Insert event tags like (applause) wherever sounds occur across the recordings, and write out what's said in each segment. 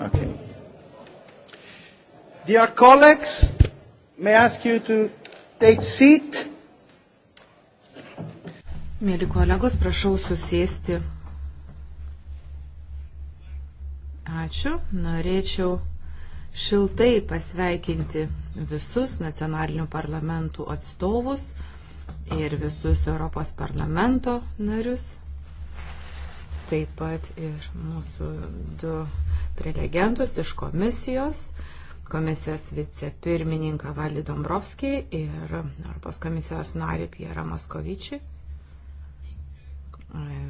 Okay. Dear colleagues, may I ask you to take seat? Mėly kolegos, prašau susėsti. Ačiū. Norėčiau šiltai pasveikinti visus nacionalinių parlamentų atstovus ir visus Europos parlamento narius taip pat ir mūsų du prelegentus iš komisijos, komisijos vicepirmininką Valį Dombrovskį ir Europos komisijos narį Pierą Moskovičį. E,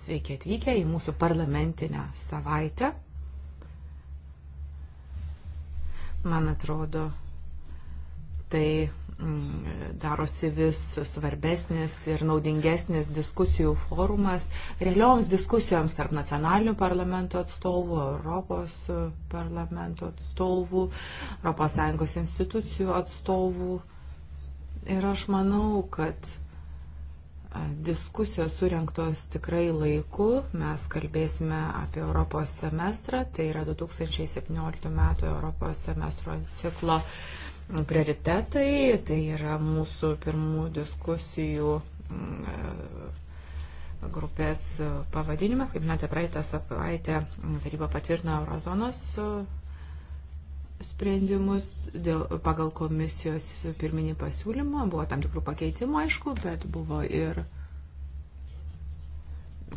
Sveiki atvykę į mūsų parlamentinę savaitę. Man atrodo, tai Mm, darosi vis svarbesnis ir naudingesnis diskusijų forumas realioms diskusijoms tarp nacionalinių parlamento atstovų, Europos parlamento atstovų, ES institucijų atstovų. Ir aš manau, kad diskusijos surinktos tikrai laiku. Mes kalbėsime apie Europos semestrą, tai yra 2017 metų Europos semestro ciklo uh, prioritetai, tai yra mūsų pirmų diskusijų mm, grupės pavadinimas, kaip žinote, praeitą savaitę taryba patvirtino Eurozonos sprendimus dėl, pagal komisijos pirminį pasiūlymą. Buvo tam tikrų pakeitimų, aišku, bet buvo ir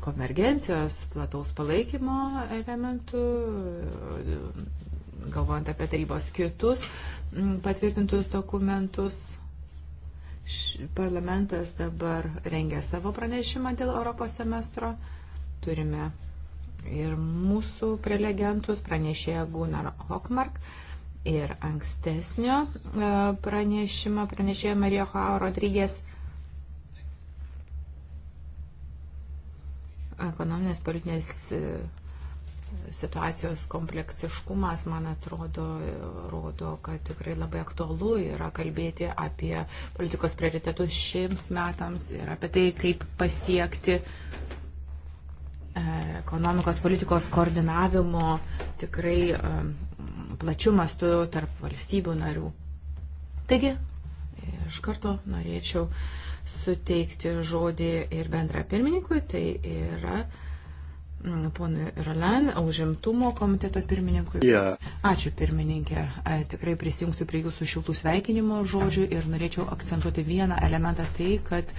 konvergencijos, plataus palaikymo elementų, galvojant apie tarybos kitus patvirtintus dokumentus. Parlamentas dabar rengia savo pranešimą dėl Europos semestro. Turime ir mūsų prelegentus, pranešėja Gunnar Hockmark ir ankstesnio e, pranešimą, pranešėja Marija Joao Rodrygės. ekonominės politinės e, situacijos kompleksiškumas, man atrodo, rodo, kad tikrai labai aktualu yra kalbėti apie politikos prioritetus šiems metams ir apie tai, kaip pasiekti e, ekonomikos politikos koordinavimo tikrai e, plačių mastų tarp valstybių narių. Taigi, iš karto norėčiau suteikti žodį ir bendra pirmininkui, tai yra uh, Mm, ponui Rolan, užimtumo komiteto pirmininkui. Yeah. Ačiū pirmininkė, tikrai prisijungsiu prie jūsų šiltų sveikinimo žodžių ir norėčiau akcentuoti vieną elementą, tai kad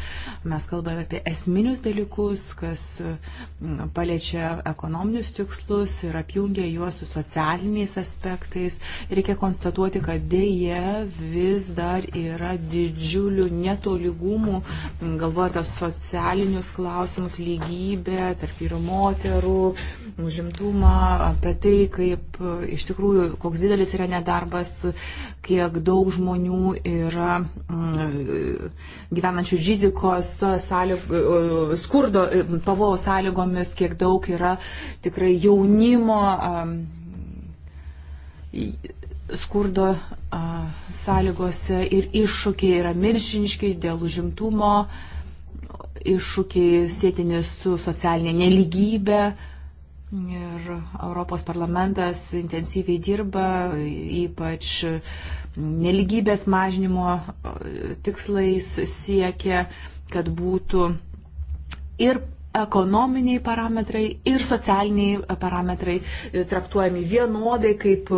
mes kalbame apie esminius dalykus, kas mm, paliečia ekonominius tikslus ir apjungia juos su socialiniais aspektais. Reikia konstatuoti, kad dėje vis dar yra didžiulių netolygumų, mm, galvojant socialinius klausimus, lygybę tarp vyrų moterų moterų užimtumą, apie tai, kaip iš tikrųjų, koks didelis yra nedarbas, kiek daug žmonių yra mm, gyvenančių žydikos sąlyg, skurdo pavojo sąlygomis, kiek daug yra tikrai jaunimo mm, skurdo sąlygose ir iššūkiai yra milžiniški dėl užimtumo. Mm, iššūkiai sėtini su socialinė neligybė. Ir Europos parlamentas intensyviai dirba, ypač neligybės mažinimo tikslais siekia, kad būtų ir ekonominiai parametrai ir socialiniai parametrai traktuojami vienodai kaip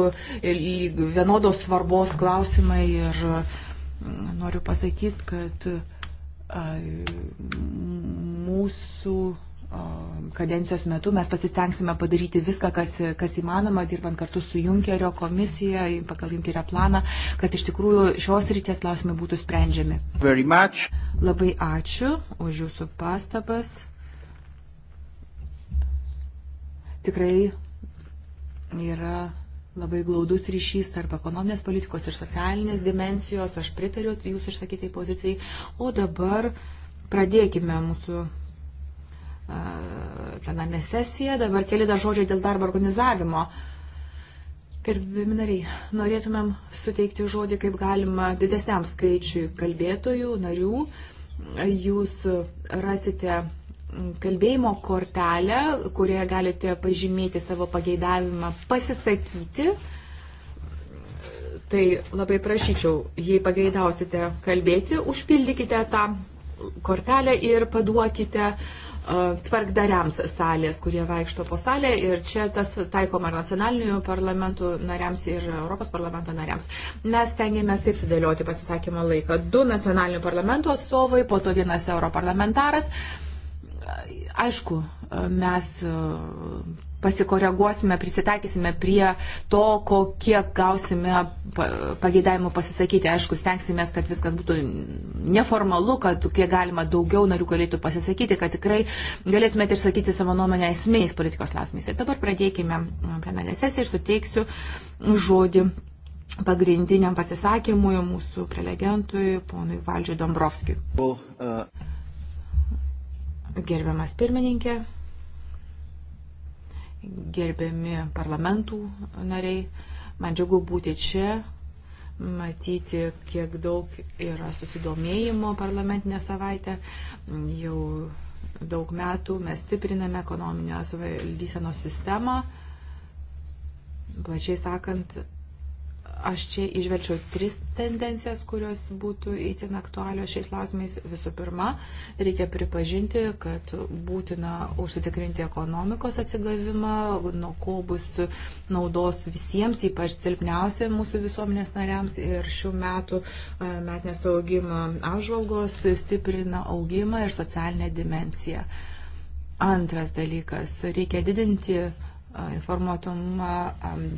vienodos svarbos klausimai. Ir noriu pasakyti, kad mūsų kadencijos metu mes pasistengsime padaryti viską, kas, kas įmanoma, dirbant kartu su Junkerio komisija, pagal Junkerio planą, kad iš tikrųjų šios ryties klausimai būtų sprendžiami. Labai ačiū už jūsų pastabas. Tikrai yra labai glaudus ryšys tarp ekonominės politikos ir socialinės dimensijos. Aš pritariu jūsų išsakytai pozicijai. O dabar pradėkime mūsų plenarinę sesiją. Dabar keli dar žodžiai dėl darbo organizavimo. Gerbimi nariai, norėtumėm suteikti žodį kaip galima didesniam skaičiui kalbėtojų, narių. Jūs rasite kalbėjimo kortelę, kurioje galite pažymėti savo pageidavimą pasisakyti. Tai labai prašyčiau, jei pageidausite kalbėti, užpildykite tą kortelę ir paduokite uh, tvarkdariams salės, kurie vaikšto po salę ir čia tas taikoma ir nacionalinių parlamentų nariams ir Europos parlamento nariams. Mes tengiamės taip sudėlioti pasisakymo laiką. Du nacionalinių parlamentų atstovai, po to vienas europarlamentaras. Uh, aišku, mes e, pasikoreguosime, prisitaikysime prie to, kokie gausime pageidavimų pasisakyti. Aišku, stengsime, kad viskas būtų neformalu, kad kiek galima daugiau narių galėtų pasisakyti, kad tikrai galėtumėte išsakyti savo nuomonę esmiais politikos klausimais. Ir dabar pradėkime plenarinę sesiją ir suteiksiu žodį pagrindiniam pasisakymui mūsų prelegentui, ponui Valdžiui Dombrovskijui. Well, uh... Gerbiamas pirmininkė, gerbiami parlamentų nariai, man džiugu būti čia, matyti, kiek daug yra susidomėjimo parlamentinę savaitę. Jau daug metų mes stipriname ekonominės valdysenos sistemą. Plačiai sakant, Aš čia išvelčiau tris tendencijas, kurios būtų įtin aktualios šiais klausimais. Visų pirma, reikia pripažinti, kad būtina užsitikrinti ekonomikos atsigavimą, nuo ko bus naudos visiems, ypač silpniausiai mūsų visuomenės nariams. Ir šių metų e, metinės augimo apžvalgos stiprina augimą ir socialinę dimenciją. Antras dalykas, reikia didinti informuotumą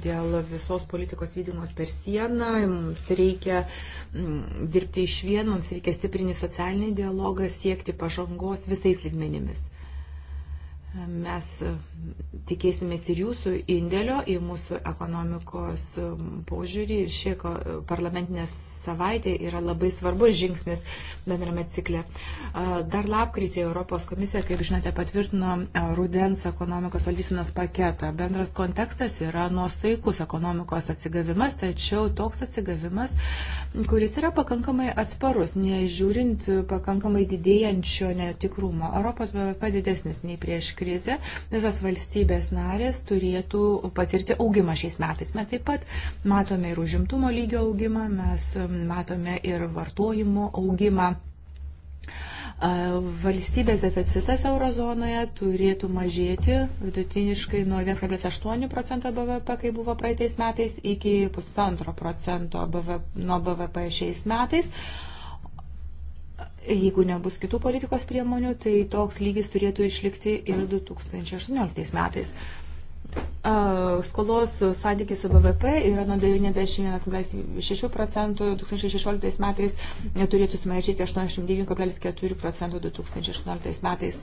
dėl visos politikos vykdymos per sieną, mums reikia dirbti iš vien, mums reikia stiprinį socialinį dialogą, siekti pažangos visais lygmenimis. Mes tikėsimės ir jūsų indėlio į mūsų ekonomikos požiūrį ir šie parlamentinės savaitė yra labai svarbus žingsnis bendrame cikle. Dar lapkritį Europos komisija, kaip žinote, patvirtino rudens ekonomikos valdysinos paketą. Bendras kontekstas yra nuostaikus ekonomikos atsigavimas, tačiau toks atsigavimas, kuris yra pakankamai atsparus, nežiūrint pakankamai didėjančio netikrumo. Europos BVP didesnis nei prieš krizę. Visos valstybės narės turėtų patirti augimą šiais metais. Mes taip pat matome ir užimtumo lygio augimą, mes matome ir vartojimo augimą. Valstybės deficitas eurozonoje turėtų mažėti vidutiniškai nuo 1,8 procento BVP, kai buvo praeitais metais, iki 1,5 procento BVP, nuo BVP šiais metais. Jeigu nebus kitų politikos priemonių, tai toks lygis turėtų išlikti ir 2018 metais skolos santykis su BVP yra nuo 91,6 procentų 2016 metais, turėtų sumažėti 89,4 procentų 2018 metais.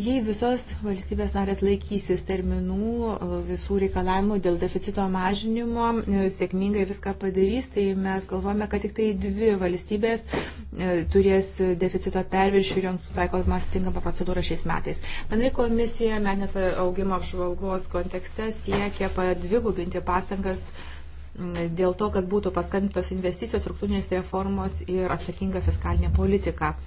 Jei visos valstybės narės laikysis terminų e, visų reikalavimų dėl deficito mažinimo, e, sėkmingai viską padarys, tai mes galvojame, kad tik tai dvi valstybės e, turės deficito perviršį ir joms taikoma atitinkama procedūra šiais metais. Bendrai komisija metinės augimo apžvalgos kontekste siekia padvigubinti pastangas dėl to, kad būtų paskantintos investicijos, struktūrinės reformos ir atsakinga fiskalinė politika.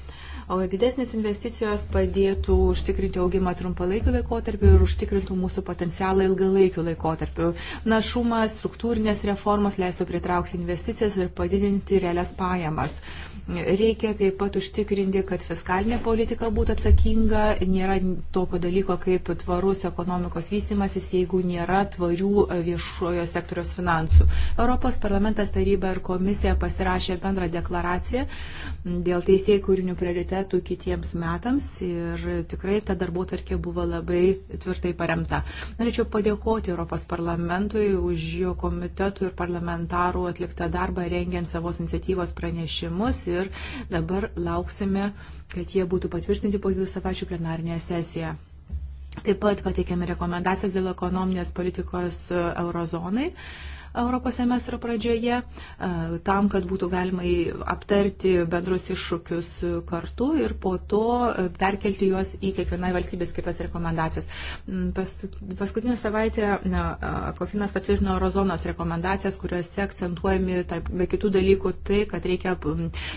O didesnės investicijos padėtų užtikrinti augimą trumpalaikiu laikotarpiu ir užtikrintų mūsų potencialą ilgalaikiu laikotarpiu. Našumas, struktūrinės reformos leistų pritraukti investicijas ir padidinti realias pajamas. Reikia taip pat užtikrinti, kad fiskalinė politika būtų atsakinga. Nėra tokio dalyko kaip tvarus ekonomikos vystimasis, jeigu nėra tvarių e, viešojo sektoriaus finansų. Europos parlamentas taryba ir komisija pasirašė bendrą deklaraciją dėl teisėjų kūrinių prioritetų kitiems metams ir tikrai ta darbo tarkė buvo labai tvirtai paremta. Norėčiau padėkoti Europos parlamentui už jo komitetų ir parlamentarų atliktą darbą rengiant savos iniciatyvos pranešimus ir dabar lauksime, kad jie būtų patvirtinti po dviejų savaičių plenarinėje sesijoje. Taip pat pateikėme rekomendacijas dėl ekonominės politikos e, eurozonai. Uh, Europos semestro pradžioje, tam, kad būtų galima aptarti bendrus iššūkius kartu ir po to perkelti juos į kiekvienai valstybės skirtas rekomendacijas. Mm, pas, paskutinę savaitę na, Kofinas patvirtino Eurozonos rekomendacijas, kuriuose akcentuojami, tarp, be kitų dalykų, tai, kad reikia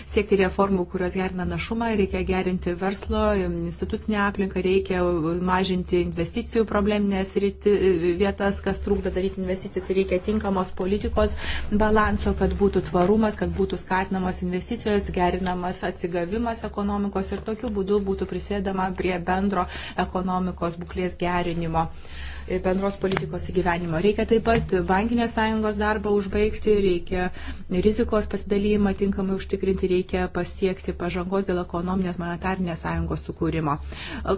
siekti reformų, kurios gerina našumą, reikia gerinti verslo, institucinę aplinką, reikia mažinti investicijų probleminės vietas, kas trūkda daryti investicijas, reikia tinkamos ekonomikos politikos balanso, kad būtų tvarumas, kad būtų skatinamos investicijos, gerinamas atsigavimas ekonomikos ir tokiu būdu būtų prisėdama prie bendro ekonomikos būklės gerinimo. Uh, bendros politikos įgyvenimo. Reikia taip pat bankinės sąjungos darbą užbaigti, reikia rizikos pasidalymą tinkamai užtikrinti, reikia pasiekti pažangos dėl ekonominės monetarnės sąjungos sukūrimo.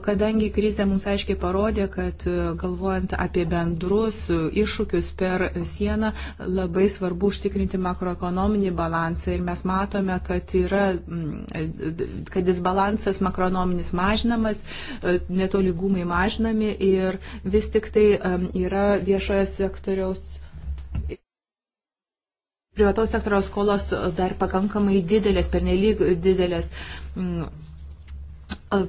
Kadangi krizė mums aiškiai parodė, kad galvojant apie bendrus iššūkius per sieną, labai svarbu užtikrinti makroekonominį balansą ir mes matome, kad yra, mm, kad disbalansas makroekonominis mažinamas, netolygumai mažinami ir vis tik tai tai yra viešojo sektoriaus. Privataus sektoriaus skolos e, dar pakankamai didelės, pernelyg didelės. Mm, e,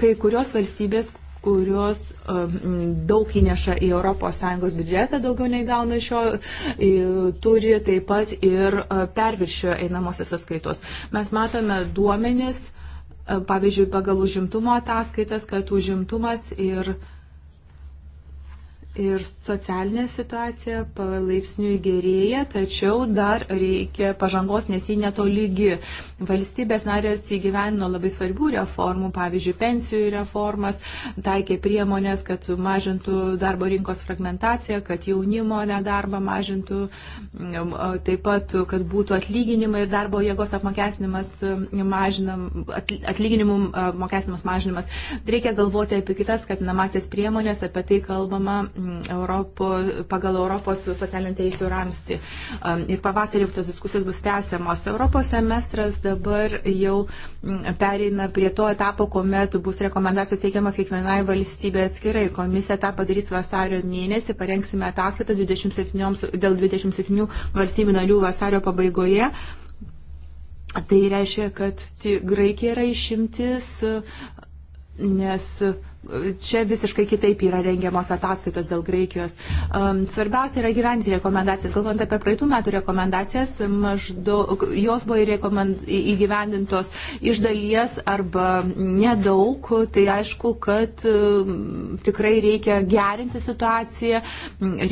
kai kurios valstybės, kurios um, daug įneša į ES biudžetą, daugiau nei gauna iš jo, turi taip pat ir e, perviršio einamosios sąskaitos. Mes matome duomenis, pavyzdžiui, pagal užimtumo ataskaitas, kad užimtumas ir uh, Ir socialinė situacija palaipsniui gerėja, tačiau dar reikia pažangos, nes ji netolygi. Valstybės narės įgyvenino labai svarbių reformų, pavyzdžiui, pensijų reformas, taikė priemonės, kad mažintų darbo rinkos fragmentaciją, kad jaunimo nedarbą mažintų, taip pat, kad būtų atlyginimai ir darbo jėgos apmokestinimas mažinam, atlyginimų apmokestinimas mažinimas. Reikia galvoti apie kitas skatinamasias priemonės, apie tai kalbama Europo, pagal Europos socialinių teisų ramsti. Um, ir pavasarį tos diskusijos bus tęsiamos. Europos semestras dabar jau mm, pereina prie to etapo, kuomet bus rekomendacijos teikiamas kiekvienai valstybė atskirai. Komisija tą padarys vasario mėnesį, parengsime ataskaitą 27, dėl 27 valstybių narių vasario pabaigoje. Tai reiškia, kad Graikija yra išimtis, nes Čia visiškai kitaip yra rengiamos ataskaitos dėl Graikijos. Um, svarbiausia yra gyventi rekomendacijas. Galvant apie praeitų metų rekomendacijas, maždaug, jos buvo rekomend, įgyvendintos iš dalies arba nedaug. Tai aišku, kad um, tikrai reikia gerinti situaciją,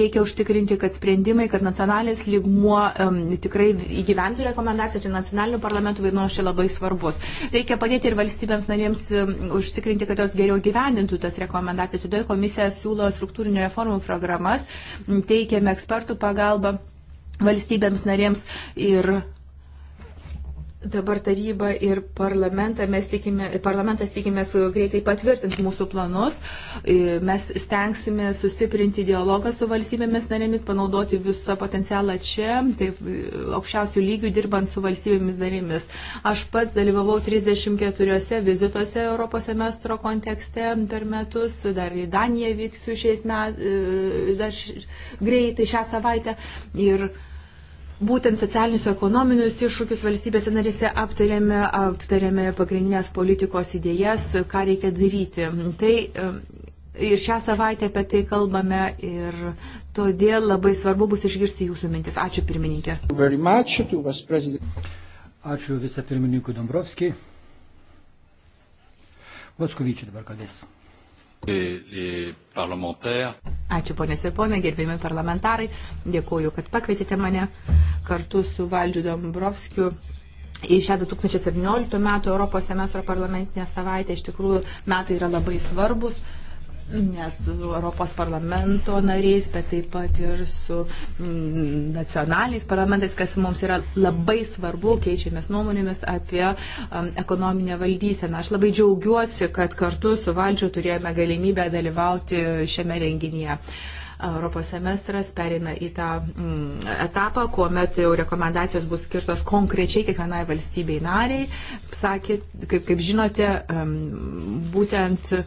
reikia užtikrinti, kad sprendimai, kad nacionalinis lygmuo um, tikrai įgyvendintų rekomendacijas, tai nacionalinių parlamentų vaidmuo čia labai svarbus. Reikia padėti ir valstybėms narėms užtikrinti, kad jos geriau gyvendintų įgyvendintų tas rekomendacijas. Todėl komisija siūlo struktūrinio reformų programas, teikiame ekspertų pagalbą valstybėms narėms ir Dabar taryba ir tikime, parlamentas tikimės greitai patvirtins mūsų planus. E, mes stengsime sustiprinti dialogą su valstybėmis narėmis, panaudoti visą potencialą čia, taip e, aukščiausių lygių dirbant su valstybėmis narėmis. Aš pats dalyvavau 34 vizituose Europos semestro kontekste per metus, dar į Daniją vyksiu šiais metais, e, dar greitai šią savaitę. Ir, būtent socialinius ir ekonominius iššūkius valstybėse narėse aptarėme, aptarėme pagrindinės politikos idėjas, ką reikia daryti. Tai e, ir šią savaitę apie tai kalbame ir todėl labai svarbu bus išgirsti jūsų mintis. Ačiū pirmininkė. Ačiū vicepirmininkui Dombrovskijai. Voskuvyčiai dabar kalbės. Ačiū ponės ir ponai, gerbėjimai parlamentarai, dėkuoju, kad pakvietėte mane kartu su Valdžiu Dombrovskiu į šią 2017 metų Europos semestro parlamentinę savaitę. Iš tikrųjų, metai yra labai svarbus nes Europos parlamento nariais, bet taip pat ir su mm, nacionaliais parlamentais, kas mums yra labai svarbu, keičiamės nuomonėmis apie um, ekonominę valdyseną. Aš labai džiaugiuosi, kad kartu su valdžiu turėjome galimybę dalyvauti šiame renginyje. Europos semestras perina į tą mm, etapą, kuomet jau rekomendacijos bus skirtos konkrečiai kiekvienai valstybei nariai. Sakė, kaip, kaip žinote, um, būtent uh,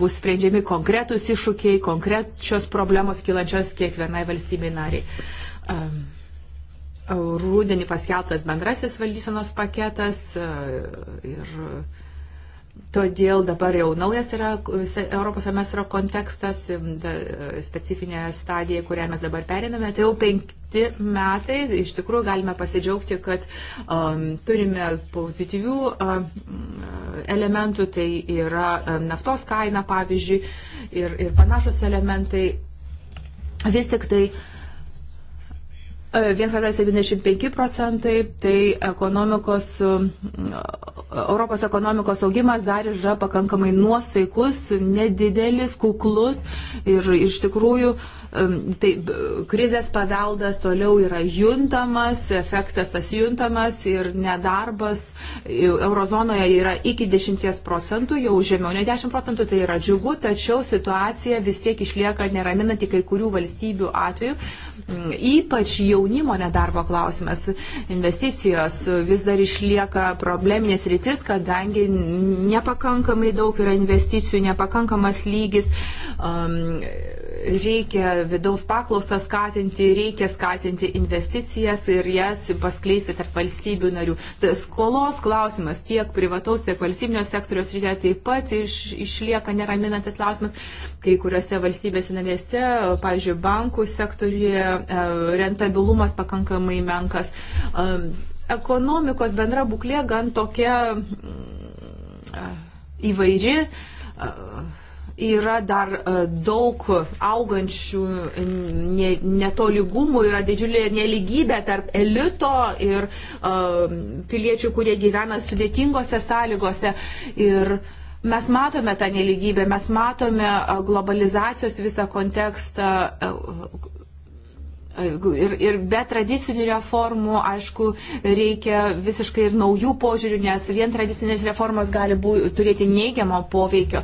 bus sprendžiami konkretūs iššūkiai, konkrečios problemos kilančios kiekvienai valstybei nariai. Rūdienį paskelbtas bendrasis valdysenos paketas ir Todėl dabar jau naujas yra Europos semestro kontekstas, specifinė stadija, kurią mes dabar periname. Tai jau penkti metai, iš tikrųjų galime pasidžiaugti, kad um, turime pozityvių um, elementų, tai yra um, naftos kaina, pavyzdžiui, ir, ir panašus elementai. Vis tik tai uh, 1,75 procentai, tai ekonomikos, mm, Europos ekonomikos augimas dar yra pakankamai nuosaikus, nedidelis, kuklus ir iš tikrųjų uh, tai krizės paveldas toliau yra juntamas, efektas tas juntamas ir nedarbas eurozonoje yra iki 10 procentų, jau žemiau nei 10 procentų, tai yra džiugu, tačiau situacija vis tiek išlieka neraminanti kai kurių valstybių atveju, ypač jaunimo nedarbo klausimas, investicijos vis dar išlieka probleminės rytis, kadangi nepakankamai daug yra investicijų, nepakankamas lygis. Um, reikia vidaus paklausą skatinti, reikia skatinti investicijas ir jas paskleisti tarp valstybių narių. Tai skolos klausimas tiek privataus, tiek valstybinio sektoriaus rytė taip pat iš, išlieka neraminantis klausimas. Kai kuriuose valstybėse narėse, pavyzdžiui, bankų sektoriuje e, rentabilumas pakankamai menkas. E, ekonomikos bendra būklė gan tokia mm, e, įvairi. Uh yra dar e, daug augančių netoligumų, yra didžiulė neligybė tarp elito ir e, piliečių, kurie gyvena sudėtingose sąlygose. Ir mes matome tą neligybę, mes matome e, globalizacijos visą kontekstą Ir, ir be tradicinių reformų, aišku, reikia visiškai ir naujų požiūrių, nes vien tradicinės reformos gali bū, turėti neigiamo poveikio.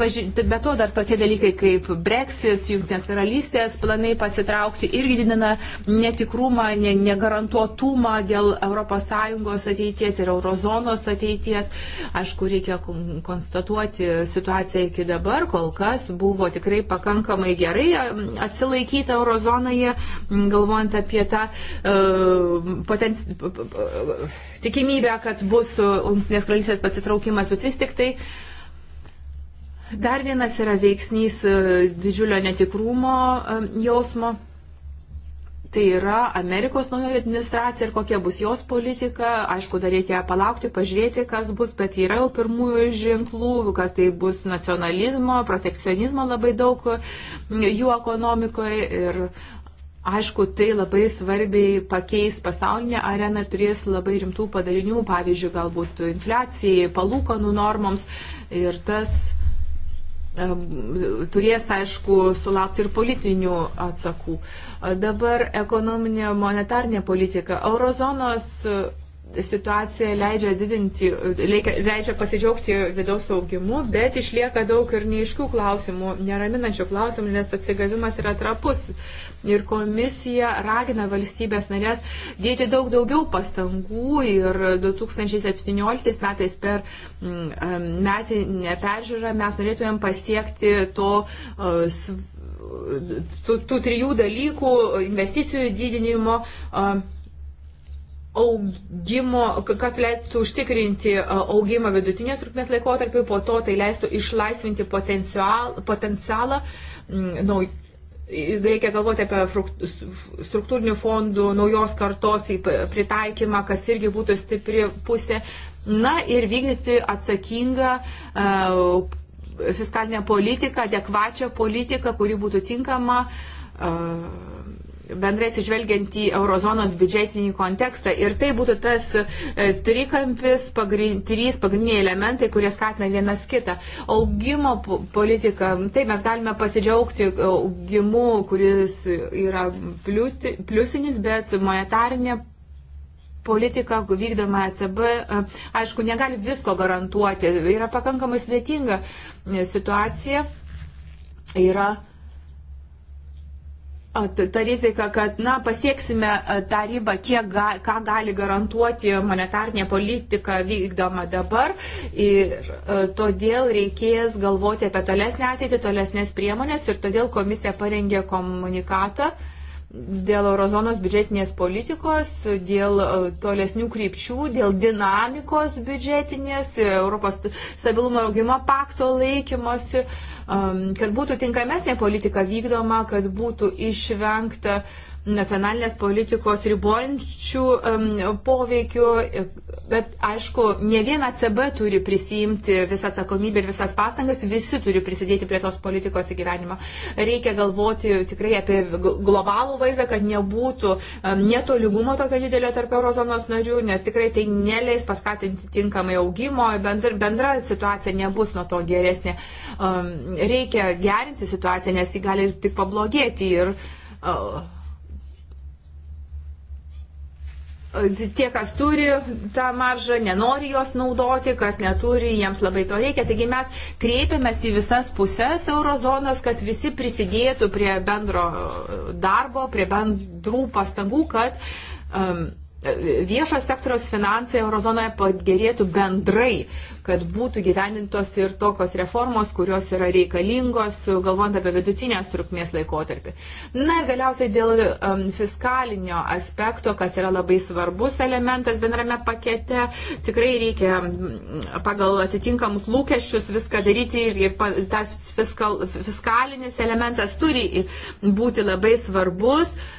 Paži be to dar tokie dalykai kaip Brexit, Junktinės karalystės planai pasitraukti irgi didina netikrumą, ne, negarantuotumą dėl ES ateities ir eurozonos ateities. Aišku, reikia konstatuoti situaciją iki dabar, kol kas buvo tikrai pakankamai gerai atsilaikyta eurozonoje Mm, galvojant apie tą uh, poten... tikimybę, kad bus e, Junktinės karalystės pasitraukimas, bet vis tik tai dar vienas yra veiksnys e, didžiulio netikrumo jausmo. Tai yra Amerikos naujoji administracija ir kokia bus jos politika. Aišku, dar reikia palaukti, pažiūrėti, kas bus, bet yra jau pirmųjų ženklų, kad tai bus nacionalizmo, protekcionizmo labai daug jų ekonomikoje. Ir Aišku, tai labai svarbiai pakeis pasaulinę areną ir turės labai rimtų padarinių, pavyzdžiui, galbūt infliacijai, palūkanų normoms ir tas turės, aišku, sulaukti ir politinių atsakų. Dabar ekonominė monetarnė politika. Eurozonos situacija leidžia didinti, leidžia pasidžiaugti vidaus augimu, bet išlieka daug ir neiškių klausimų, neraminančių klausimų, nes atsigavimas yra trapus. Ir komisija ragina valstybės narės dėti daug daugiau pastangų ir 2017 metais per mm, metinę peržiūrą mes norėtumėm pasiekti to e, tų, tų trijų dalykų - investicijų didinimo, e, augimo, kad leistų užtikrinti augimą vidutinės trukmės laikotarpiu, po to tai leistų išlaisvinti potencial, potencialą. Nau, reikia galvoti apie struktūrinių fondų naujos kartos pritaikymą, kas irgi būtų stipri pusė. Na ir vykdyti atsakingą uh, fiskalinę politiką, adekvačią politiką, kuri būtų tinkama. Uh, bendrai atsižvelgiant į eurozonos biudžetinį kontekstą. Ir tai būtų tas e, trikampis, pagrind, trys pagrindiniai elementai, kurie skatina vienas kitą. Augimo politika, tai mes galime pasidžiaugti augimu, kuris yra pliusinis, bet monetarinė politika vykdoma ECB, e, aišku, negali visko garantuoti. Yra pakankamai sudėtinga situacija. Yra ta rizika, kad na, pasieksime tą ribą, kiek ga, ką gali garantuoti monetarnė politika vykdoma dabar ir todėl reikės galvoti apie tolesnę ateitį, tolesnės priemonės ir todėl komisija parengė komunikatą. Uh, dėl eurozonos biudžetinės politikos, dėl e, tolesnių krypčių, dėl dinamikos biudžetinės, e, Europos stabilumo augimo pakto laikymosi, kad būtų tinkamesnė politika vykdoma, kad būtų išvengta uh, nacionalinės politikos ribojančių um, poveikių, bet aišku, ne viena CB turi prisijimti visą atsakomybę ir visas pastangas, visi turi prisidėti prie tos politikos įgyvenimo. Reikia galvoti tikrai apie globalų vaizdą, kad nebūtų um, netolygumo tokio didelio tarp eurozonos narių, nes tikrai tai neleis paskatinti tinkamai augimo, bendra, bendra situacija nebus nuo to geresnė. Um, reikia gerinti situaciją, nes ji gali tik pablogėti. Ir, uh, tie, kas turi tą maržą, nenori jos naudoti, kas neturi, jiems labai to reikia. Taigi mes kreipiamės į visas pusės eurozonos, kad visi prisidėtų prie bendro darbo, prie bendrų pastangų, kad um, viešo sektoriaus finansai eurozonoje pagerėtų bendrai, kad būtų gyvenintos ir tokios reformos, kurios yra reikalingos, galvojant apie vidutinės trukmės laikotarpį. Na ir galiausiai dėl um, fiskalinio aspekto, kas yra labai svarbus elementas bendrame pakete, tikrai reikia pagal atitinkamus lūkesčius viską daryti ir, ir tas fiskal, fiskalinis elementas turi būti labai svarbus. Uh,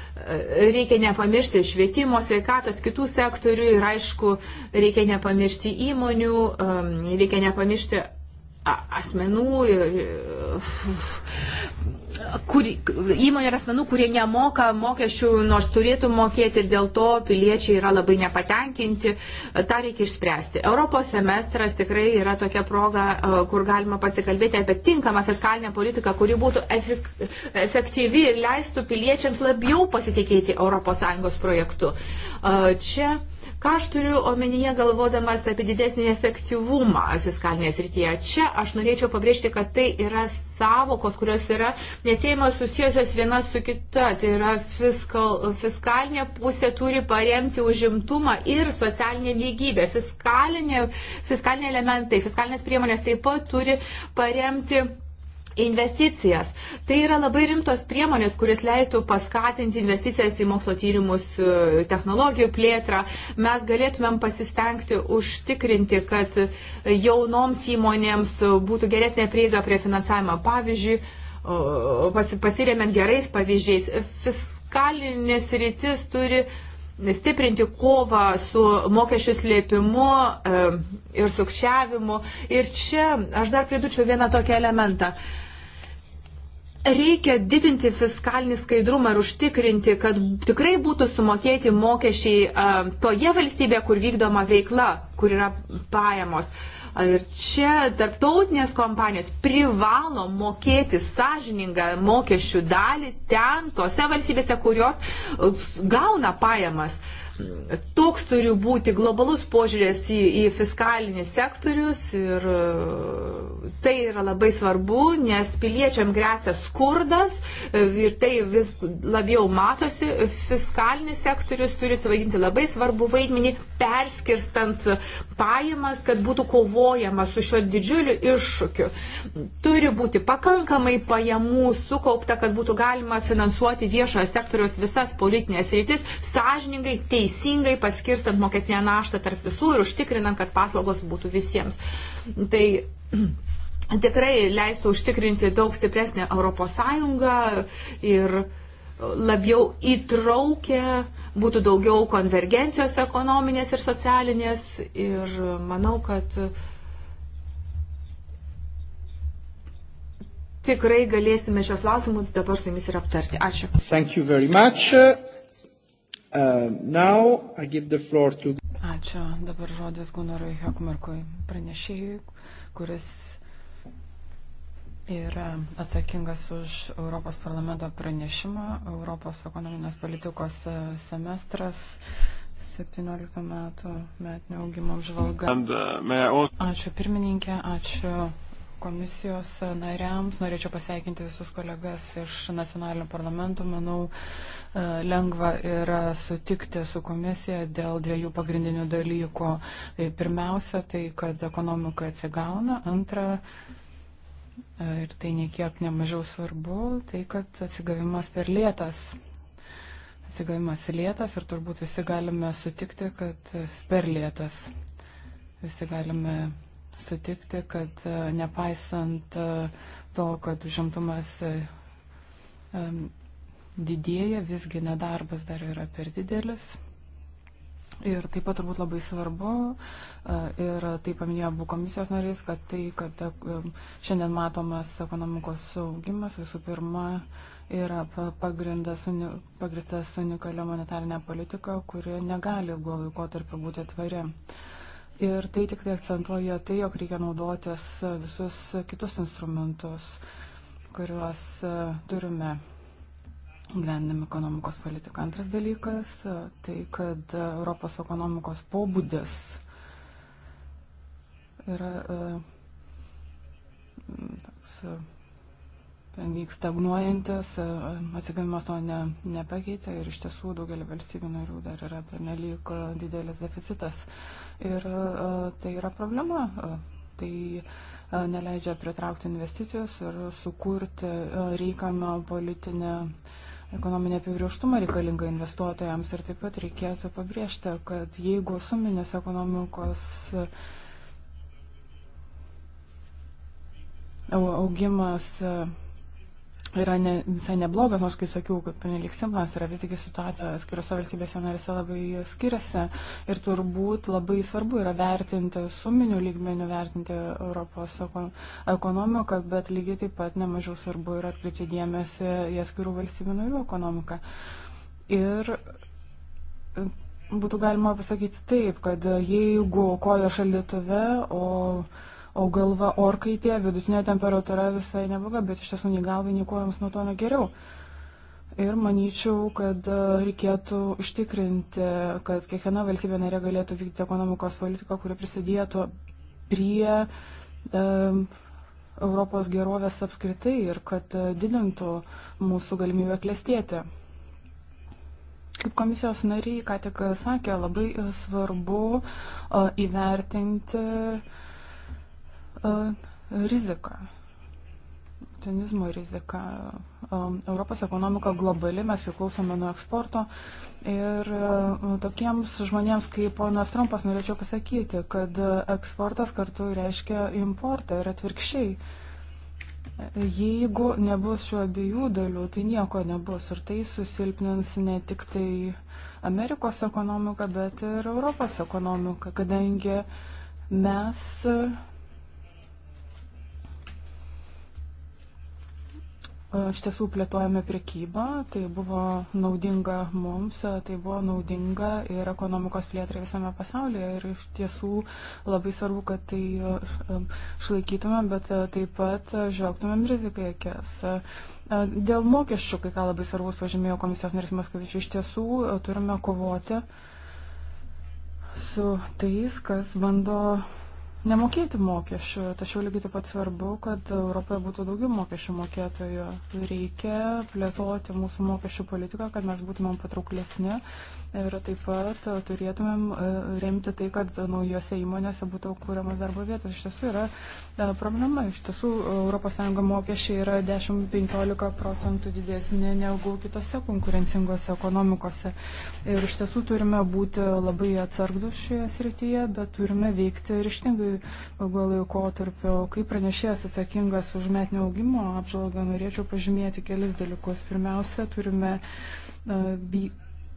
Reikia nepamiršti švietimo, sveikatos, kitų sektorių ir aišku, reikia nepamiršti įmonių, um, reikia nepamiršti asmenų, e, kur, įmonė ir asmenų, kurie nemoka mokesčių, nors turėtų mokėti ir dėl to piliečiai yra labai nepatenkinti, tą reikia išspręsti. Europos semestras tikrai yra tokia proga, e, kur galima pasikalbėti apie tinkamą fiskalinę politiką, kuri būtų efek, efektyvi ir leistų piliečiams labiau pasitikėti ES projektu. E, čia Ką aš turiu omenyje galvodamas apie didesnį efektyvumą fiskalinės rytyje? Čia aš norėčiau pabrėžti, kad tai yra savokos, kurios yra nesėjamos susijusios viena su kita. Tai yra fiskal, fiskalinė pusė turi paremti užimtumą ir socialinę lygybę. Fiskalinė, fiskaliniai elementai, fiskalinės priemonės taip pat turi paremti investicijas. Tai yra labai rimtos priemonės, kuris leistų paskatinti investicijas į mokslo tyrimus, e, technologijų plėtrą. Mes galėtumėm pasistengti užtikrinti, kad jaunoms įmonėms būtų geresnė prieiga prie finansavimo. Pavyzdžiui, pasiremiant gerais pavyzdžiais, fiskalinės rytis turi uh, stiprinti kovą su mokesčių slėpimu e, ir sukčiavimu. Ir čia aš dar pridučiau vieną tokį elementą. Reikia didinti fiskalinį skaidrumą ir užtikrinti, kad tikrai būtų sumokėti mokesčiai e, toje valstybėje, kur vykdoma veikla, kur yra pajamos. Uh, Ir čia tarptautinės kompanijos privalo mokėti sąžiningą mokesčių dalį ten, tose valstybėse, kurios gauna pajamas. Uh, Toks turi būti globalus požiūrės į, į fiskalinį sektorius ir e, tai yra labai svarbu, nes piliečiam grėsia skurdas e, ir tai vis labiau matosi. Fiskalinis sektorius turi vaidinti labai svarbu vaidmenį, perskirstant pajamas, kad būtų kovojama su šio didžiuliu iššūkiu. Turi būti pakankamai pajamų sukaupta, kad būtų galima finansuoti viešojo sektoriaus visas politinės rytis sąžiningai, teisingai teisingai paskirstant mokesnę naštą tarp visų ir užtikrinant, kad paslaugos būtų visiems. Tai (clears throat) tikrai leistų užtikrinti daug stipresnę Europos Sąjungą ir labiau įtraukia, būtų daugiau konvergencijos ekonominės ir socialinės ir manau, kad tikrai galėsime šios klausimus dabar su jumis ir aptarti. Ačiū. Uh, now I give the floor to. Ačiū. Dabar žodis Gunarui Hekmarkui, pranešėjui, kuris yra atsakingas už Europos parlamento pranešimą, Europos ekonominės politikos uh, semestras. 17 metų metinio augimo apžvalga. Uh, ačiū pirmininkė, ačiū komisijos nariams. Norėčiau pasveikinti visus kolegas iš nacionalinio parlamento. Manau, e, lengva yra sutikti su komisija dėl dviejų pagrindinių dalykų. Tai pirmiausia, tai kad ekonomika atsigauna. Antra, e, ir tai niekiek nemažiau svarbu, tai kad atsigavimas per lėtas atsigavimas lėtas ir turbūt visi galime sutikti, kad per lėtas. Visi galime sutikti, kad e, nepaisant e, to, kad užimtumas e, didėja, visgi nedarbas dar yra per didelis. Ir taip pat turbūt labai svarbu, ir tai paminėjo abu komisijos narys, kad tai, kad šiandien matomas ekonomikos saugimas visų pirma yra pagrindas, pagrindas unikalia monetarinė politika, kuri negali ilgo laiko tarp būti tvari. Uh, Ir tai tik tai akcentuoja tai, jog reikia naudotis visus kitus instrumentus, kuriuos e, turime gyvendami ekonomikos politiką. Antras dalykas e, - tai, kad e, Europos ekonomikos pobūdis yra toks vyksta gnuojantis, e, atsigavimas to ne, nepakeitė ir iš tiesų daugelį valstybių narių dar yra pernelyg e, didelis deficitas. Ir e, tai yra problema. Tai neleidžia pritraukti investicijos ir sukurti reikiamą politinę ekonominį apibrieštumą reikalingą investuotojams. Ir taip pat reikėtų pabrėžti, kad jeigu suminės ekonomikos augimas yra ne, visai neblogas, nors kai sakiau, kad panelik simplas yra vis tik situacija skiriuose valstybėse narėse labai skiriasi ir turbūt labai svarbu yra vertinti suminių lygmenių, vertinti Europos ekonomiką, bet lygiai taip pat nemažiau svarbu yra atkreipti dėmesį į atskirų valstybių narių ekonomiką. Ir e, būtų galima pasakyti taip, kad jeigu kojo šaldytuve, o o galva orkaitė, vidutinė temperatūra visai nebloga, bet iš tiesų nei galvai, nei kojoms nuo to negeriau. Ir manyčiau, kad e, reikėtų užtikrinti, kad kiekviena valstybė narė galėtų vykdyti ekonomikos politiką, kuri prisidėtų prie um, Europos gerovės apskritai ir kad e, didintų mūsų galimybę klestėti. Kaip komisijos nariai, ką tik sakė, labai svarbu įvertinti uh, rizika, cinizmo rizika. Europos ekonomika globali, mes priklausome nuo eksporto. Ir tokiems žmonėms kaip ponas Trumpas norėčiau pasakyti, kad eksportas kartu reiškia importą ir atvirkščiai. Jeigu nebus šių abiejų dalių, tai nieko nebus. Ir tai susilpnins ne tik tai Amerikos ekonomiką, bet ir Europos ekonomiką, kadangi mes iš tiesų plėtojame prekybą, tai buvo naudinga mums, tai buvo naudinga ir ekonomikos plėtrai visame pasaulyje. Ir iš tiesų labai svarbu, kad tai e, išlaikytume, bet e, taip pat žvelgtumėm rizikai akės. E, dėl mokesčių, kai ką labai svarbus pažymėjo komisijos narys Maskavičius, iš tiesų turime kovoti su tais, kas bando nemokėti mokesčių. Tačiau lygiai taip pat svarbu, kad Europoje būtų daugiau mokesčių mokėtojų. Reikia plėtoti mūsų mokesčių politiką, kad mes būtumėm patrauklesni Ir taip pat e, turėtumėm e, remti tai, kad naujose įmonėse būtų kūriamas darbo vietos. Iš tiesų yra e, problema. Iš tiesų ES mokesčiai yra 10-15 procentų didesnė negu kitose konkurencingose ekonomikose. Ir iš tiesų turime būti labai atsargus šioje srityje, bet turime veikti ryštingai ilgo laiko tarp. Kaip pranešėjas atsakingas už metinio augimo apžvalgą, norėčiau pažymėti kelis dalykus. Pirmiausia, turime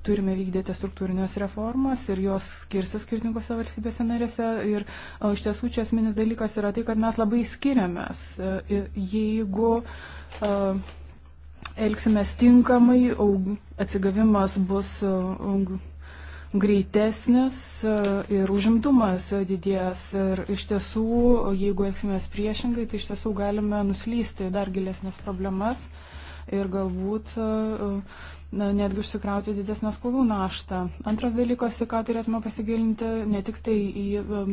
turime vykdyti struktūrinės reformas ir jos skirsis skirtingose valstybėse narėse. Ir o, iš tiesų čia esminis dalykas yra tai, kad mes labai skiriamės. E, jeigu o, e, elgsimės tinkamai, atsigavimas bus. O, e, greitesnis ir užimtumas didės. Ir iš tiesų, jeigu elgsimės priešingai, tai iš tiesų galime nuslysti dar gilesnės problemas ir galbūt uh, na, netgi užsikrauti didesnę skolų naštą. Antras dalykas, į ką turėtume pasigilinti, ne tik tai į um,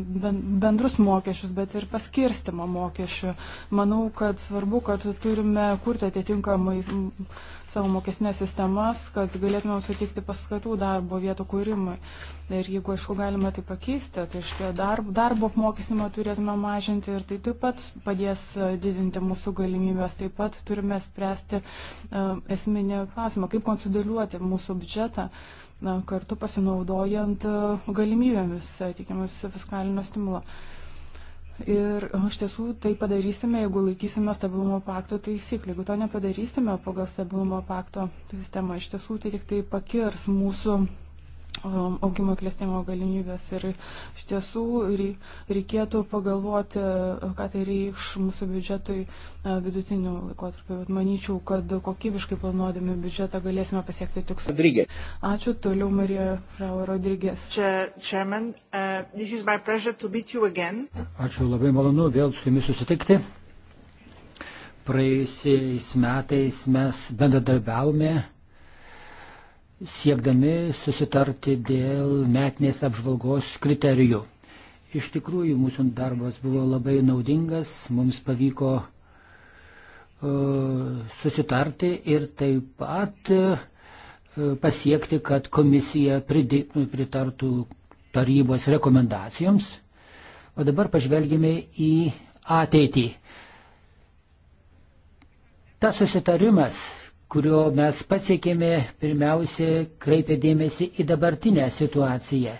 bendrus mokesčius, bet ir paskirstimo mokesčių. Manau, kad svarbu, kad turime kurti atitinkamai savo mokesnės sistemas, kad galėtumėm suteikti paskatų darbo vietų kūrimui. Ir jeigu, aišku, galima tai pakeisti, tai šitie darbo, darbo apmokestinimą turėtume mažinti ir tai taip pat padės e, didinti mūsų galimybės. Taip pat turime spręsti uh, esminį klausimą, kaip konsidėliuoti mūsų biudžetą na, e, kartu pasinaudojant galimybėmis teikiamus fiskalinio stimulo. Uh, Ir iš tiesų tai padarysime, jeigu laikysime stabilumo pakto taisyklių. Jeigu to nepadarysime pagal stabilumo pakto sistemą, iš tiesų tai tik tai pakirs mūsų augimo klėstėjimo galimybės. Ir iš tiesų reikėtų pagalvoti, ką tai reikš mūsų biudžetui vidutiniu laikotarpiu. Bet manyčiau, kad kokybiškai planuodami biudžetą galėsime pasiekti tikslą. Ačiū toliau, Marija Frau Rodrygės. Uh, Ačiū labai malonu vėl su jumis susitikti. Praėjusiais metais mes bendradarbiavome siekdami susitarti dėl metinės apžvalgos kriterijų. Iš tikrųjų, mūsų darbas buvo labai naudingas, mums pavyko e, susitarti ir taip pat e, pasiekti, kad komisija pritartų tarybos rekomendacijoms. O dabar pažvelgime į ateitį. Tas susitarimas kurio mes pasiekėme, pirmiausia, kreipia dėmesį į dabartinę situaciją.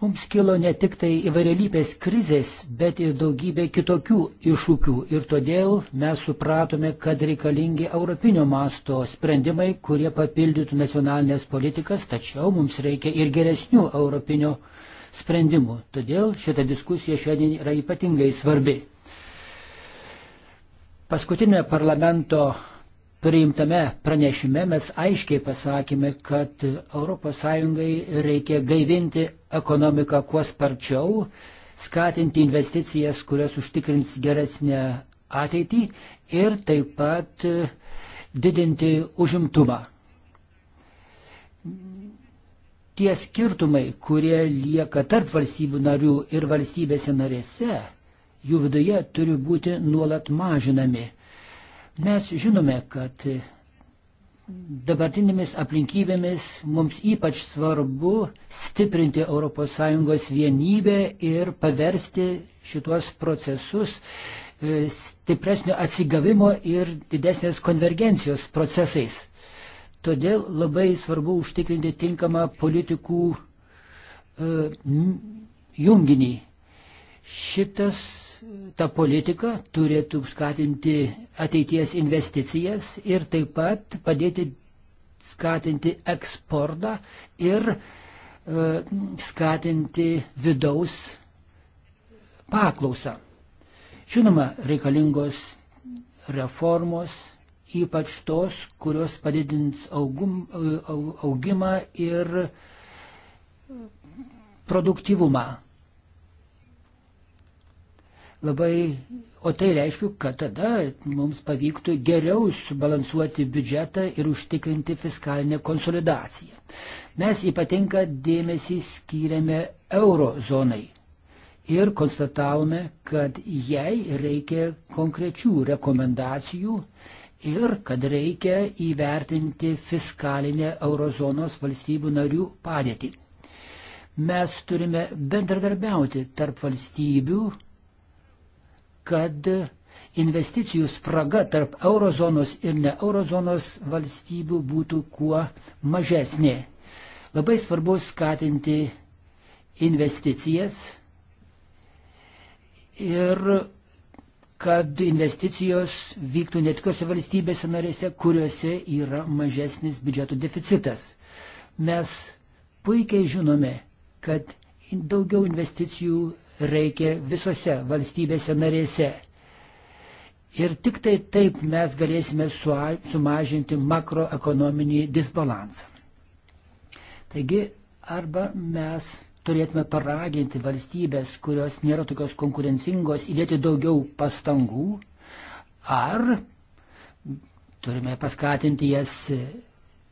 Mums kilo ne tik tai įvairialypės krizės, bet ir daugybė kitokių iššūkių. Ir todėl mes supratome, kad reikalingi europinio masto sprendimai, kurie papildytų nacionalinės politikas, tačiau mums reikia ir geresnių europinio sprendimų. Todėl šita diskusija šiandien yra ypatingai svarbi. Paskutinė parlamento priimtame pranešime mes aiškiai pasakėme, kad ES reikia gaivinti ekonomiką kuo sparčiau, skatinti investicijas, kurios užtikrins geresnę ateitį ir taip pat didinti užimtumą. Tie skirtumai, kurie lieka tarp valstybių narių ir valstybėse narėse, jų viduje turi būti nuolat mažinami. Mes žinome, kad dabartinėmis aplinkybėmis mums ypač svarbu stiprinti ES vienybę ir paversti šitos procesus e, stipresnio atsigavimo ir didesnės konvergencijos procesais. Todėl labai svarbu užtikrinti tinkamą politikų e, junginį. Šitas ta politika turėtų skatinti ateities investicijas ir taip pat padėti skatinti eksportą ir uh, skatinti vidaus paklausą. Žinoma, reikalingos reformos, ypač tos, kurios padidins augum, augimą ir produktyvumą. Labai, o tai reiškia, kad tada mums pavyktų geriau subalansuoti biudžetą ir užtikrinti fiskalinę konsolidaciją. Mes ypatinga dėmesį skiriame eurozonai ir konstatavome, kad jai reikia konkrečių rekomendacijų ir kad reikia įvertinti fiskalinę eurozonos valstybių narių padėtį. Mes turime bendradarbiauti tarp valstybių kad investicijų spraga tarp eurozonos ir ne eurozonos valstybių būtų kuo mažesnė. Labai svarbu skatinti investicijas ir kad investicijos vyktų ne tikiuose valstybėse narėse, kuriuose yra mažesnis biudžeto deficitas. Mes puikiai žinome, kad daugiau investicijų reikia visose valstybėse narėse. Ir tik tai taip mes galėsime sumažinti makroekonominį disbalansą. Taigi, arba mes turėtume paraginti valstybės, kurios nėra tokios konkurencingos, įdėti daugiau pastangų, ar turime paskatinti jas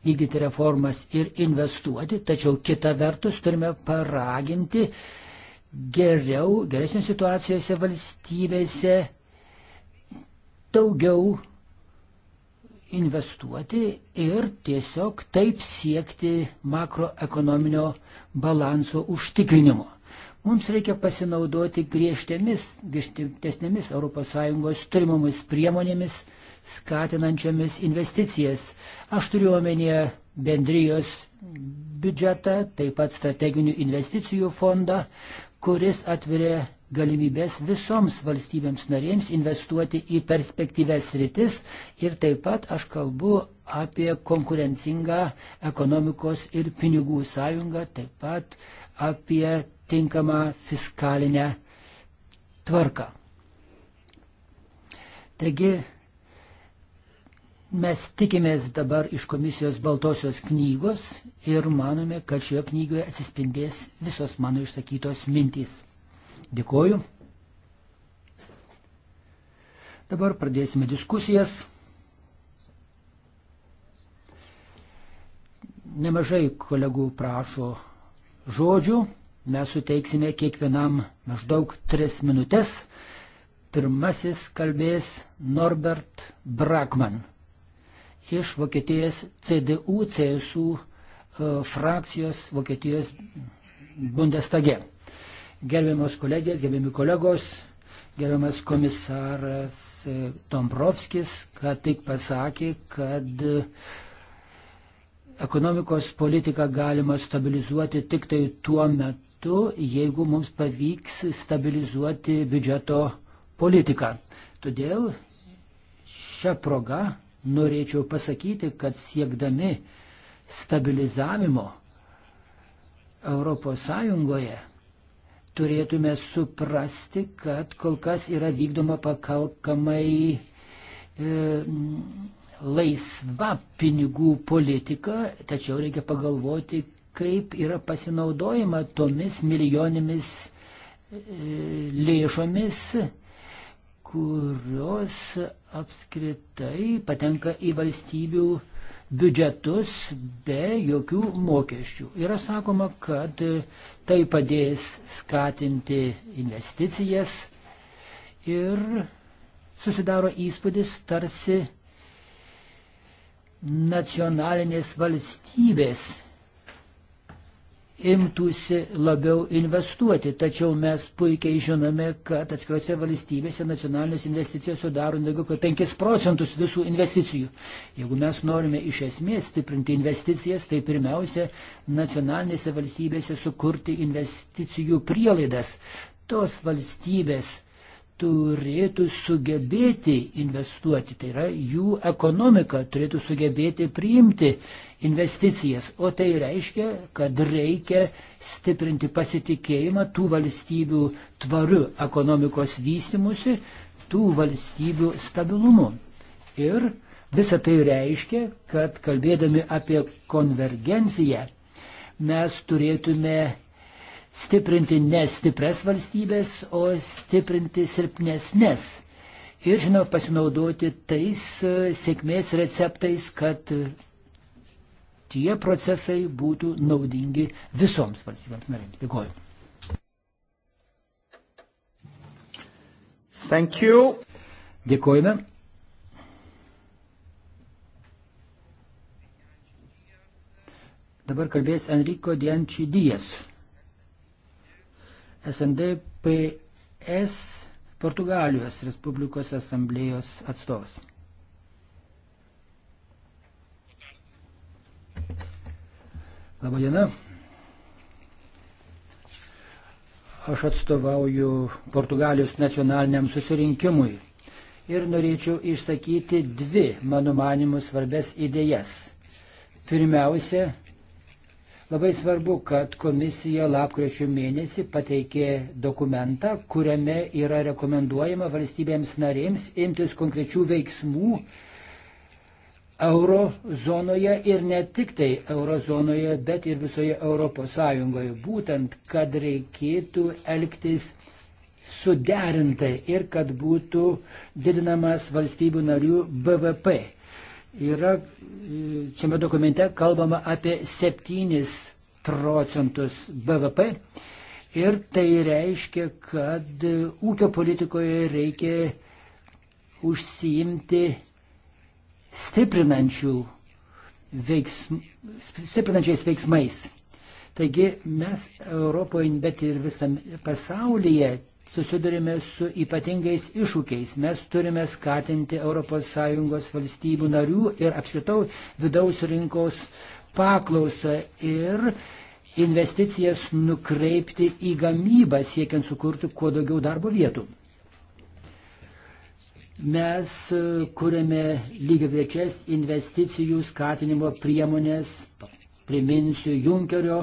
vykdyti reformas ir investuoti, tačiau kita vertus turime paraginti geriau, geresnio situacijose valstybėse daugiau investuoti ir tiesiog taip siekti makroekonominio balanso užtikrinimo. Mums reikia pasinaudoti griežtesnėmis ES turimomis priemonėmis, skatinančiomis investicijas. Aš turiu omenyje bendrijos biudžetą, taip pat strateginių investicijų fondą, kuris atveria galimybės visoms valstybėms narėms investuoti į perspektyves rytis ir taip pat aš kalbu apie konkurencingą ekonomikos ir pinigų sąjungą, taip pat apie tinkamą fiskalinę tvarką. Taigi Mes tikimės dabar iš komisijos baltosios knygos ir manome, kad šioje knygoje atsispindės visos mano išsakytos mintys. Dėkoju. Dabar pradėsime diskusijas. Nemažai kolegų prašo žodžių. Mes suteiksime kiekvienam maždaug tris minutės. Pirmasis kalbės Norbert Brakman iš Vokietijos CDU, CSU e, frakcijos Vokietijos Bundestage. Gerbiamos kolegės, gerbiami kolegos, gerbiamas komisaras e, Dombrovskis, kad tik pasakė, kad ekonomikos politiką galima stabilizuoti tik tai tuo metu, jeigu mums pavyks stabilizuoti biudžeto politiką. Todėl šią progą norėčiau pasakyti, kad siekdami stabilizavimo Europos Sąjungoje turėtume suprasti, kad kol kas yra vykdoma pakalkamai e, laisva pinigų politika, tačiau reikia pagalvoti, kaip yra pasinaudojama tomis milijonimis e, lėšomis, kurios apskritai patenka į valstybių biudžetus be jokių mokesčių. Yra sakoma, kad tai padės skatinti investicijas ir susidaro įspūdis tarsi nacionalinės valstybės imtųsi labiau investuoti. Tačiau mes puikiai žinome, kad atskirose valstybėse nacionalinės investicijos sudaro daugiau kaip 5 procentus visų investicijų. Jeigu mes norime iš esmės stiprinti investicijas, tai pirmiausia, nacionalinėse valstybėse sukurti investicijų prielaidas. Tos valstybės turėtų sugebėti investuoti, tai yra jų ekonomika turėtų sugebėti priimti investicijas. O tai reiškia, kad reikia stiprinti pasitikėjimą tų valstybių tvariu ekonomikos vystimusi, tų valstybių stabilumu. Ir visa tai reiškia, kad kalbėdami apie konvergenciją, mes turėtume stiprinti ne stipres valstybės, o stiprinti silpnesnės. Ir, žinoma, pasinaudoti tais e, sėkmės receptais, kad tie procesai būtų naudingi visoms valstybėms narėms. Dėkuoju. Thank you. Dėkojame. Dabar kalbės Enrico Diančidijas. SNDPS Portugalijos Respublikos asamblėjos atstovas. Labadiena. Aš atstovauju Portugalijos nacionaliniam susirinkimui ir norėčiau išsakyti dvi, mano manimus, svarbės idėjas. Pirmiausia, Labai svarbu, kad komisija lapkričio mėnesį pateikė dokumentą, kuriame yra rekomenduojama valstybėms narėms imtis konkrečių veiksmų euro zonoje ir ne tik tai euro zonoje, bet ir visoje Europos Sąjungoje. Būtent, kad reikėtų elgtis suderintai ir kad būtų didinamas valstybių narių BVP yra e, šiame dokumente kalbama apie 7 procentus BVP ir tai reiškia, kad ūkio politikoje reikia užsiimti stiprinančių veiksm, stiprinančiais veiksmais. Taigi mes Europoje, bet ir visame pasaulyje susidurime su ypatingais iššūkiais. Mes turime skatinti ES valstybių narių ir apskritau vidaus rinkos paklausą ir investicijas nukreipti į gamybą, siekiant sukurti kuo daugiau darbo vietų. Mes e, kuriame lygiai grečias investicijų skatinimo priemonės, priminsiu Junkerio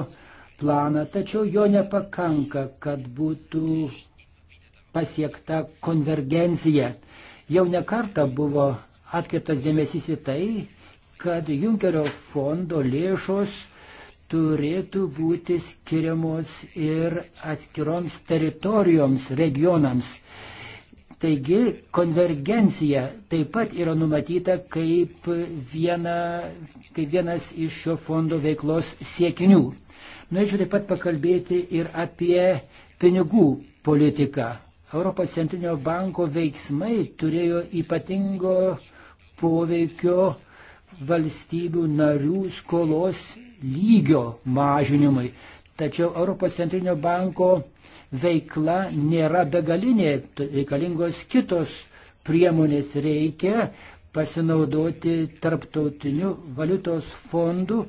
planą, tačiau jo nepakanka, kad būtų pasiekta konvergencija. Jau nekarta buvo atkirtas dėmesys į tai, kad Junkerio fondo lėšos turėtų būti skiriamos ir atskiroms teritorijoms, regionams. Taigi konvergencija taip pat yra numatyta kaip, viena, kaip vienas iš šio fondo veiklos siekinių. Norėčiau nu, taip pat pakalbėti ir apie pinigų politiką. Europos centrinio banko veiksmai turėjo ypatingo poveikio valstybių narių skolos lygio mažinimui. Tačiau Europos centrinio banko veikla nėra begalinė, reikalingos kitos priemonės reikia pasinaudoti tarptautiniu valiutos fondu,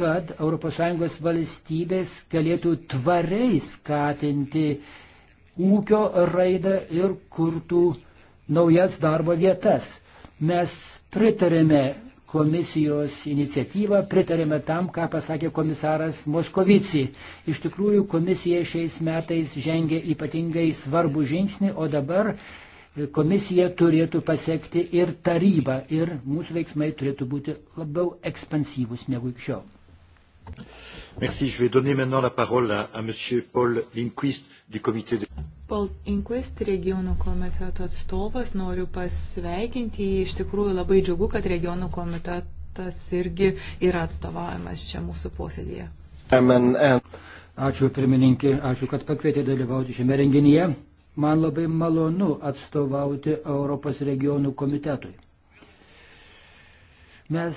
kad ES valstybės galėtų tvariai skatinti ūkio raidą ir kurtų naujas darbo vietas. Mes pritarėme komisijos iniciatyvą, pritarėme tam, ką pasakė komisaras Moskovici. Iš tikrųjų, komisija šiais metais žengė ypatingai svarbų žingsnį, o dabar komisija turėtų pasiekti ir taryba, ir mūsų veiksmai turėtų būti labiau ekspansyvus negu iki šiol. Merci. Je vais donner maintenant la parole à, à Monsieur Paul Lindquist du comité de. Paul Inquist, regionų komiteto atstovas, noriu pasveikinti. Iš tikrųjų labai džiugu, kad regionų komitetas irgi yra atstovavimas čia mūsų posėdėje. Ačiū pirmininkė, ačiū, kad pakvietė dalyvauti šiame renginyje. Man labai malonu atstovauti Europos regionų komitetui. Mes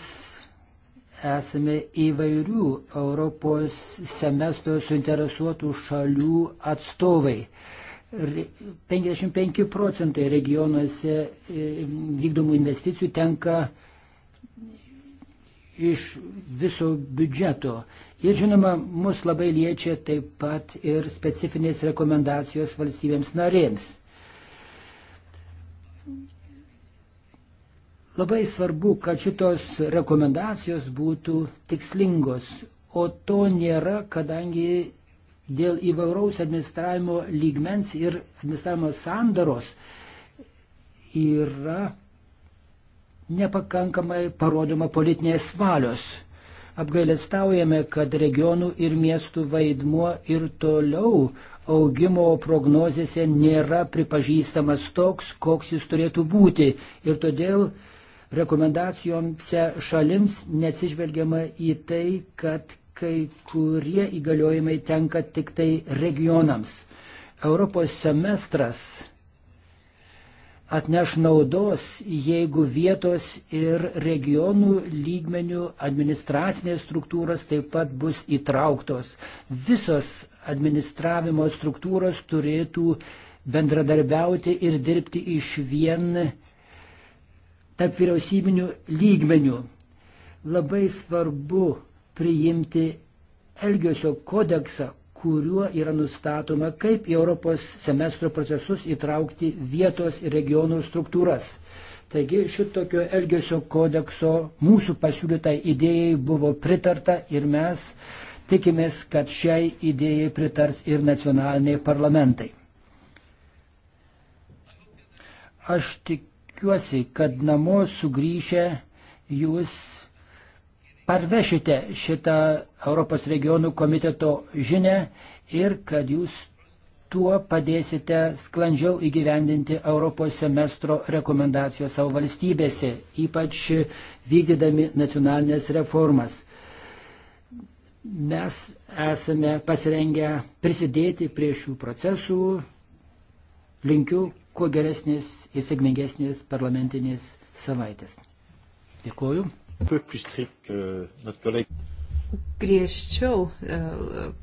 esame įvairių Europos semestro suinteresuotų šalių atstovai. 55 procentai regionuose e, vykdomų investicijų tenka iš viso biudžeto. Ir žinoma, mus labai liečia taip pat ir specifinės rekomendacijos valstybėms narėms. Labai svarbu, kad šitos rekomendacijos būtų tikslingos, o to nėra, kadangi dėl įvairaus administravimo lygmens ir administravimo sandaros yra nepakankamai parodoma politinės valios. Apgailestaujame, kad regionų ir miestų vaidmuo ir toliau augimo prognozėse nėra pripažįstamas toks, koks jis turėtų būti. Ir todėl rekomendacijomse šalims neatsižvelgiama į tai, kad kai kurie įgaliojimai tenka tik tai regionams. Europos semestras atneš naudos, jeigu vietos ir regionų lygmenių administracinės struktūros taip pat bus įtrauktos. Visos administravimo struktūros turėtų bendradarbiauti ir dirbti iš vien tarp vyriausybinių lygmenių. Labai svarbu priimti Elgesio kodeksą, kuriuo yra nustatoma, kaip į Europos semestro procesus įtraukti vietos ir regionų struktūras. Taigi šitokio Elgesio kodekso mūsų pasiūlytai idėjai buvo pritarta ir mes tikimės, kad šiai idėjai pritars ir nacionaliniai parlamentai. Aš tik tikiuosi, kad namo sugrįžę jūs parvešite šitą Europos regionų komiteto žinę ir kad jūs tuo padėsite sklandžiau įgyvendinti Europos semestro rekomendacijos savo valstybėse, ypač vykdydami nacionalinės reformas. Mes esame pasirengę prisidėti prie šių procesų. Linkiu kuo geresnės ir sėkmingesnės parlamentinės savaitės. Dėkuoju. Griežčiau e,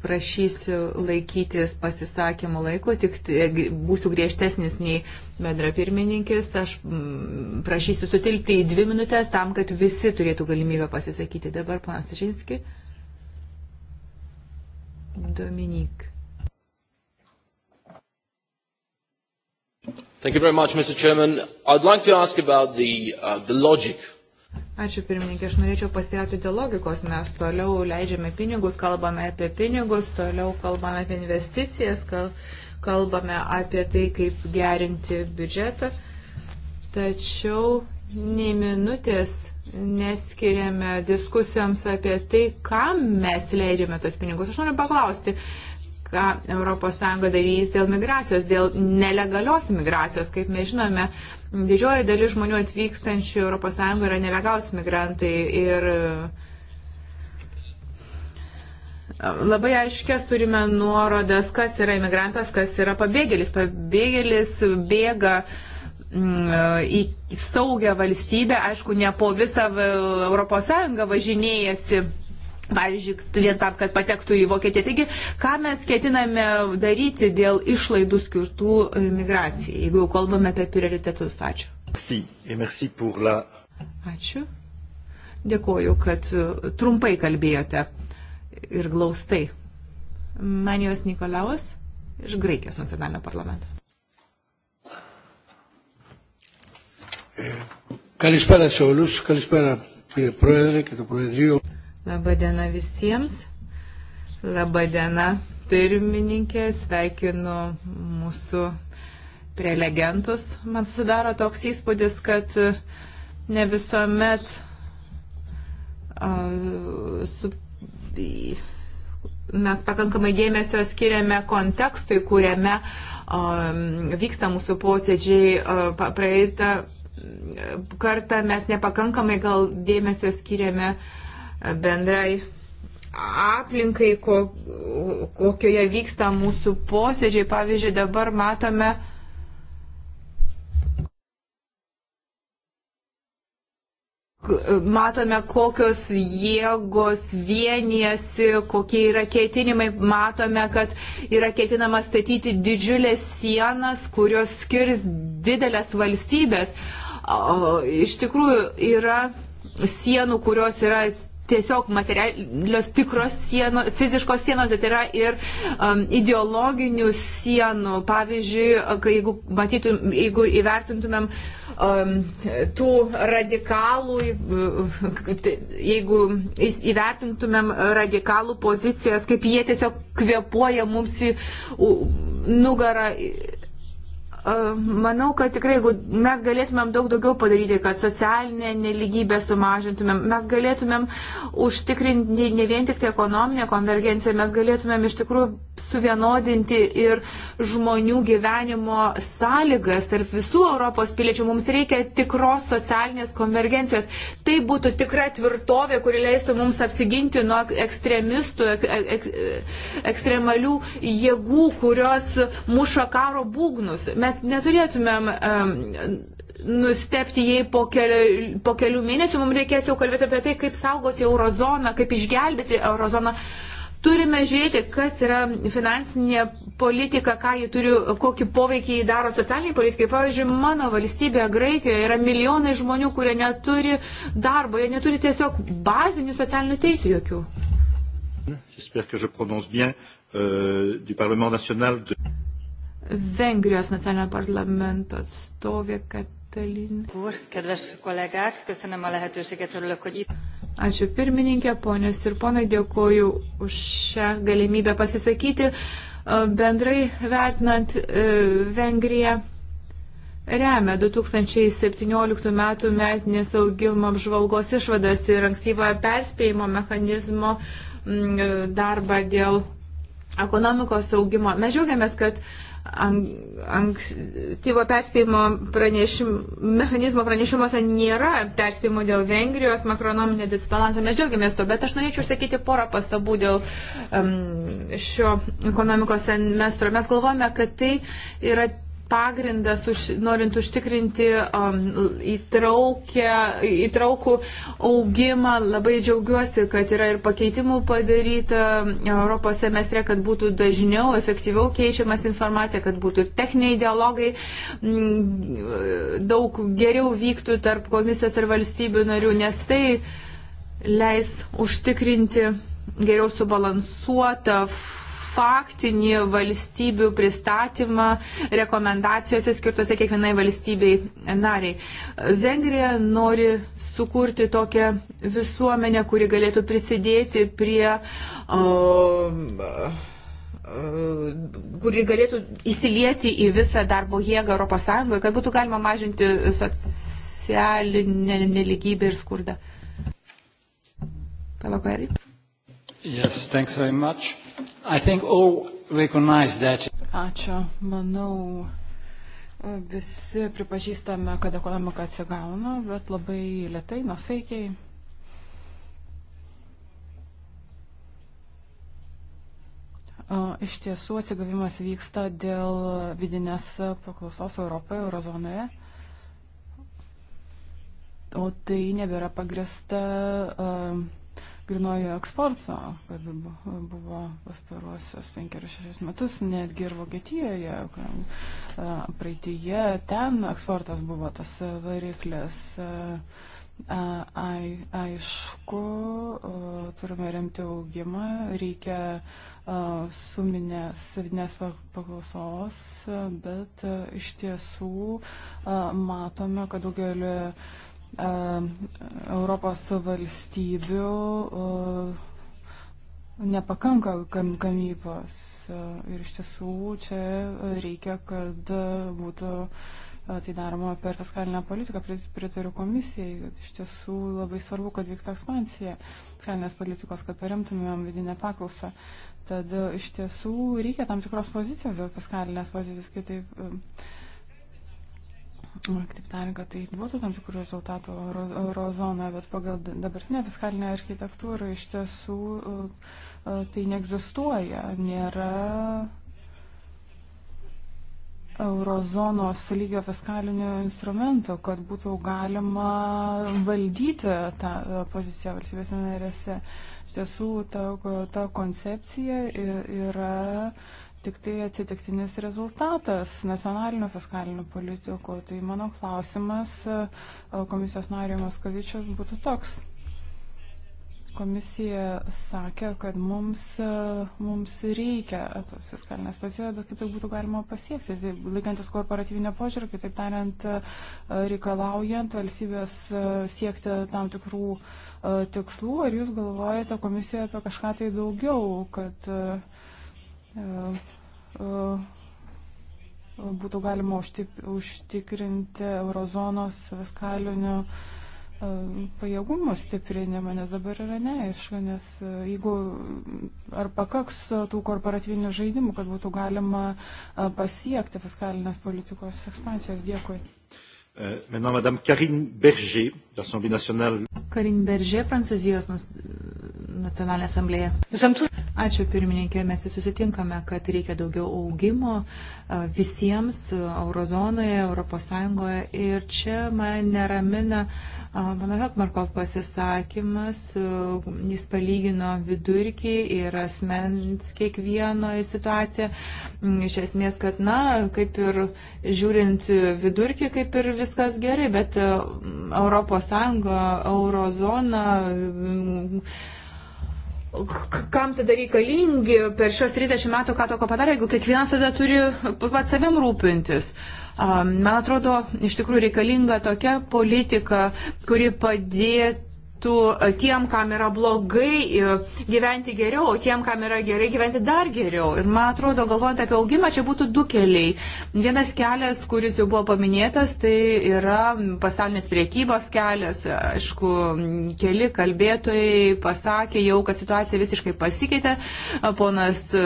prašysiu laikytis pasisakymų laiko, tik e, būsiu griežtesnis nei bendra pirmininkis. Aš prašysiu sutilpti į dvi minutės tam, kad visi turėtų galimybę pasisakyti. Dabar, panas Žinski. Dominik. Thank you very much, Mr. Chairman. I'd like to ask about the, uh, the logic Ačiū pirmininkė, aš norėčiau pasirauti dėl logikos. Mes toliau leidžiame pinigus, kalbame apie pinigus, toliau kalbame apie investicijas, kalbame apie tai, kaip gerinti biudžetą. Tačiau nei minutės neskiriame diskusijoms apie tai, kam mes leidžiame tos pinigus. Aš noriu paklausti, ką ES darys dėl migracijos, dėl nelegalios migracijos. Kaip mes žinome, didžioji dalis žmonių atvykstančių ES yra nelegalus migrantai. Ir, e, Labai aiškės turime nuorodas, kas yra imigrantas, kas yra pabėgėlis. Pabėgėlis bėga mm, į saugią valstybę, aišku, ne po visą ES važinėjasi Pavyzdžiui, vien tam, kad patektų į Vokietiją. Taigi, ką mes ketiname daryti dėl išlaidų skirtų e, migracijai, jeigu jau kalbame apie prioritetus. Ačiū. Merci. Merci la... Ačiū. Dėkoju, kad e, trumpai kalbėjote ir glaustai. Manijos Nikolaus iš Graikijos nacionalinio parlamento. Eh, kalispera se olus, kalispera κύριε Πρόεδρε και το Προεδρείο. Labadiena visiems. Labadiena pirmininkė. Sveikinu mūsų prelegentus. Man sudaro toks įspūdis, kad e, ne visuomet uh, su, mes pakankamai dėmesio skiriame kontekstui, kuriame um, vyksta mūsų posėdžiai. Uh, praeitą kartą mes nepakankamai gal dėmesio skiriame uh, bendrai aplinkai, ko, kokioje vyksta mūsų posėdžiai. Pavyzdžiui, dabar matome, matome, kokios jėgos vienijasi, kokie yra ketinimai, matome, kad yra ketinama statyti didžiulės sienas, kurios skirs didelės valstybės. Iš tikrųjų yra sienų, kurios yra tiesiog materialios tikros sienos, fiziškos sienos, bet yra ir um, ideologinių sienų. Pavyzdžiui, jeigu, matytum, jeigu įvertintumėm um, tų radikalų, tai jeigu įvertintumėm radikalų pozicijas, kaip jie tiesiog kvepuoja mums į nugarą Manau, kad tikrai, jeigu mes galėtumėm daug daugiau padaryti, kad socialinę neligybę sumažintumėm, mes galėtumėm užtikrinti ne vien tik tai ekonominę konvergenciją, mes galėtumėm iš tikrųjų suvienodinti ir žmonių gyvenimo sąlygas tarp visų Europos piliečių. Mums reikia tikros socialinės konvergencijos. Tai būtų tikra tvirtovė, kuri leistų mums apsiginti nuo ekstremistų, ek, ek, ekstremalių jėgų, kurios muša karo būgnus. Mes mes neturėtumėm um, nustepti, jei po kelių, po kelių mėnesių mums reikės jau kalbėti apie tai, kaip saugoti eurozoną, kaip išgelbėti eurozoną. Turime žiūrėti, kas yra finansinė politika, ką jį turi, kokį poveikį jį daro socialiniai politikai. Pavyzdžiui, mano valstybėje Graikijoje yra milijonai žmonių, kurie neturi darbo, jie neturi tiesiog bazinių socialinių teisų jokių. J'espère que je prononce bien euh, du Parlement national de... Vengrijos nacionalinio parlamento atstovė Katalin. Ačiū pirmininkė, ponios ir ponai, dėkoju už šią galimybę pasisakyti. Bendrai vertinant e, Vengriją remia 2017 m. metinės augimo apžvalgos išvadas ir ankstyvojo perspėjimo mechanizmo darbą dėl ekonomikos augimo. Mes džiaugiamės, kad uh, ankstyvo perspėjimo pranešim, mechanizmo pranešimuose nėra perspėjimo dėl Vengrijos makronominio disbalanso. Mes džiaugiamės to, bet aš norėčiau sakyti porą pastabų dėl um, šio ekonomikos semestro. Mes galvojame, kad tai yra pagrindas, už, norint užtikrinti um, įtraukę, įtraukų augimą. Labai džiaugiuosi, kad yra ir pakeitimų padaryta Europos semestre, kad būtų dažniau, efektyviau keičiamas informacija, kad būtų ir techniniai dialogai m, mm, daug geriau vyktų tarp komisijos ir valstybių narių, nes tai leis užtikrinti geriau subalansuotą faktinį valstybių pristatymą rekomendacijose skirtose kiekvienai valstybei nariai. Vengrija nori sukurti tokią visuomenę, kuri galėtų prisidėti prie. O, kuri galėtų įsilieti į visą darbo jėgą ES, kad būtų galima mažinti socialinę neligybę ir skurdą. Pelo Query. Yes, thanks very much. Ačiū. Manau, visi pripažįstame, kad ekonomika atsigauna, bet labai lietai, nusaikiai. Iš tiesų atsigavimas vyksta dėl vidinės paklausos Europoje, eurozonoje. O tai nebėra pagrista. Uh, grinojo eksporto, kad buvo pastaruosius penkerius šešis metus, netgi ir Vokietijoje, praeitįje ten eksportas buvo tas variklis. Ai, aišku, turime remti augimą, reikia suminės vidinės paklausos, bet iš tiesų matome, kad daugeliu E, Europos valstybių e, nepakanka gam, gamybos. E, ir iš tiesų čia reikia, kad būtų tai daroma per fiskalinę politiką, pritariu komisijai, kad iš tiesų labai svarbu, kad vyktų ekspansija fiskalinės politikos, kad paremtumėm vidinę paklausą. Tad iš tiesų reikia tam tikros pozicijos dėl fiskalinės pozicijos, kitaip Kitaip tariant, kad tai duotų tam tikrų rezultatų eurozonoje, bet pagal dabartinę fiskalinę architektūrą iš tiesų e, e, tai neegzistuoja, nėra eurozonos lygio fiskalinio instrumento, kad būtų galima valdyti tą e, poziciją valstybės narėse. Iš tiesų, ta, ta koncepcija yra. yra tik tai atsitiktinis rezultatas nacionalinių fiskalinių politikų. Tai mano klausimas e, komisijos nariui Moskovičius būtų toks. Komisija sakė, kad mums, e, mums reikia tos fiskalinės pozicijos, bet kaip tai būtų galima pasiekti. Tai laikantis korporatyvinio požiūrio, kitaip tariant, e, reikalaujant valstybės siekti tam tikrų tikslų, ar jūs galvojate komisijoje apie kažką tai daugiau, kad E, būtų galima užtikrinti eurozonos fiskalinių e, pajėgumų stiprinimą, nes dabar yra neaišku, nes e, jeigu ar pakaks tų korporatyvinių žaidimų, kad būtų galima pasiekti fiskalinės politikos ekspansijos. Dėkui. Maintenant, Madame Karine Berger, l'Assemblée nationale. Karine Berger, Prancūzijos Nacionalinė asamblėje. Ačiū pirmininkė, mes visi susitinkame, kad reikia daugiau augimo visiems eurozonoje, Europos Sąjungoje. Ir čia mane neramina mano Hekmarko pasisakymas. Jis palygino vidurkį ir asmens kiekvieno situaciją. Mm, iš esmės, kad, na, kaip ir žiūrint vidurkį, kaip ir viskas gerai, bet Europos Sąjunga, eurozona, mm, kam tada reikalingi per šios 30 metų, ką toko padarė, jeigu kiekvienas tada turi pat savim rūpintis. Man atrodo, iš tikrųjų reikalinga tokia politika, kuri padėtų leistų tiem, kam yra blogai, e, gyventi geriau, o tiem, kam yra gerai, gyventi dar geriau. Ir man atrodo, galvojant apie augimą, čia būtų du keliai. Vienas kelias, kuris jau buvo paminėtas, tai yra pasaulinės priekybos kelias. Aišku, keli kalbėtojai pasakė jau, kad situacija visiškai pasikeitė. E, ponas e,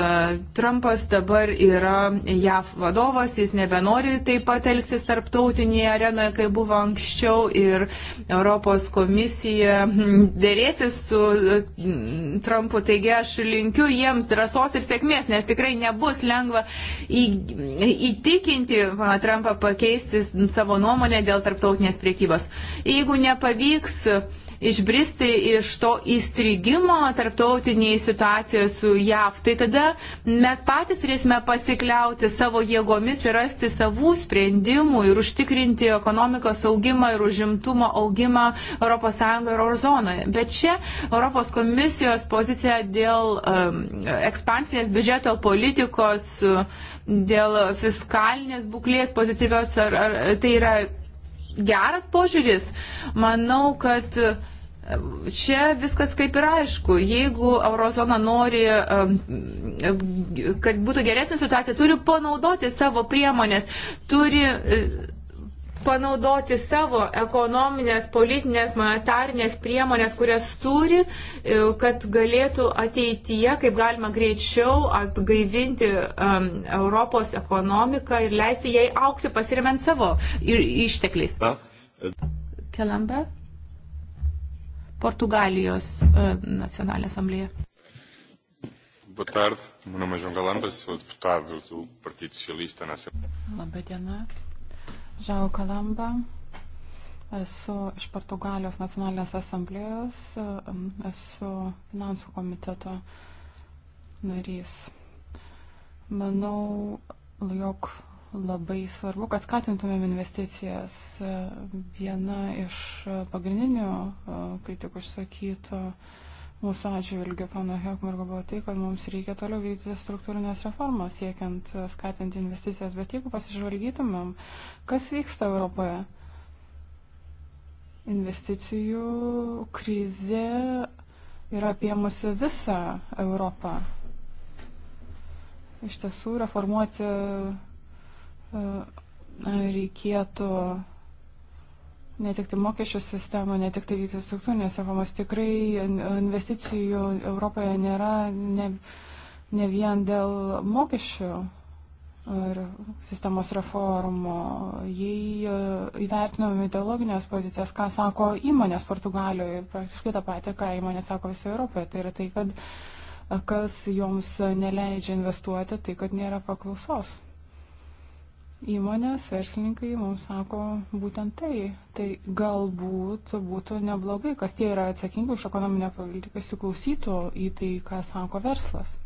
Trumpas dabar yra JAV vadovas, jis nebenori taip pat elgtis tarptautinėje arenoje, kaip buvo anksčiau. Ir Europos komisija dėrėsis su mm, Trumpu. Taigi aš linkiu jiems drąsos ir sėkmės, nes tikrai nebus lengva į, įtikinti Trumpą pakeisti savo nuomonę dėl tarptautinės priekybos. Jeigu nepavyks, išbristi iš to įstrigimo tarptautiniai situacijos su JAV, tai tada mes patys turėsime pasikliauti savo jėgomis ir rasti savų sprendimų ir užtikrinti ekonomikos augimą ir užimtumo augimą ES ir Orzonoje. Bet čia Europos komisijos pozicija dėl um, ekspansinės biudžeto politikos, dėl fiskalinės būklės pozityvios, ar, ar, tai yra geras požiūris. Manau, kad e, čia viskas kaip ir aišku. Jeigu eurozona nori, kad būtų geresnė situacija, turi panaudoti savo priemonės, turi e, panaudoti savo ekonominės, politinės, monetarnės priemonės, kurias turi, e, kad galėtų ateityje, kaip galima greičiau, atgaivinti um, Europos ekonomiką ir leisti jai aukti pasiriment savo ištekliais. Kelamba, Portugalijos e, nacionalinė asamblėje. Boa tarde, meu nome é João Galambas, sou deputado do Partido Socialista na Assembleia. Labadiena, Žau Kalamba. Esu iš Portugalijos nacionalinės asamblėjos, esu finansų komiteto narys. Manau, jog labai svarbu, kad skatintumėm investicijas. Viena iš pagrindinių kritikų išsakytų mūsų atžvilgiu, pana Hekmargo, buvo tai, kad mums reikia toliau vykdyti struktūrinės reformas, siekiant e, skatinti investicijas. Bet jeigu pasižvalgytumėm, kas vyksta Europoje, investicijų krizė yra apiemusi visą Europą. Iš tiesų, reformuoti e, reikėtų ne tik tai mokesčių sistemą, ne tik tai struktūrinės reformas. Tikrai investicijų Europoje nėra ne, ne vien dėl mokesčių ir sistemos reformų. Jei e, įvertinome ideologinės pozicijas, ką sako įmonės Portugalijoje, praktiškai tą patį, ką įmonės sako visoje Europoje, tai yra tai, kad kas joms neleidžia investuoti, tai kad nėra paklausos. Įmonės, verslininkai mums sako būtent tai. Tai galbūt būtų neblogai, kas tie yra atsakingi už ekonominę politiką, įsiklausytų į tai, ką sako verslas.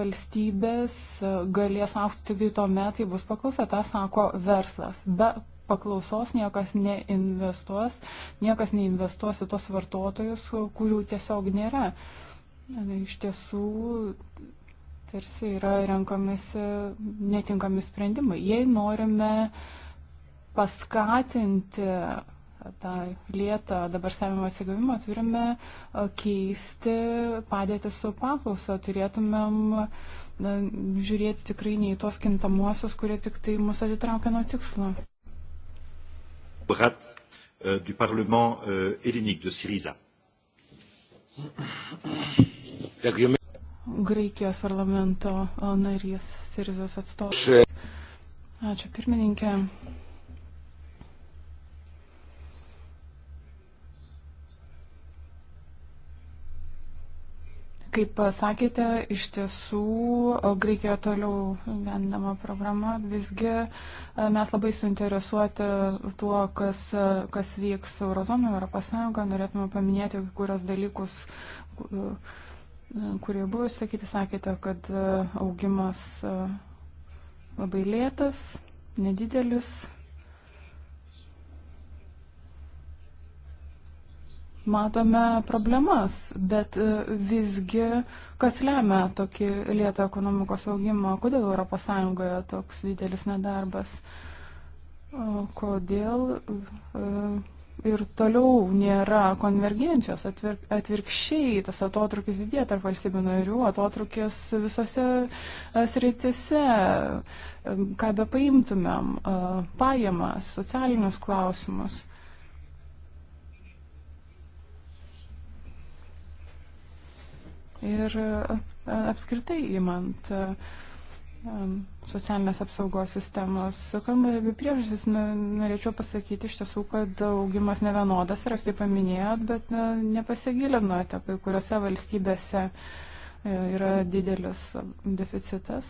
Valstybės galės aukti tik tai tuo metu, kai bus paklausa, tą sako verslas. Be paklausos niekas neinvestuos, niekas neinvestuos į tos vartotojus, kurių tiesiog nėra. Iš tiesų tarsi yra renkamis netinkami sprendimai. Jei norime paskatinti tą lietą dabar savimo atsigavimą, turime keisti padėtį su paklauso, turėtumėm na, žiūrėti tikrai ne į tos kintamuosius, kurie tik tai mus atitraukia nuo tikslo. Brat euh, du Parlement euh, hélénique de Syriza. Graikijos parlamento narys Sirizos atstovas. Ačiū pirmininkė. Kaip sakėte, iš tiesų Graikijoje toliau vendama programa, visgi e, mes labai suinteresuoti tuo, kas, e, kas vyks Eurozonoje, Europos Sąjungoje, norėtume paminėti kai kurios dalykus, kurie buvo išsakyti, sakėte, kad e, augimas e, labai lėtas, nedidelis. Matome problemas, bet e, visgi kas lemia tokį lėtą ekonomikos augimą, kodėl ES toks didelis nedarbas, kodėl ir toliau nėra konvergencijos, atvir, atvirkščiai tas atotrukis didėja tarp valstybių narių, atotrukis visose e, sritise, ką be paimtumėm, e, pajamas, socialinius klausimus. Ir e, apskritai įmant. Uh, socialinės apsaugos sistemos. Kalbant apie priežastis, norėčiau pasakyti iš tiesų, kad augimas nevienodas ir aš tai paminėjot, bet nepasigilinote, kai kuriuose valstybėse e, yra didelis deficitas.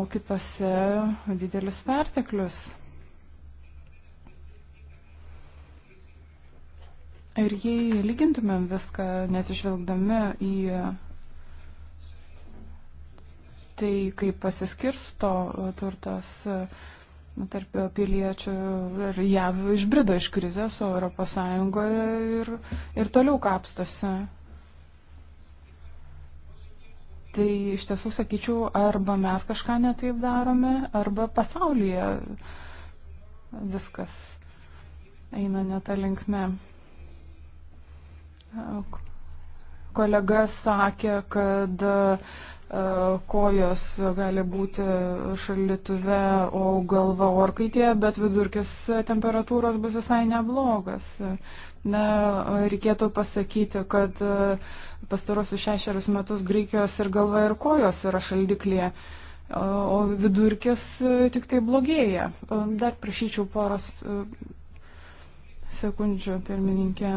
O kitose didelis perteklius. Ir jei lygintumėm viską, nesižvelgdami į tai, kaip pasiskirsto e, turtas e, tarp piliečių ir jav išbrido iš krizės, o ES ir, ir toliau kapstosi. Tai iš tiesų sakyčiau, arba mes kažką netaip darome, arba pasaulyje viskas eina ne tą linkme. Kolega sakė, kad E, kojos gali būti šaldytuve, o galva orkaitėje, bet vidurkis temperatūros bus visai neblogas. Na, reikėtų pasakyti, kad e, pastarosius šešerius metus Graikijos ir galva ir kojos yra šaldiklėje, o vidurkis e, tik tai blogėja. Dar prašyčiau poros sekundžių, pirmininkė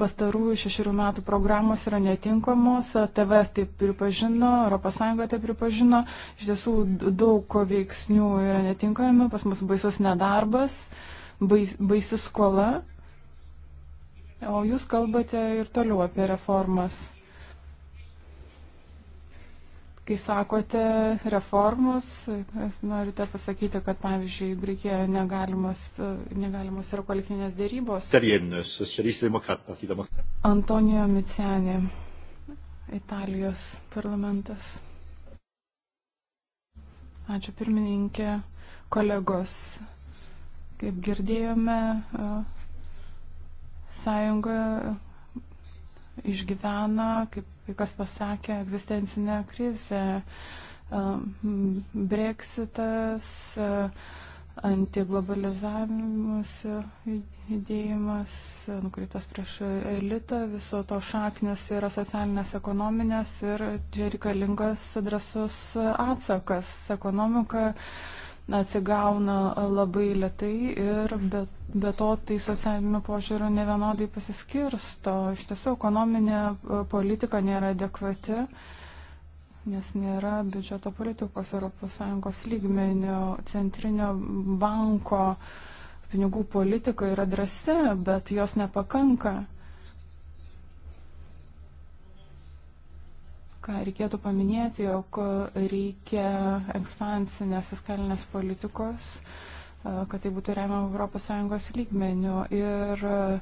pastarųjų šešių metų programos yra netinkamos, TVS tai pripažino, ES tai pripažino, iš tiesų daug veiksnių yra netinkami, pas mus baisus nedarbas, bais, baisi skola, o jūs kalbate ir toliau apie reformas. Kai sakote reformos, norite pasakyti, kad pavyzdžiui, Graikijoje negalimas, negalimas yra kolektyvinės dėrybos. Antonijo Micenė, Italijos parlamentas. Ačiū pirmininkė, kolegos. Kaip girdėjome, sąjungoje išgyvena, kaip kai kas pasakė, egzistencinę krizę. Brexitas, antiglobalizavimus judėjimas, nukreiptas prieš elitą, viso to šaknis yra socialinės, ekonominės ir čia reikalingas adresus atsakas. Ekonomika atsigauna e, labai lietai ir be, be to tai socialinio požiūrio nevienodai pasiskirsto. Iš tiesų, ekonominė e, politika nėra adekvati nes nėra biudžeto politikos ES lygmenio centrinio banko pinigų politika yra drąsi, bet jos nepakanka. ką reikėtų paminėti, jog reikia ekspansinės fiskalinės politikos, e, kad tai būtų remiama ES lygmenių. Ir e,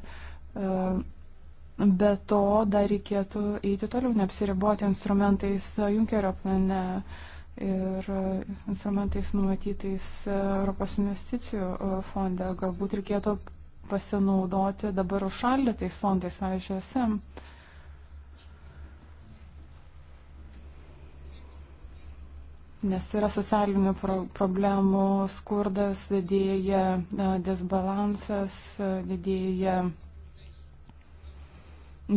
be to dar reikėtų eiti toliau, neapsiriboti instrumentais Junkerio plane ir instrumentais numatytais Europos investicijų fonde. Galbūt reikėtų pasinaudoti dabar užšaldytais fondais, pavyzdžiui, SM. nes yra socialinių pro problemų, skurdas didėja, disbalansas didėja,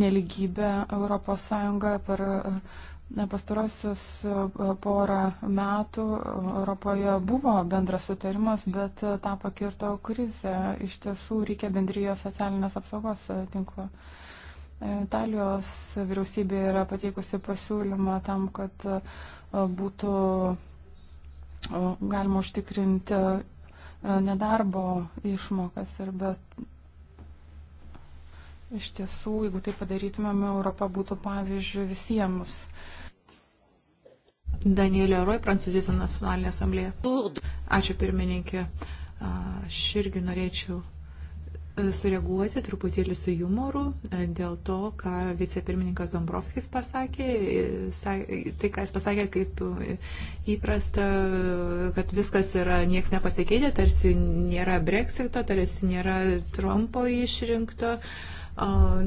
neligybė ES per pastarosius porą metų Europoje buvo bendras sutarimas, bet tą pakirto krizė. Iš tiesų reikia bendrijos socialinės apsaugos tinklo. Italijos vyriausybė yra pateikusi pasiūlymą tam, kad uh, būtų galima užtikrinti nedarbo išmokas. Ir bet iš tiesų, jeigu tai padarytumėm, Europa būtų pavyzdžių visiems. Danielė Roy, Prancūzijos nacionalinė asamblėje. Ačiū pirmininkė. Aš irgi norėčiau sureaguoti truputėlį su jumoru e, dėl to, ką vicepirmininkas Dombrovskis pasakė, e, tai ką jis pasakė kaip e, įprasta, kad viskas yra, nieks nepasikeitė, tarsi nėra breksito, tarsi nėra Trumpo išrinkto. Uh,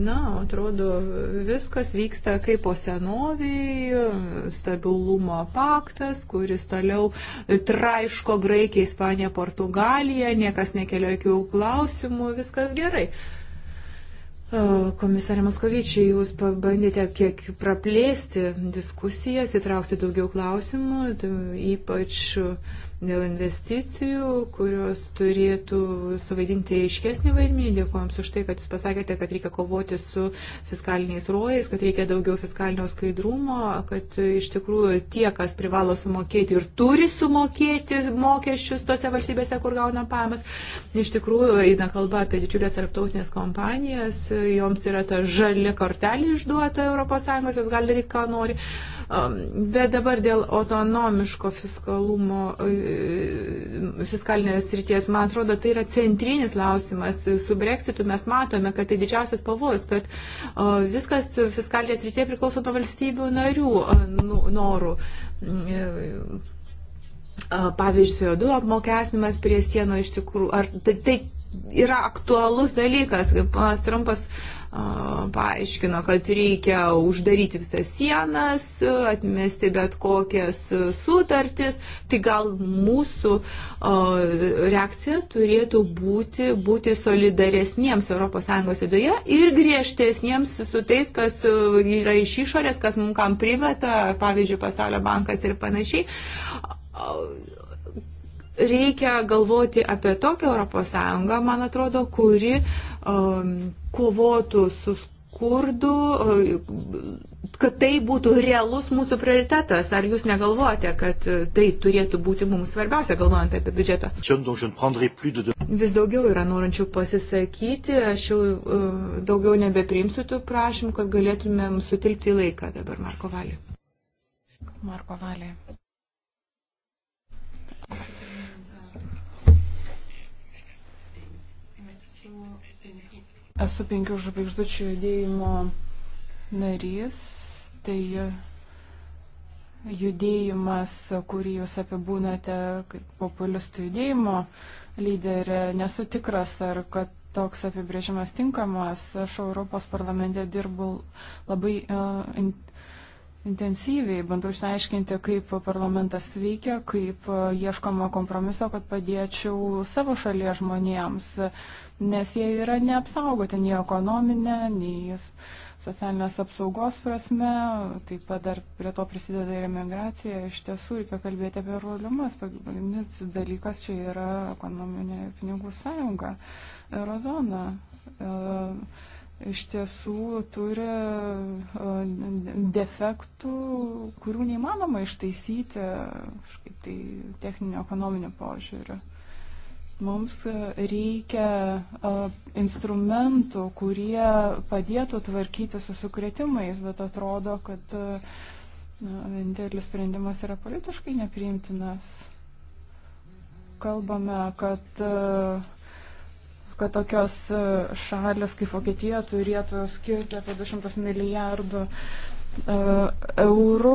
Na, atrodo, viskas vyksta kaip po senoviai, stabilumo paktas, kuris toliau traiško Graikiją, Ispaniją, Portugaliją, niekas nekelia jokių klausimų, viskas gerai. Komisarė Moskovičiai, jūs pabandėte kiek praplėsti diskusijas, įtraukti daugiau klausimų, ypač dėl investicijų, kurios turėtų suvaidinti aiškesnį vaidmenį. Dėkuojam už tai, kad jūs pasakėte, kad reikia kovoti su fiskaliniais rojais, kad reikia daugiau fiskalinio skaidrumo, kad iš tikrųjų tie, kas privalo sumokėti ir turi sumokėti mokesčius tose valstybėse, kur gauna pajamas, iš tikrųjų eina kalba apie didžiulės tarptautinės kompanijas, joms yra ta žali kortelė išduota ES, jos gali daryti, ką nori. Bet dabar dėl autonomiško fiskalumo, e, fiskalinės ryties, man atrodo, tai yra centrinis klausimas. Su breksitu mes matome, kad tai didžiausias pavojus, kad viskas fiskalinės rytie priklauso nuo valstybių narių nu, norų. E, pavyzdžiui, CO2 apmokesnimas prie sieno iš tikrųjų, ar tai, tai yra aktualus dalykas. Panas Trumpas uh, paaiškino, kad reikia uždaryti visas sienas, atmesti bet kokias sutartis, tai gal mūsų reakcija turėtų būti, būti solidaresniems ES viduje ir griežtesniems su tais, kas yra iš išorės, kas mums kam priveta, pavyzdžiui, pasaulio bankas ir panašiai reikia galvoti apie tokią ES, man atrodo, kuri um, kovotų su skurdu, kad tai būtų realus mūsų prioritetas. Ar jūs negalvojate, kad tai turėtų būti mums svarbiausia, galvojant apie biudžetą? Vis daugiau yra norinčių pasisakyti, aš jau e, daugiau nebepriimsiu tų prašymų, kad galėtumėm sutilpti į laiką dabar, Marko Valė. Marko Valė. Thank you. Esu penkių žvaigždučių judėjimo narys. Tai judėjimas, kurį jūs apibūnate kaip populistų judėjimo lyderė. Nesu tikras, ar kad toks apibrėžimas tinkamas. Aš Europos parlamente dirbu labai uh, intensyviai bandau išsiaiškinti, kaip parlamentas veikia, kaip e, ieškoma kompromiso, kad padėčiau savo šalyje žmonėms, nes jie yra neapsaugoti nei ekonominė, nei socialinės apsaugos prasme, taip pat dar prie to prisideda ir emigracija. Iš tiesų reikia kalbėti apie problemas. Pagrindinis dalykas čia yra ekonominė pinigų sąjunga, eurozona. Uh, e, iš tiesų turi e, defektų, kurių neįmanoma ištaisyti kažkaip tai techninio ekonominio požiūriu. Mums reikia e, instrumentų, kurie padėtų tvarkyti su sukretimais, bet atrodo, kad e, vienintelis sprendimas yra politiškai nepriimtinas. Kalbame, kad uh, kad tokios e, šalis kaip Vokietija turėtų skirti apie 200 milijardų e, eurų,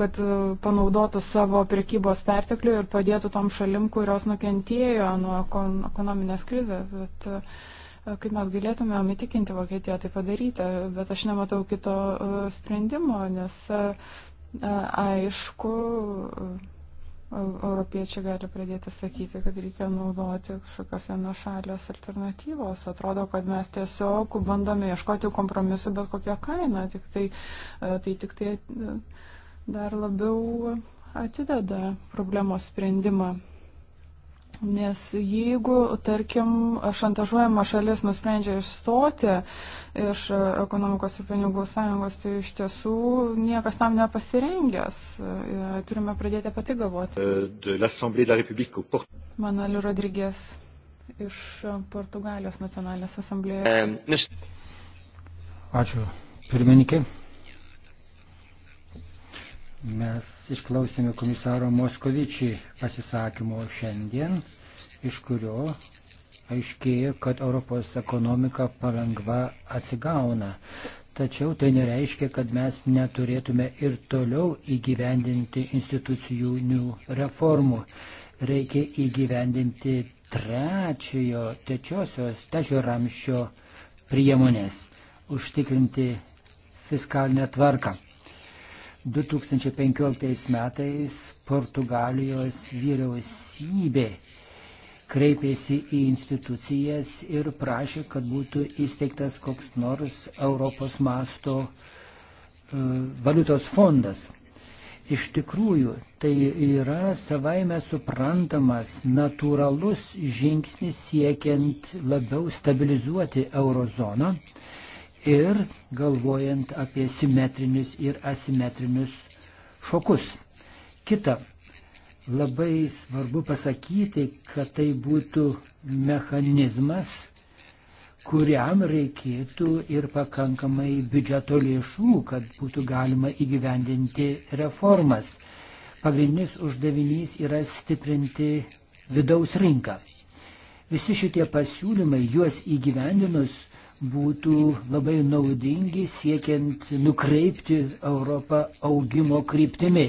kad e, panaudotų savo prekybos perteklių ir padėtų tom šalim, kurios nukentėjo nuo ekonominės krizės. Bet kaip mes galėtumėm įtikinti Vokietiją tai padaryti, bet aš nematau kito sprendimo, nes aišku, europiečiai gali pradėti sakyti, kad reikia naudoti kažkokios vienašalės alternatyvos. Atrodo, kad mes tiesiog bandome ieškoti kompromisu bet kokią kainą, tik tai, e, tai tik tai e, dar labiau atideda problemos sprendimą. Nes jeigu, tarkim, šantažuojama šalis nusprendžia išstoti iš ekonomikos ir pinigų sąjungos, tai iš tiesų niekas tam nepasirengęs. Turime pradėti apie tai galvoti. E, Manuel Rodrygės iš Portugalijos nacionalinės asamblėjos. Ačiū, pirmininkė. Mes išklausėme komisaro Moskovičiai pasisakymo šiandien, iš kurio aiškėjo, kad Europos ekonomika palengva atsigauna. Tačiau tai nereiškia, kad mes neturėtume ir toliau įgyvendinti institucijų reformų. Reikia įgyvendinti trečiojo, trečiosios, trečiojo ramščio priemonės, užtikrinti fiskalinę tvarką. 2015 metais Portugalijos vyriausybė kreipėsi į institucijas ir prašė, kad būtų įsteigtas koks nors Europos masto e, valiutos fondas. Iš tikrųjų, tai yra savaime suprantamas, natūralus žingsnis siekiant labiau stabilizuoti eurozoną ir galvojant apie simetrinius ir asimetrinius šokus. Kita, labai svarbu pasakyti, kad tai būtų mechanizmas, kuriam reikėtų ir pakankamai biudžeto lėšų, kad būtų galima įgyvendinti reformas. Pagrindinis uždavinys yra stiprinti vidaus rinką. Visi šitie pasiūlymai, juos įgyvendinus, būtų labai naudingi siekiant nukreipti Europą augimo kryptimi.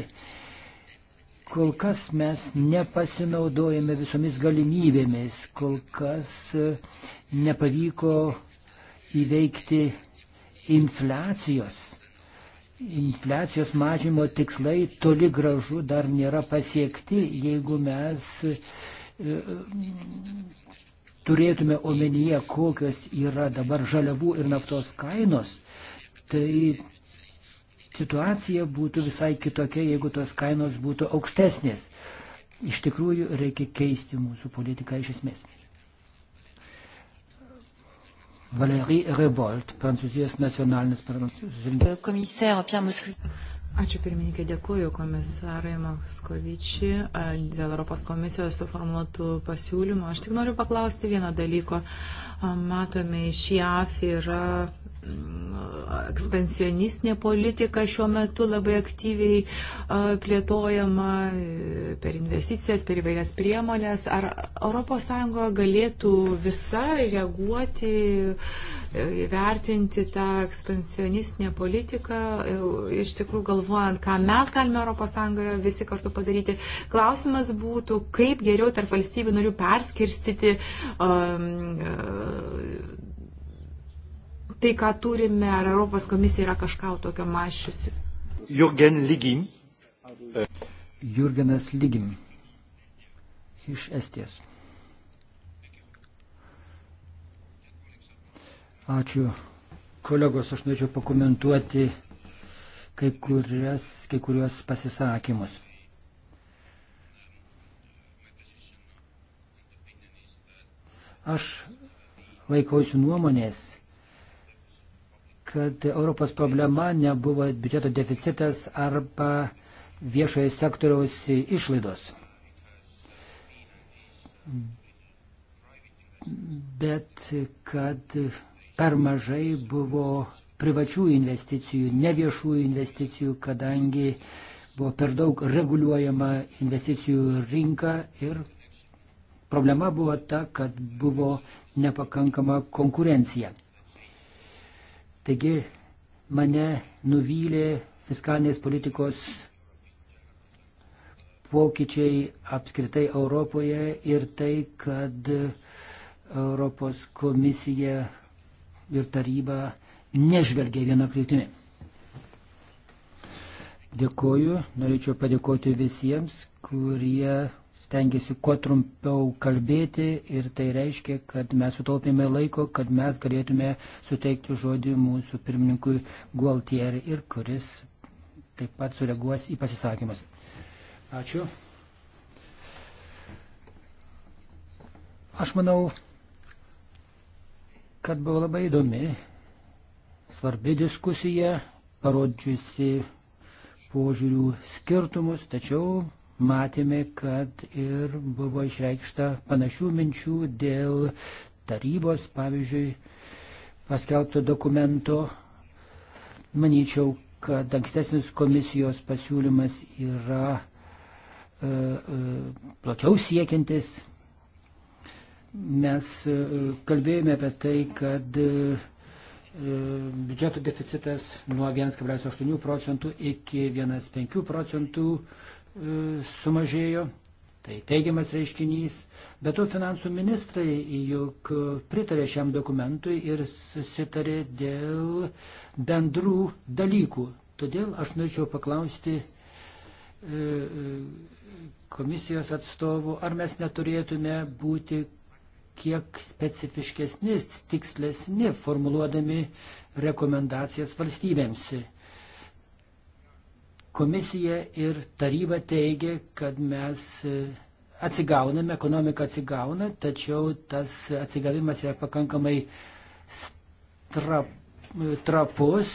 Kol kas mes nepasinaudojame visomis galimybėmis, kol kas e, nepavyko įveikti infliacijos. Infliacijos mažimo tikslai toli gražu dar nėra pasiekti, jeigu mes e, turėtume omenyje, kokios yra dabar žaliavų ir naftos kainos, tai situacija būtų visai kitokia, jeigu tos kainos būtų aukštesnės. Iš tikrųjų, reikia keisti mūsų politiką iš esmės. Valérie Rebolt, Prancūzijos nacionalinis parlamentas. Komisarė Pierre Moscovici. Ačiū pirmininkė, dėkuoju komisarai Moskovičiai dėl Europos komisijos suformuotų pasiūlymų. Aš tik noriu paklausti vieno dalyko. Matome, iš JAF yra ekspansionistinė politika šiuo metu labai aktyviai plėtojama e, per investicijas, per įvairias priemonės. Ar ES galėtų visa reaguoti, e, vertinti tą ekspansionistinę politiką, e, iš tikrųjų galvojant, ką mes galime ES visi kartu padaryti. Klausimas būtų, kaip geriau tarp valstybių norių perskirstyti um, tai, ką turime, ar Europos komisija yra kažką tokio mašiusi. Jurgen Ligim. Jurgenas Ligim iš Estijos. Ačiū. Kolegos, aš norėčiau pakomentuoti kai, kurias, kai kuriuos pasisakymus. Aš laikausi nuomonės, kad Europos problema nebuvo biudžeto deficitas arba viešojo sektoriaus išlaidos. Bet kad per mažai buvo privačių investicijų, neviešųjų investicijų, kadangi buvo per daug reguliuojama investicijų rinka ir problema buvo ta, kad buvo nepakankama konkurencija. Taigi mane nuvylė fiskalinės politikos pokyčiai apskritai Europoje ir tai, kad Europos komisija ir taryba nežvelgia vieną kryptimį. Dėkoju, norėčiau padėkoti visiems, kurie stengiasi kuo trumpiau kalbėti ir tai reiškia, kad mes sutaupėme laiko, kad mes galėtume suteikti žodį mūsų pirmininkui Gualtieri ir kuris taip pat sureaguos į pasisakymus. Ačiū. Aš manau, kad buvo labai įdomi, svarbi diskusija, parodžiusi požiūrių skirtumus, tačiau matėme, kad ir buvo išreikšta panašių minčių dėl tarybos, pavyzdžiui, paskelbto dokumento. Manyčiau, kad ankstesnis komisijos pasiūlymas yra e, e, plačiau siekiantis. Mes e, kalbėjome apie tai, kad e, e biudžeto deficitas nuo 1,8 procentų iki 1,5 procentų sumažėjo, tai teigiamas reiškinys, bet to finansų ministrai juk pritarė šiam dokumentui ir susitarė dėl bendrų dalykų. Todėl aš norėčiau paklausti e, e, komisijos atstovų, ar mes neturėtume būti kiek specifiškesni, tikslesni, formuluodami rekomendacijas valstybėms. Komisija ir taryba teigia, kad mes e, atsigauname, ekonomika atsigauna, tačiau tas atsigavimas yra pakankamai tra, e, trapus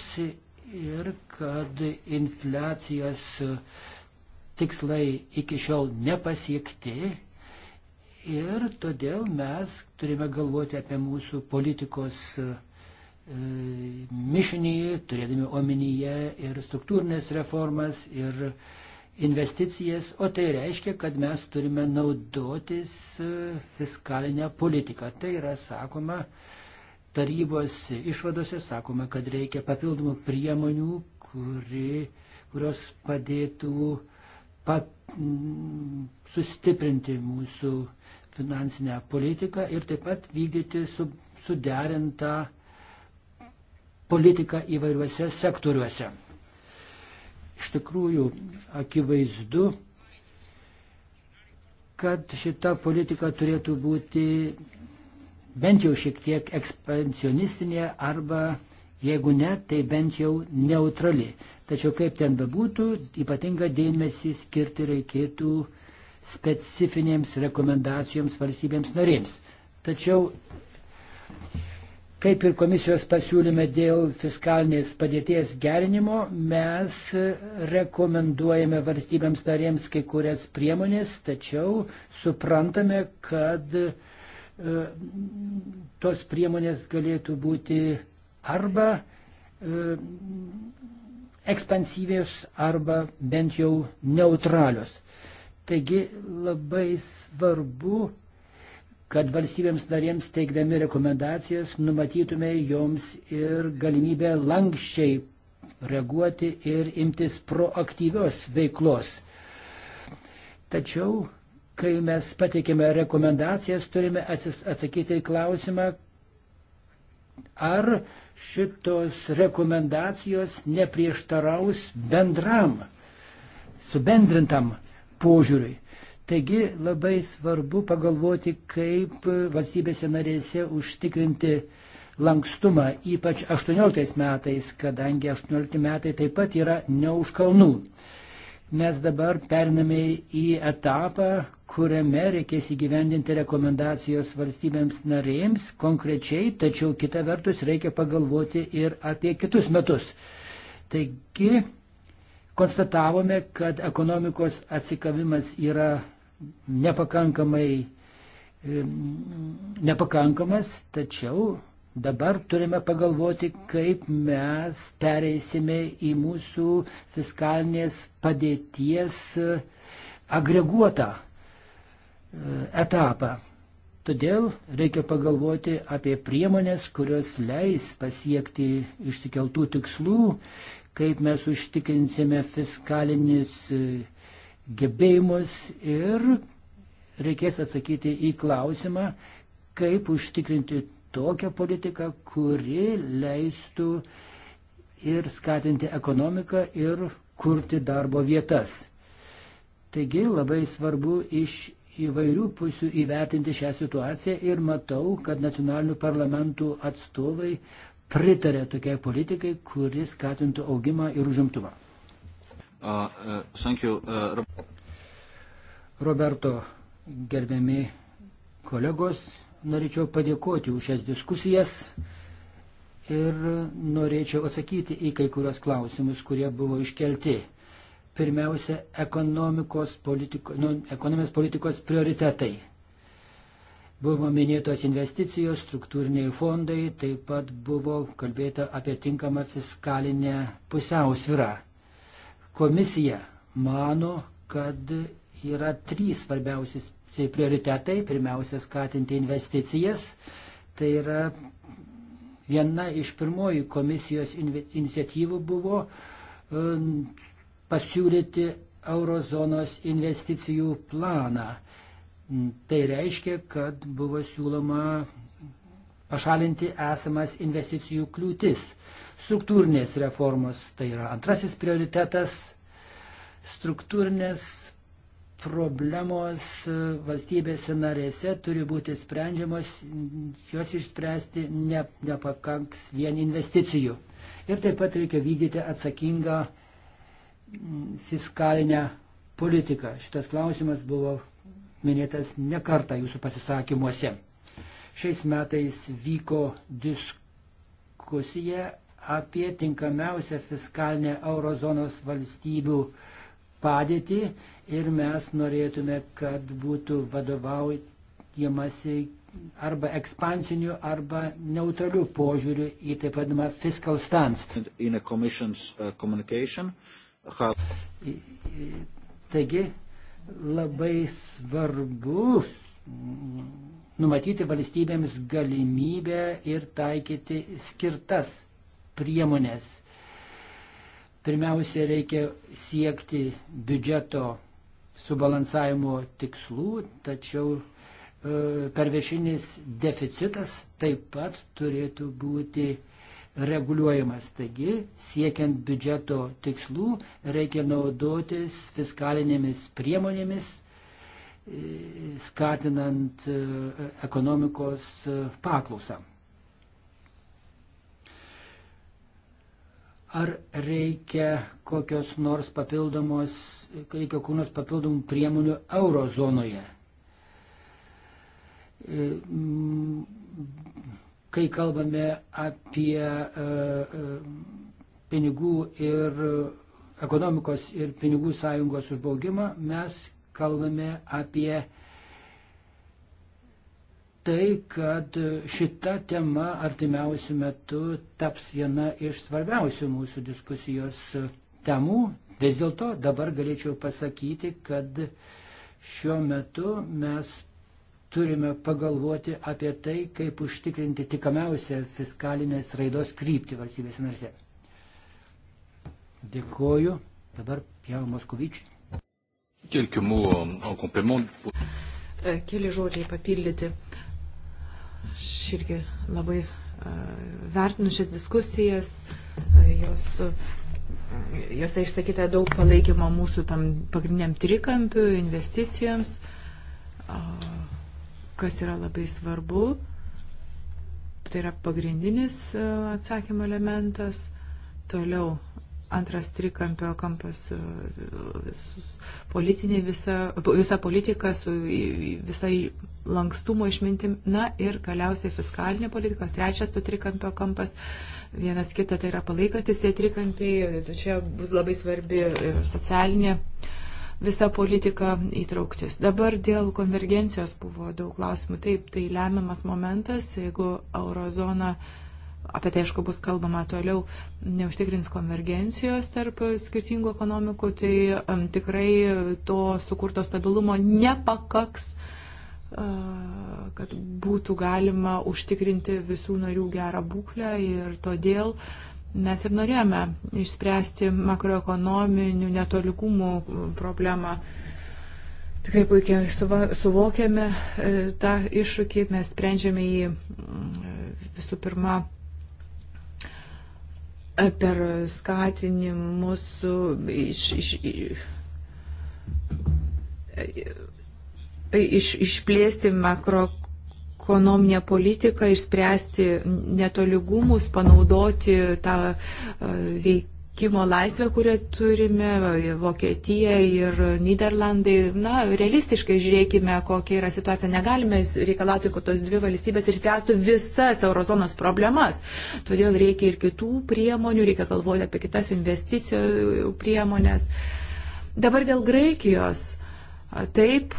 ir kad infliacijos e, tikslai iki šiol nepasiekti. Ir todėl mes turime galvoti apie mūsų politikos mišinį, turėdami omenyje ir struktūrinės reformas, ir investicijas, o tai reiškia, kad mes turime naudotis e, fiskalinę politiką. Tai yra sakoma, tarybos išvadose sakoma, kad reikia papildomų priemonių, kuri, kurios padėtų pap, sustiprinti mūsų finansinę politiką ir taip pat vykdyti su, suderintą politiką įvairiuose sektoriuose. Iš tikrųjų, akivaizdu, kad šita politika turėtų būti bent jau šiek tiek ekspansionistinė arba, jeigu ne, tai bent jau neutrali. Tačiau kaip ten bebūtų, ypatinga dėmesį skirti reikėtų specifinėms rekomendacijoms valstybėms narėms. Tačiau Kaip ir komisijos pasiūlyme dėl fiskalinės padėties gerinimo, mes rekomenduojame valstybėms narėms kai kurias priemonės, tačiau suprantame, kad e, tos priemonės galėtų būti arba e, ekspansyvės, arba bent jau neutralios. Taigi labai svarbu kad valstybėms narėms teikdami rekomendacijas numatytume joms ir galimybę lankščiai reaguoti ir imtis proaktyvios veiklos. Tačiau, kai mes pateikėme rekomendacijas, turime atsakyti į klausimą, ar šitos rekomendacijos neprieštaraus bendram, subendrintam požiūriui. Taigi labai svarbu pagalvoti, kaip valstybėse narėse užtikrinti lankstumą, ypač 18 metais, kadangi 18 metai taip pat yra ne už kalnų. Mes dabar pername į etapą, kuriame reikės įgyvendinti rekomendacijos valstybėms narėms konkrečiai, tačiau kita vertus reikia pagalvoti ir apie kitus metus. Taigi, konstatavome, kad ekonomikos atsikavimas yra nepakankamai nepakankamas, tačiau dabar turime pagalvoti, kaip mes pereisime į mūsų fiskalinės padėties e, agreguotą e, etapą. Todėl reikia pagalvoti apie priemonės, kurios leis pasiekti išsikeltų tikslų, kaip mes užtikrinsime fiskalinius e, gebėjimus ir reikės atsakyti į klausimą, kaip užtikrinti tokią politiką, kuri leistų ir skatinti ekonomiką ir kurti darbo vietas. Taigi labai svarbu iš įvairių pusių įvertinti šią situaciją ir matau, kad nacionalinių parlamentų atstovai pritarė tokiai politikai, kuris skatintų augimą ir užimtumą. Uh, uh, you, uh, Roberto, gerbiami kolegos, norėčiau padėkoti už šias diskusijas ir norėčiau atsakyti į kai kurios klausimus, kurie buvo iškelti. Pirmiausia, ekonomikos politiko, nu, ekonomijos politikos prioritetai. Buvo minėtos investicijos, struktūriniai fondai, taip pat buvo kalbėta apie tinkamą fiskalinę pusiausvyrą. Komisija mano, kad yra trys svarbiausias prioritetai. Pirmiausia, skatinti investicijas. Tai yra viena iš pirmojų komisijos iniciatyvų buvo um, pasiūlyti eurozonos investicijų planą. Mm, tai reiškia, kad buvo siūloma pašalinti esamas investicijų kliūtis struktūrinės reformos. Tai yra antrasis prioritetas. Struktūrinės problemos valstybėse narėse turi būti sprendžiamos, jos išspręsti ne, nepakanks vien investicijų. Ir taip pat reikia vykdyti atsakingą mm, fiskalinę politiką. Šitas klausimas buvo minėtas nekarta jūsų pasisakymuose. Šiais metais vyko diskusija apie tinkamiausią fiskalinę eurozonos valstybių padėtį ir mes norėtume, kad būtų vadovaujamasi arba ekspansiniu, arba neutraliu požiūriu į taip vadinamą fiscal stance. In a commission's uh, communication, how... Taigi, labai svarbu mm, numatyti valstybėms galimybę ir taikyti skirtas priemonės. Pirmiausia, reikia siekti biudžeto subalansavimo tikslų, tačiau e, pervešinis deficitas taip pat turėtų būti reguliuojamas. Taigi, siekiant biudžeto tikslų, reikia naudotis fiskalinėmis priemonėmis, e, skatinant e, ekonomikos paklausą. ar reikia kokios nors papildomos, reikia kokių nors papildomų priemonių eurozonoje. E, kai kalbame apie e, e, pinigų ir ekonomikos ir pinigų sąjungos užbaugimą, mes kalbame apie tai, kad šita tema artimiausių metų taps viena iš svarbiausių mūsų diskusijos temų. Vis dėlto dabar galėčiau pasakyti, kad šiuo metu mes turime pagalvoti apie tai, kaip užtikrinti tikamiausią fiskalinės raidos kryptį valstybės narse. Dėkoju. Dabar Pjau Moskovičiui. Keli žodžiai papildyti Aš irgi labai e, vertinu šias diskusijas, e, jos, e, jose išsakyta daug palaikymo mūsų tam pagrindiniam trikampiu, investicijoms, kas yra labai svarbu. Tai yra pagrindinis atsakymo elementas. Toliau antras trikampio kampas, e, politinė visa, visa politika su visai lankstumo išmintim, na ir galiausiai fiskalinė politika, trečias to trikampio kampas, vienas kitą tai yra palaikantis tie trikampiai, tai čia bus labai svarbi socialinė visa politika įtrauktis. Dabar dėl konvergencijos buvo daug klausimų. Taip, tai lemiamas momentas, jeigu eurozona uh, apie tai, aišku, bus kalbama toliau, neužtikrins konvergencijos tarp skirtingų ekonomikų, tai um, tikrai to sukurto stabilumo nepakaks, uh, kad būtų galima užtikrinti visų narių gerą būklę ir todėl mes ir norėjome išspręsti makroekonominių netoligumų problemą. Tikrai puikiai suvokėme e, tą iššūkį, mes sprendžiame jį visų pirma per skatinimus iš, iš, iš, išplėsti makro ekonominę politiką, išspręsti netoligumus, panaudoti tą veikimą pasirinkimo laisvę, kurią turime, Vokietija ir Niderlandai. Na, realistiškai žiūrėkime, kokia yra situacija. Negalime reikalauti, kad tos dvi valstybės išspręstų visas eurozonos problemas. Todėl reikia ir kitų priemonių, reikia galvoti apie kitas investicijų priemonės. Dabar dėl Graikijos. Taip,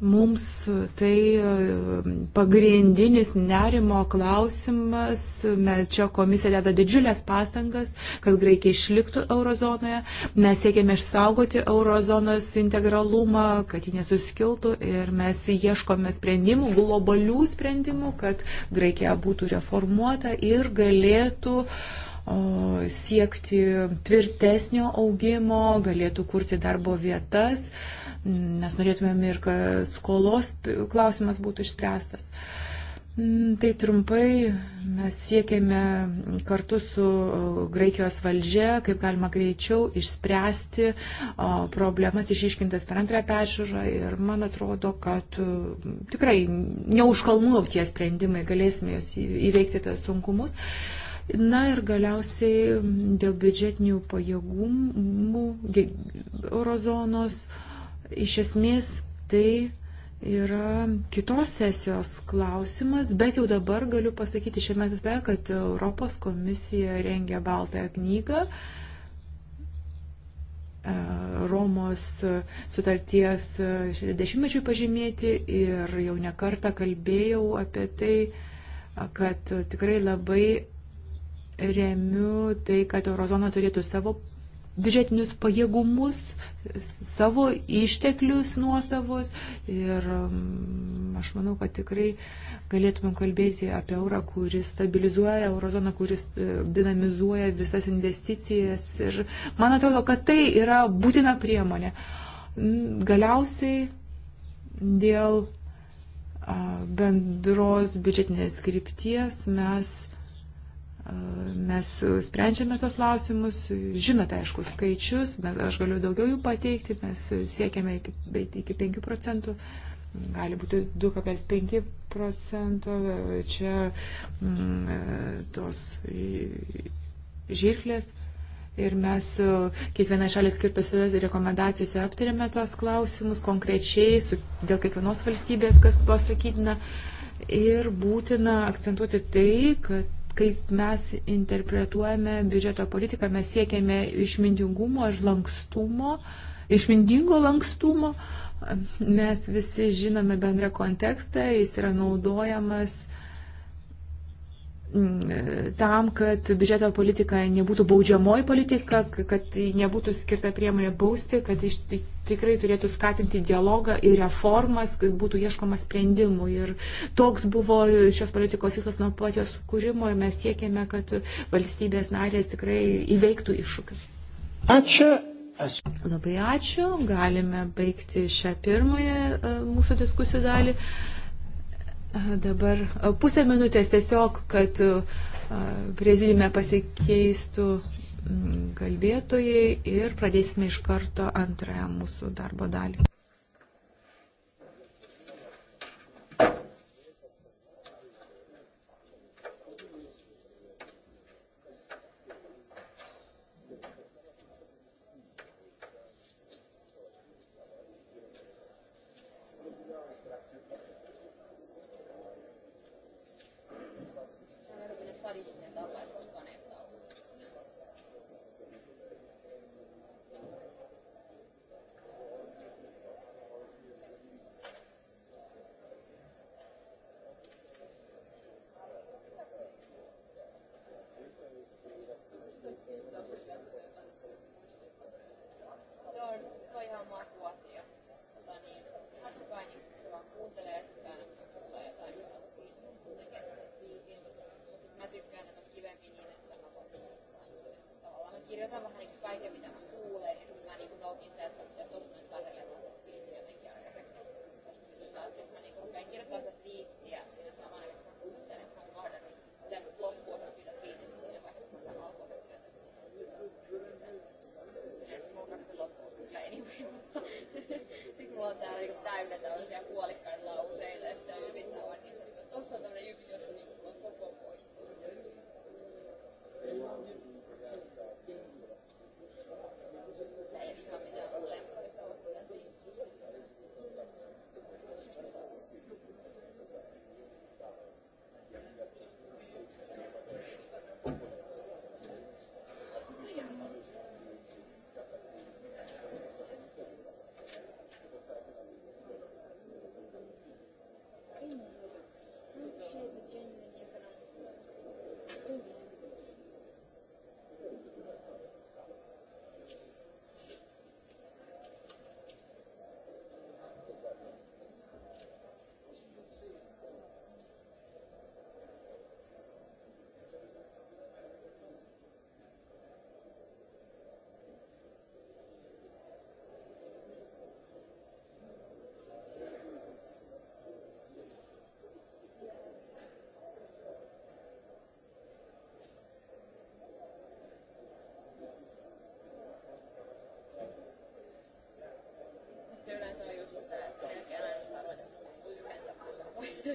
Mums tai um, pagrindinis nerimo klausimas. Mes čia komisija deda didžiulės pastangas, kad Graikija išliktų eurozonoje. Mes siekiame išsaugoti eurozonos integralumą, kad ji nesuskiltų ir mes ieškome sprendimų, globalių sprendimų, kad Graikija būtų reformuota ir galėtų siekti tvirtesnio augimo, galėtų kurti darbo vietas. Uh, Mes norėtumėm ir, kad skolos klausimas būtų išspręstas. Mm, tai trumpai mes siekėme kartu su Graikijos valdžia, kaip galima greičiau, išspręsti problemas išiškintas per antrą peržiūrą ir man atrodo, kad tikrai neužkalnų tie sprendimai, galėsime jūs įveikti tas sunkumus. Na ir galiausiai dėl biudžetinių pajėgumų eurozonos. Uh, Iš esmės tai yra kitos sesijos klausimas, bet jau dabar galiu pasakyti šiame etape, kad Europos komisija rengia baltąją knygą. E, Romos sutarties 60-mečiui pažymėti ir jau nekartą kalbėjau apie tai, kad tikrai labai remiu tai, kad eurozona turėtų savo biudžetinius pajėgumus, savo išteklius nuosavus ir mm, aš manau, kad tikrai galėtumėm kalbėti apie eurą, kuris stabilizuoja eurozoną, kuris dinamizuoja visas investicijas ir man atrodo, kad tai yra būtina priemonė. Galiausiai dėl bendros biudžetinės krypties mes Mes sprendžiame tos klausimus, žinote, aišku, skaičius, mes, aš galiu daugiau jų pateikti, mes siekiame iki, iki 5 procentų, gali būti 2,5 procento, čia m, mm, tos žirklės. Ir mes kiekvienai šaliai skirtose rekomendacijose aptarėme tuos klausimus konkrečiai, su, dėl kiekvienos valstybės, kas pasakytina. Ir būtina akcentuoti tai, kad Kaip mes interpretuojame biudžeto politiką, mes siekiame išmintingumo ir lankstumo, išmintingo lankstumo. Mes visi žinome bendrą kontekstą, jis yra naudojamas Mm, tam, kad biudžeto politika nebūtų baudžiamoji politika, kad tai nebūtų skirta priemonė bausti, kad iš, tai tikrai turėtų skatinti dialogą ir reformas, kad būtų ieškoma sprendimų. Ir toks buvo šios politikos tikslas nuo pat jos kūrimo ir mes siekėme, kad valstybės narės tikrai įveiktų iššūkius. Ačiū. Esu. Labai ačiū. Galime baigti šią pirmąją e, mūsų diskusijų dalį. Dabar e, pusę minutės tiesiog, kad e, prezidiume pasikeistų kalbėtojai ir pradėsime iš karto antrąją mūsų darbo dalį.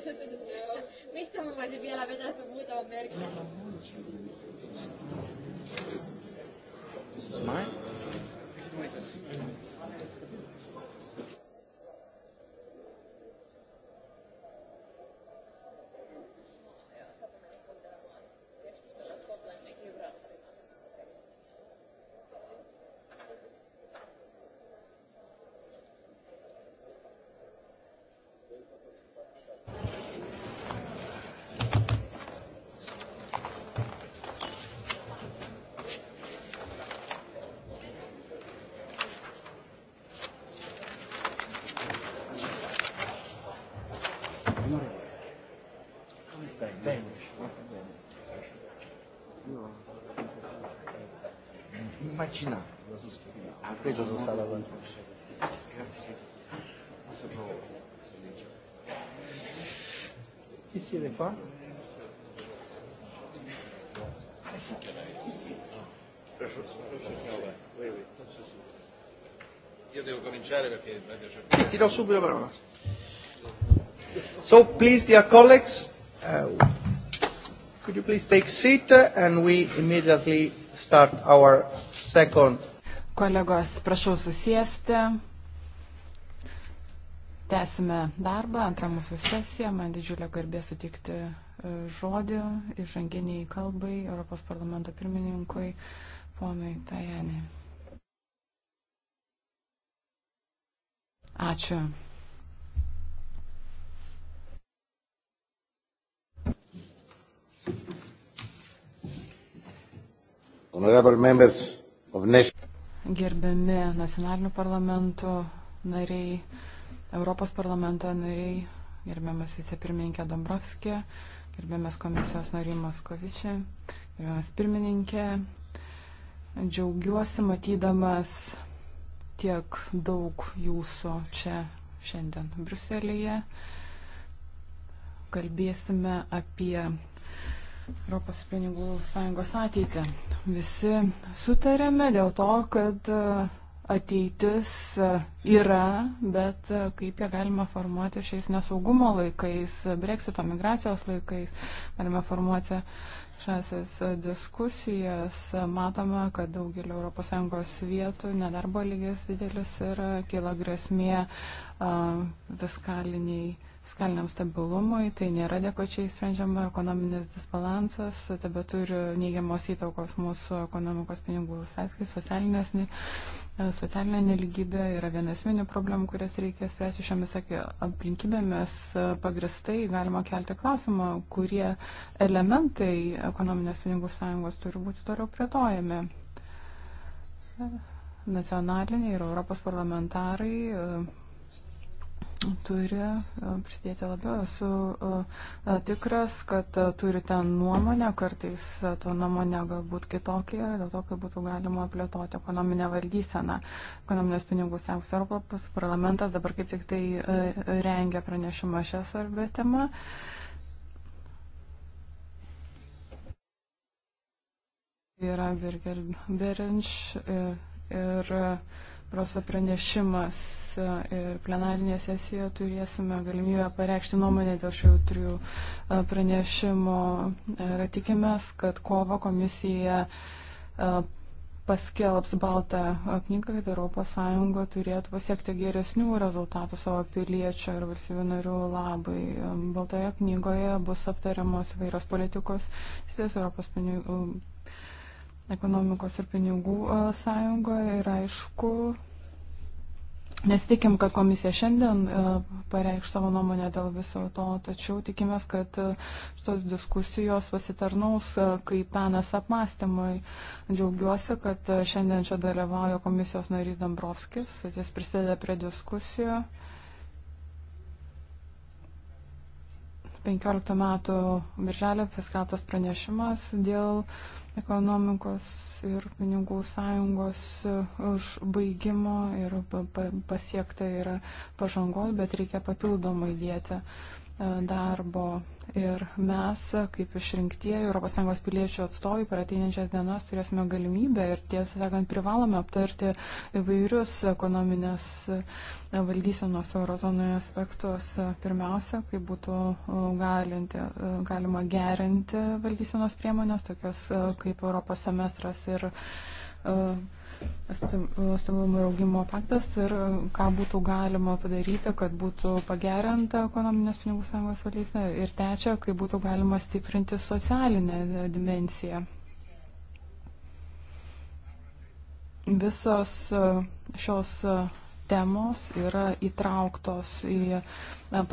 se kötü duruyor. Mistä haluaisin vielä vetää sitä muutaman merkin? Immagina, a questo sono stato avanti. Grazie. Chi siete qua? Chi siete? Io devo cominciare perché... Ti do subito la parola. So, please, dear colleagues. Uh, could you please take seat uh, and we immediately start our second. Kolegos, prašau susijęsti. Tęsime darbą, antrą mūsų sesiją. Man didžiulė garbė sutikti uh, žodį įžanginiai kalbai Europos parlamento pirmininkui ponui Tajaniai. Ačiū. Gerbiami nacionalinių parlamentų nariai, Europos parlamento nariai, gerbiamas vicepirmininkė Dombrovskė, gerbiamas komisijos nariai Moskovičiai, gerbiamas pirmininkė, džiaugiuosi matydamas tiek daug jūsų čia šiandien Bruselėje. Kalbėsime apie Europos pinigų sąjungos ateitį. Visi sutarėme dėl to, kad e, ateitis e, yra, bet e, kaip ją galima formuoti šiais nesaugumo laikais, breksito migracijos laikais, galima formuoti šiasias diskusijas. Matome, kad daugelio ES vietų nedarbo lygis didelis yra, kila grėsmė fiskaliniai fiskaliniam stabilumui, tai nėra adekvačiai sprendžiama ekonominis disbalansas, tebe turi neigiamos įtaukos mūsų ekonomikos pinigų sąskaitai, socialinės, socialinė neligybė yra vienas minių problemų, kurias reikia spręsti šiomis aplinkybėmis pagristai. Galima kelti klausimą, kurie elementai ekonominės pinigų sąjungos turi būti toliau plėtojami. Nacionaliniai ir Europos parlamentarai turi e, prisidėti labiau. Esu e, tikras, kad e, turite nuomonę, kartais ta nuomonė galbūt kitokia, dėl to, kad būtų galima plėtoti ekonominę valdyseną, ekonominės pinigų sąjungos Europos parlamentas dabar kaip tik tai rengia pranešimą šią svarbę temą. Yra Virgel Berinč ir, ir Rosa pranešimas e, ir plenarinė sesija turėsime galimybę pareikšti nuomonę dėl šių trijų e, pranešimų. Ir tikimės, kad kovo komisija e, paskelbs baltą knygą, kad ES turėtų pasiekti geresnių rezultatų savo piliečio ir valstybių narių labai. Baltoje knygoje bus aptariamos vairios politikos, sės Europos pinigų ekonomikos ir pinigų sąjungoje ir aišku, Nes tikim, kad komisija šiandien pareikš savo nuomonę dėl viso to, tačiau tikimės, kad šitos diskusijos pasitarnaus kaip penas apmąstymui. Džiaugiuosi, kad šiandien čia dalyvauja komisijos narys Dombrovskis, jis prisideda prie diskusijų. 2015 metų birželio paskeltas pranešimas dėl ekonomikos ir pinigų sąjungos užbaigimo ir pasiekta yra pažangos, bet reikia papildomai dėti darbo. Ir mes, kaip išrinktieji ES piliečių atstovai, per ateinančias dienas turėsime galimybę ir tiesą sakant privalome aptarti įvairius ekonominės valdysenos eurozonoje aspektus. Pirmiausia, kaip būtų galinti, galima gerinti valdysenos priemonės, tokias kaip Europos semestras ir stabilumo ir augimo paktas ir ką būtų galima padaryti, kad būtų pagerinta ekonominės pinigų sąjungos valdyse. Ir trečia, kaip būtų galima stiprinti socialinę dimenciją. Visos šios temos yra įtrauktos į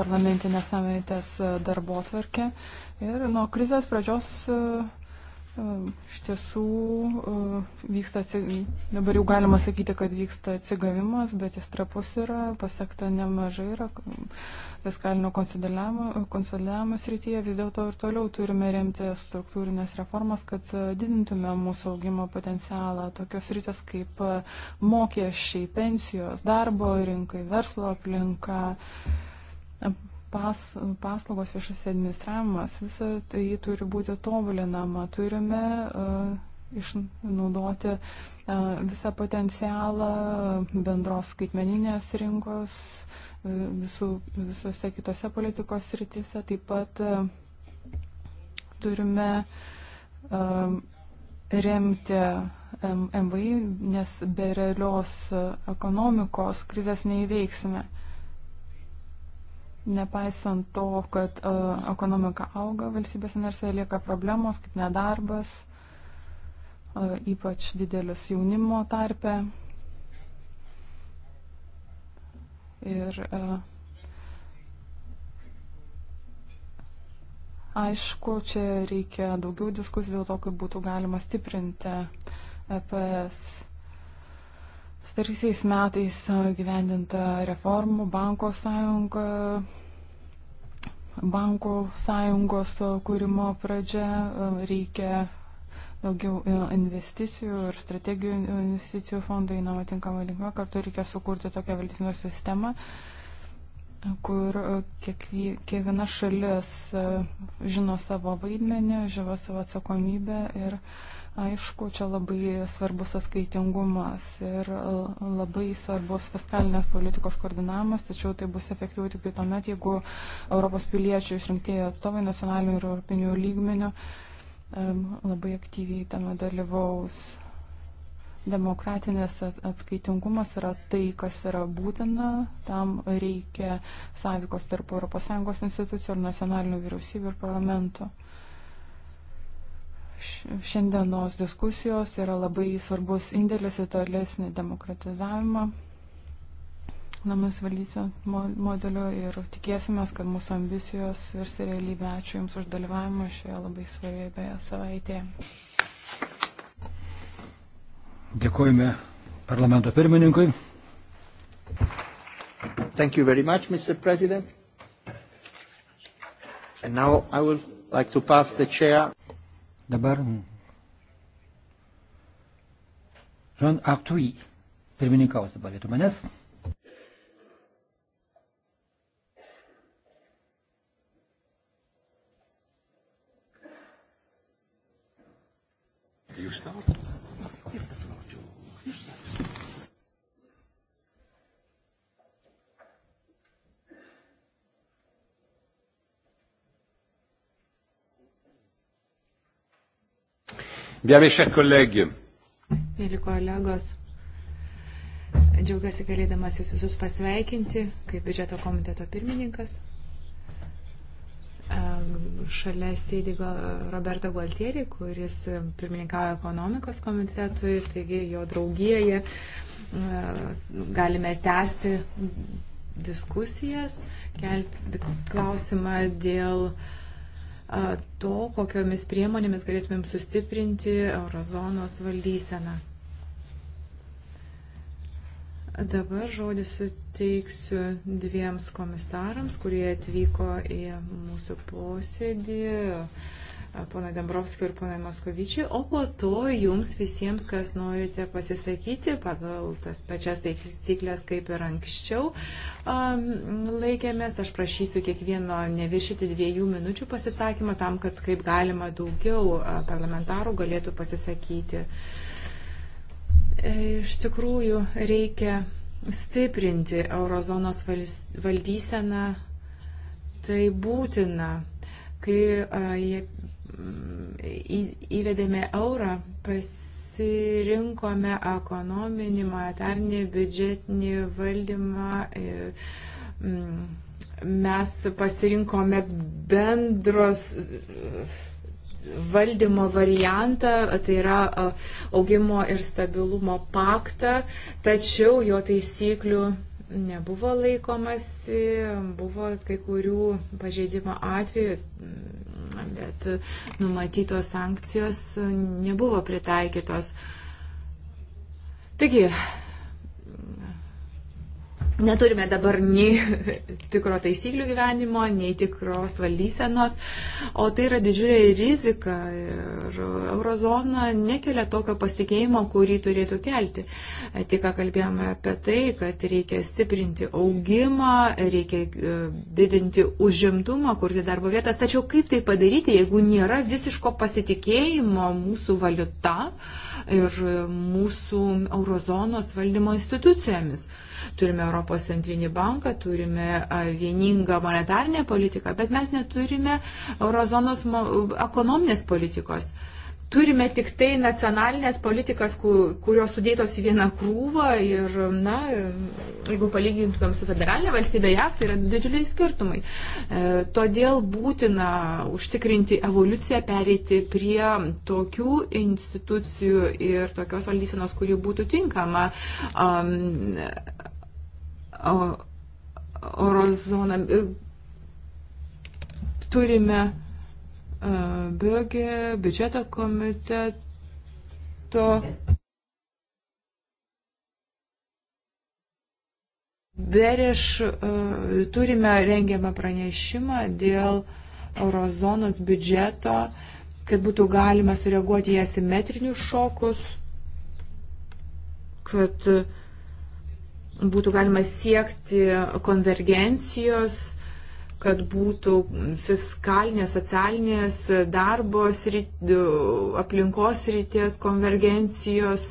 parlamentinės savaitės darbo tvarkę. Ir nuo krizės pradžios uh, Iš tiesų vyksta, dabar jau galima sakyti, kad vyksta atsigavimas, bet jis trapus yra, pasiekta nemažai yra fiskalinio konsolidavimo srityje, vis dėlto ir toliau turime remti struktūrinės reformas, kad didintume mūsų augimo potencialą, tokios rytis kaip mokesčiai, pensijos, darbo rinkai, verslo aplinka pas, paslaugos viešas administravimas, visa tai turi būti tobulinama. Turime uh, išnaudoti uh, visą potencialą bendros skaitmeninės rinkos, uh, visų, visose kitose politikos rytise. Taip pat uh, turime uh, remti MVI, nes be realios ekonomikos krizės neįveiksime. Nepaisant to, kad uh, ekonomika auga, valstybės narse lieka problemos kaip nedarbas, uh, ypač didelis jaunimo tarpe. Ir uh, aišku, čia reikia daugiau diskusijų dėl to, kaip būtų galima stiprinti EPS Staraisiais metais gyvendinta reformų banko sąjunga, banko sąjungos kūrimo pradžia, reikia daugiau investicijų ir strategijų investicijų fondai, na, atinkama linkme, kartu reikia sukurti tokią valdysinos sistemą, uh, kur e, kiekviena šalis e, žino savo vaidmenį, žino savo atsakomybę ir aišku, čia labai svarbus atskaitingumas ir e, labai svarbus fiskalinės politikos koordinavimas, tačiau tai bus efektyviau tik tai tuomet, jeigu Europos piliečių išrinktieji atstovai nacionalinių ir europinių lygmenių labai aktyviai tame dalyvaus. Demokratinės atskaitingumas yra tai, kas yra būtina, tam reikia sąveikos tarp ES institucijų ir nacionalinių vyriausybių ir parlamento. Šiandienos diskusijos yra labai svarbus indėlis į tolesnį demokratizavimą namus valdysiu modeliu ir tikėsime, kad mūsų ambicijos virs realybė. Ačiū Jums už dalyvavimą šioje labai svarbioje savaitėje. Dėkojame parlamento pirmininkui. Thank you very much, Mr. President. And now I would like to pass the chair. Dabar Jean Artui pirmininkaus dabar lietu manęs. You start. Bien, mes chers collègues. Mėly kolegos, džiaugiuosi galėdamas jūs visus pasveikinti kaip biudžeto komiteto pirmininkas. Šalia sėdi Roberta Gualtieri, kuris pirmininkavo ekonomikos komitetui, taigi jo draugijoje galime tęsti diskusijas, kelti klausimą dėl uh, to, kokiomis priemonėmis galėtumėm sustiprinti eurozonos valdyseną. Dabar žodį suteiksiu dviems komisarams, kurie atvyko į mūsų posėdį ponai Dambrovskiu ir ponai Moskovičiui, o po to jums visiems, kas norite pasisakyti pagal tas pačias taisyklės kaip ir anksčiau um, laikėmės. Aš prašysiu kiekvieno neviršyti dviejų minučių pasisakymą tam, kad kaip galima daugiau parlamentarų galėtų pasisakyti. E, iš tikrųjų reikia stiprinti eurozonos valdyseną. Tai būtina kai įvedėme eurą, pasirinkome ekonominį, monetarnį, biudžetinį valdymą. E, mes pasirinkome bendros e, valdymo variantą, tai yra e, augimo ir stabilumo paktą, tačiau jo taisyklių nebuvo laikomasi, buvo kai kurių pažeidimo atveju, bet numatytos sankcijos nebuvo pritaikytos. Taigi, Neturime dabar nei (laughs) tikro taisyklių gyvenimo, nei tikros valdysenos, o tai yra didžiulė rizika ir eurozona nekelia tokio pasitikėjimo, kurį turėtų kelti. Tik ką kalbėjome apie tai, kad reikia stiprinti augimą, reikia e, didinti užimtumą, kurti darbo vietas. Tačiau kaip tai padaryti, jeigu nėra visiško pasitikėjimo mūsų valiuta ir mūsų eurozonos valdymo institucijomis? Turime Europos centrinį banką, turime vieningą monetarinę politiką, bet mes neturime eurozonos ekonominės politikos. Turime tik tai nacionalinės politikas, kurios sudėtos į vieną krūvą ir, na, jeigu palygintumėm su federalinė valstybė JAV, tai yra didžiuliai skirtumai. E, todėl būtina užtikrinti evoliuciją, pereiti prie tokių institucijų ir tokios valdysenos, kuri būtų tinkama. Um, e, eurozoną. E, turime e, bėgį, biudžeto komiteto. Bereš e, turime rengiamą pranešimą dėl eurozonos biudžeto, kad būtų galima sureaguoti į asimetrinius šokus, kad uh, būtų galima siekti konvergencijos, kad būtų fiskalinės, socialinės, darbo srit, aplinkos ryties konvergencijos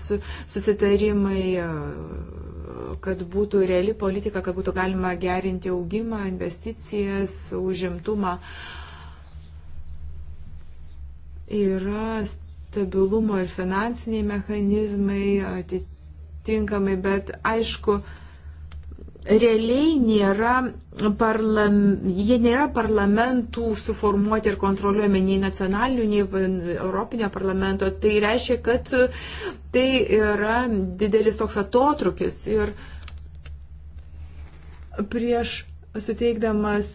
susitarimai, kad būtų reali politika, kad būtų galima gerinti augimą, investicijas, užimtumą. Yra stabilumo ir finansiniai mechanizmai, atitinkamai tinkamai, bet aišku, realiai nėra, parlam, jie nėra parlamentų suformuoti ir kontroliuojami nei nacionalinių, nei Europinio parlamento. Tai reiškia, kad tai yra didelis toks atotrukis. Ir prieš suteikdamas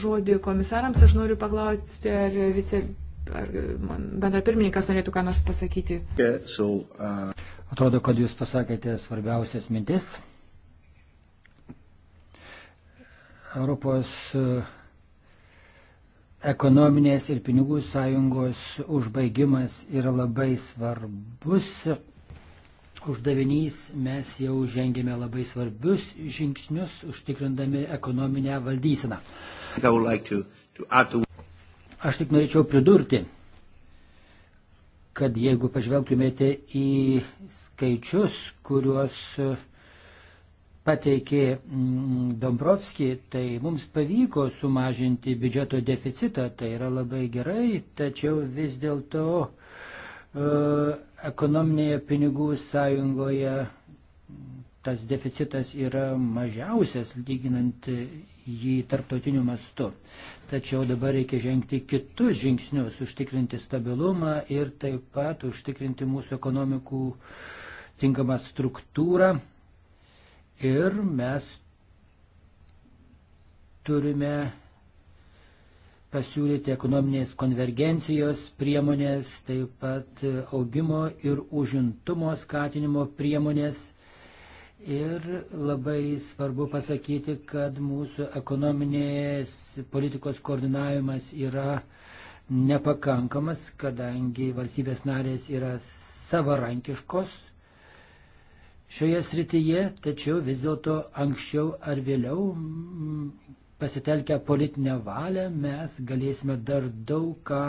žodį komisarams, aš noriu paklausti, ar vice. Ar bendrapirmininkas norėtų ką nors pasakyti? Yeah, so, uh... Atrodo, kad jūs pasakėte svarbiausias mintis. Europos e, ekonominės ir pinigų sąjungos užbaigimas yra labai svarbus uždavinys mes jau žengėme labai svarbius žingsnius, užtikrindami ekonominę valdyseną. Aš tik norėčiau pridurti, kad jeigu pažvelgtumėte į skaičius, kuriuos e, pateikė mm, Dombrovski, tai mums pavyko sumažinti biudžeto deficitą, tai yra labai gerai, tačiau vis dėlto e, ekonominėje pinigų sąjungoje mm, tas deficitas yra mažiausias, lyginant jį tarptautiniu mastu. Tačiau dabar reikia žengti kitus žingsnius, užtikrinti stabilumą ir taip pat užtikrinti mūsų ekonomikų tinkamą struktūrą. Ir mes turime pasiūlyti ekonominės konvergencijos priemonės, taip pat augimo ir užimtumo skatinimo priemonės Ir labai svarbu pasakyti, kad mūsų ekonominės politikos koordinavimas yra nepakankamas, kadangi valstybės narės yra savarankiškos šioje srityje, tačiau vis dėlto anksčiau ar vėliau mm, pasitelkę politinę valią mes galėsime dar daug ką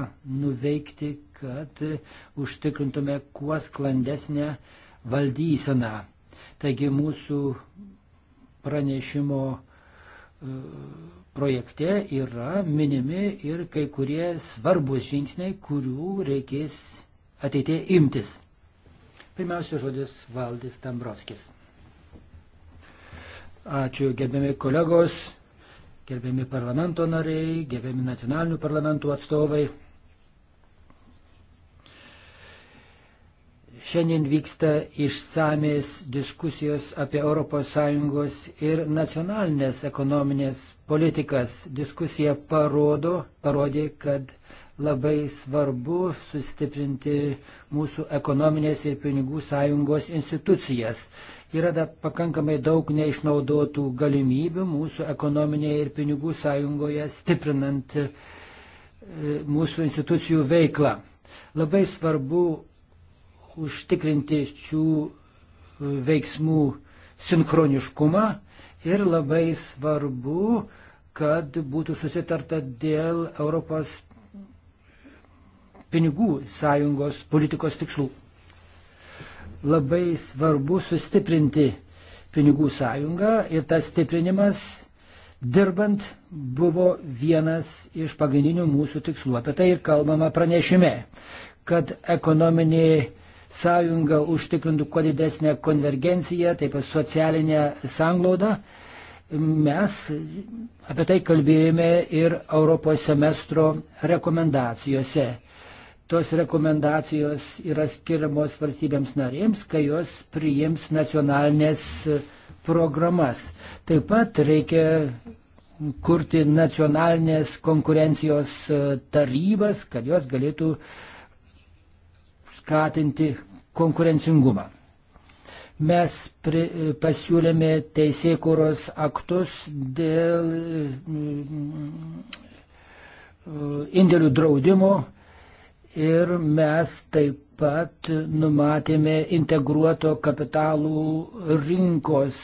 nuveikti, kad užtikrintume kuo sklandesnę valdyseną Taigi mūsų pranešimo e, projekte yra minimi ir kai kurie svarbus žingsniai, kurių reikės ateitie imtis. Pirmiausia žodis Valdis Tambrovskis. Ačiū gerbiami kolegos, gerbiami parlamento nariai, gerbiami nacionalinių parlamentų atstovai. Šiandien vyksta išsamės diskusijos apie ES ir nacionalinės ekonominės politikas. Diskusija parodo, parodė, kad labai svarbu sustiprinti mūsų ekonominės ir pinigų sąjungos institucijas. Yra dar pakankamai daug neišnaudotų galimybių mūsų ekonominėje ir pinigų sąjungoje stiprinant e, mūsų institucijų veiklą. Labai svarbu užtikrinti šių veiksmų sinchroniškumą ir labai svarbu, kad būtų susitarta dėl Europos pinigų sąjungos politikos tikslų. Labai svarbu sustiprinti pinigų sąjungą ir tas stiprinimas dirbant buvo vienas iš pagrindinių mūsų tikslų. Apie tai ir kalbama pranešime, kad ekonominė sąjunga užtikrintų kuo didesnę konvergenciją, taip pat socialinę sanglaudą. Mes apie tai kalbėjome ir Europos semestro rekomendacijose. Tos rekomendacijos yra skiriamos valstybėms narėms, kai jos priims nacionalinės programas. Taip pat reikia kurti nacionalinės konkurencijos tarybas, kad jos galėtų uh, skatinti konkurencingumą. Mes pri, pasiūlėme teisėkuros aktus dėl mm, indėlių draudimo ir mes taip pat numatėme integruoto kapitalų rinkos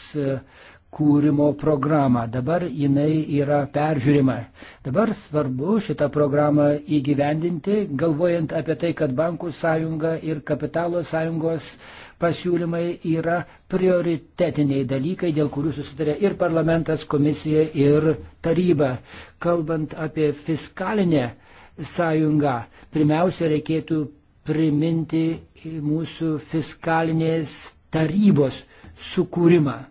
kūrimo programą. Dabar jinai yra peržiūrima. Dabar svarbu šitą programą įgyvendinti, galvojant apie tai, kad bankų sąjunga ir kapitalo sąjungos pasiūlymai yra prioritetiniai dalykai, dėl kurių susitarė ir parlamentas, komisija, ir taryba. Kalbant apie fiskalinę sąjungą, pirmiausia reikėtų priminti mūsų fiskalinės tarybos sukūrimą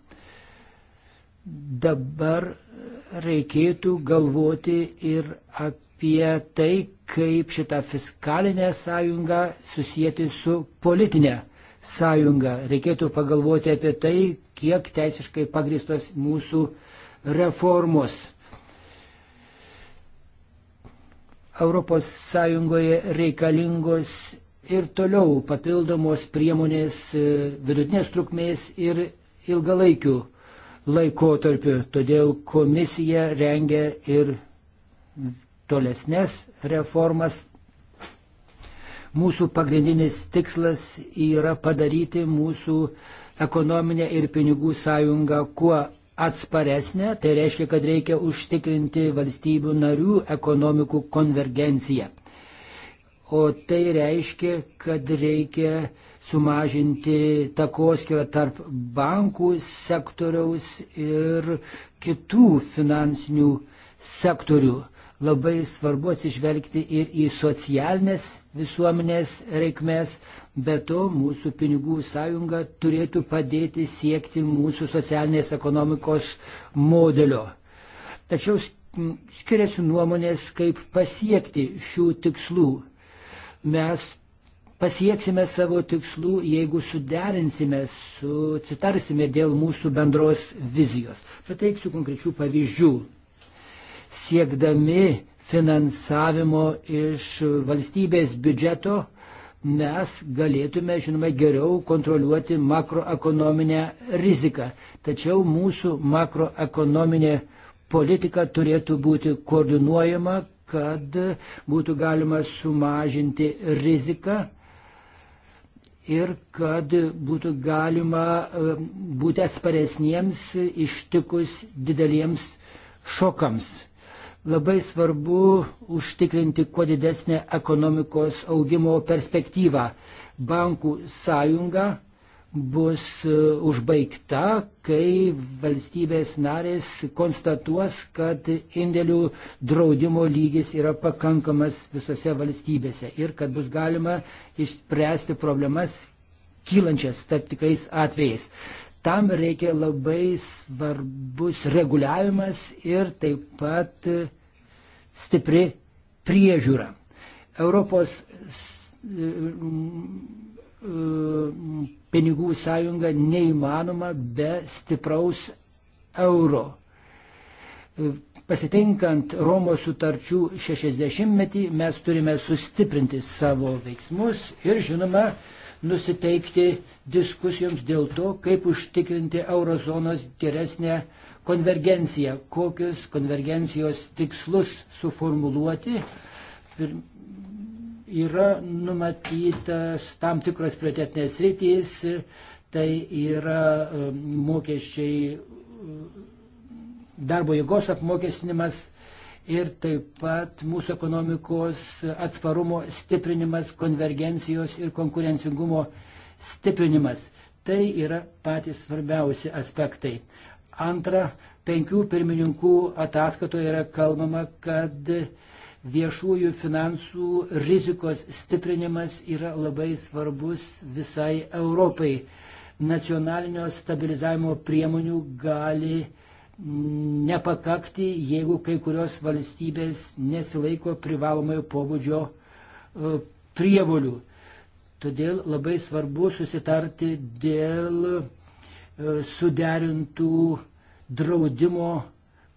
dabar reikėtų galvoti ir apie tai, kaip šitą fiskalinę sąjungą susijęti su politinė sąjunga. Reikėtų pagalvoti apie tai, kiek teisiškai pagristos mūsų reformos. Europos Sąjungoje reikalingos ir toliau papildomos priemonės e, vidutinės trukmės ir ilgalaikių laikotarpiu. Todėl komisija rengia ir tolesnės reformas. Mūsų pagrindinis tikslas yra padaryti mūsų ekonominę ir pinigų sąjungą kuo atsparesnė, tai reiškia, kad reikia užtikrinti valstybių narių ekonomikų konvergenciją. O tai reiškia, kad reikia sumažinti takoskirą tarp bankų sektoriaus ir kitų finansinių sektorių. Labai svarbu atsižvelgti ir į socialinės visuomenės reikmes, bet to mūsų pinigų sąjunga turėtų padėti siekti mūsų socialinės ekonomikos modelio. Tačiau skiriasi nuomonės, kaip pasiekti šių tikslų. Mes pasieksime savo tikslų, jeigu suderinsime, susitarsime dėl mūsų bendros vizijos. Pateiksiu konkrečių pavyzdžių. Siekdami finansavimo iš valstybės biudžeto mes galėtume, žinoma, geriau kontroliuoti makroekonominę riziką. Tačiau mūsų makroekonominė politika turėtų būti koordinuojama, kad būtų galima sumažinti riziką ir kad būtų galima e, būti atsparesniems ištikus dideliems šokams. Labai svarbu užtikrinti kuo didesnę ekonomikos augimo perspektyvą. Bankų sąjunga bus uh, užbaigta, kai valstybės narės konstatuos, kad indėlių draudimo lygis yra pakankamas visose valstybėse ir kad bus galima išspręsti problemas kylančias tam tikrais atvejais. Tam reikia labai svarbus reguliavimas ir taip pat stipri priežiūra. Europos pinigų sąjunga neįmanoma be stipraus euro. Pasitinkant Romos sutarčių 60-metį mes turime sustiprinti savo veiksmus ir, žinoma, nusiteikti diskusijoms dėl to, kaip užtikrinti eurozonos geresnę konvergenciją, kokius konvergencijos tikslus suformuluoti. Pirm yra numatytas tam tikros prioritetinės rytys, tai yra um, mokesčiai, um, darbo jėgos apmokestinimas ir taip pat mūsų ekonomikos atsparumo stiprinimas, konvergencijos ir konkurencingumo stiprinimas. Tai yra patys svarbiausi aspektai. Antra, penkių pirmininkų ataskatoje yra kalbama, kad viešųjų finansų rizikos stiprinimas yra labai svarbus visai Europai. Nacionalinio stabilizavimo priemonių gali nepakakti, jeigu kai kurios valstybės nesilaiko privalomojo pobūdžio e, prievolių. Todėl labai svarbu susitarti dėl e, suderintų draudimo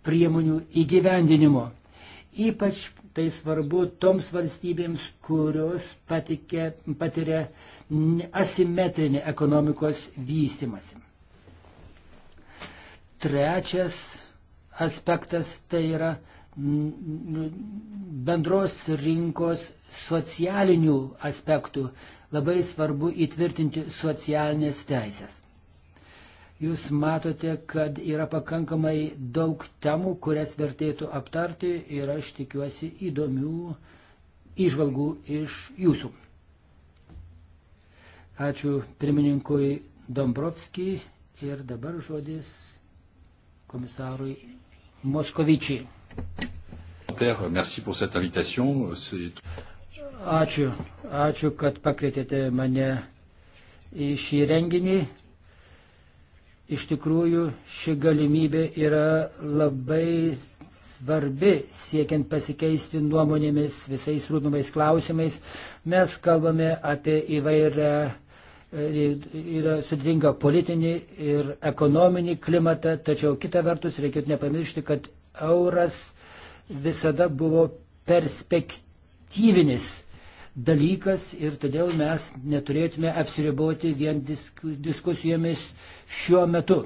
priemonių įgyvendinimo. Ypač Tai svarbu toms valstybėms, kurios patikė, patiria asimetrinį ekonomikos vystimasi. Trečias aspektas tai yra bendros rinkos socialinių aspektų. Labai svarbu įtvirtinti socialinės teisės jūs matote, kad yra pakankamai daug temų, kurias vertėtų aptarti ir aš tikiuosi įdomių išvalgų iš jūsų. Ačiū pirmininkui Dombrovskijai ir dabar žodis komisarui Moskovičiai. Ačiū, ačiū, kad pakvietėte mane į šį renginį. Iš tikrųjų, ši galimybė yra labai svarbi siekiant pasikeisti nuomonėmis visais rūpimais klausimais. Mes kalbame apie įvairią e, yra sudinga politinį ir ekonominį klimatą, tačiau kita vertus reikėtų nepamiršti, kad euras visada buvo perspektyvinis dalykas ir todėl mes neturėtume apsiriboti vien diskusijomis šiuo metu.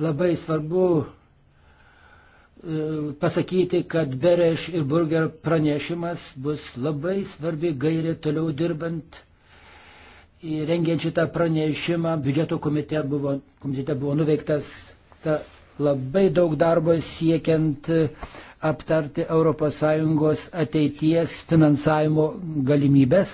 Labai svarbu e, pasakyti, kad Bereš ir Burger pranešimas bus labai svarbi gairė toliau dirbant. Rengiant šitą pranešimą, biudžeto komitete buvo, komitete buvo nuveiktas ta, labai daug darbo siekiant uh, aptarti ES ateities finansavimo galimybės.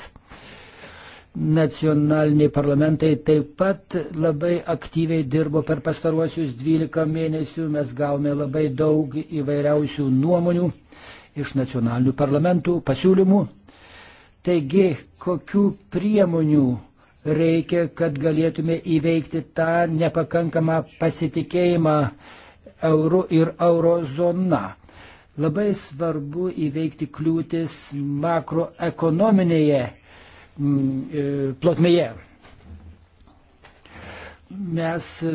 Nacionaliniai parlamentai taip pat labai aktyviai dirbo per pastaruosius 12 mėnesių. Mes gavome labai daug įvairiausių nuomonių iš nacionalinių parlamentų pasiūlymų. Taigi, kokių priemonių reikia, kad galėtume įveikti tą nepakankamą pasitikėjimą eurų ir eurozona. Labai svarbu įveikti kliūtis makroekonominėje mm, e, plotmėje. Mes e,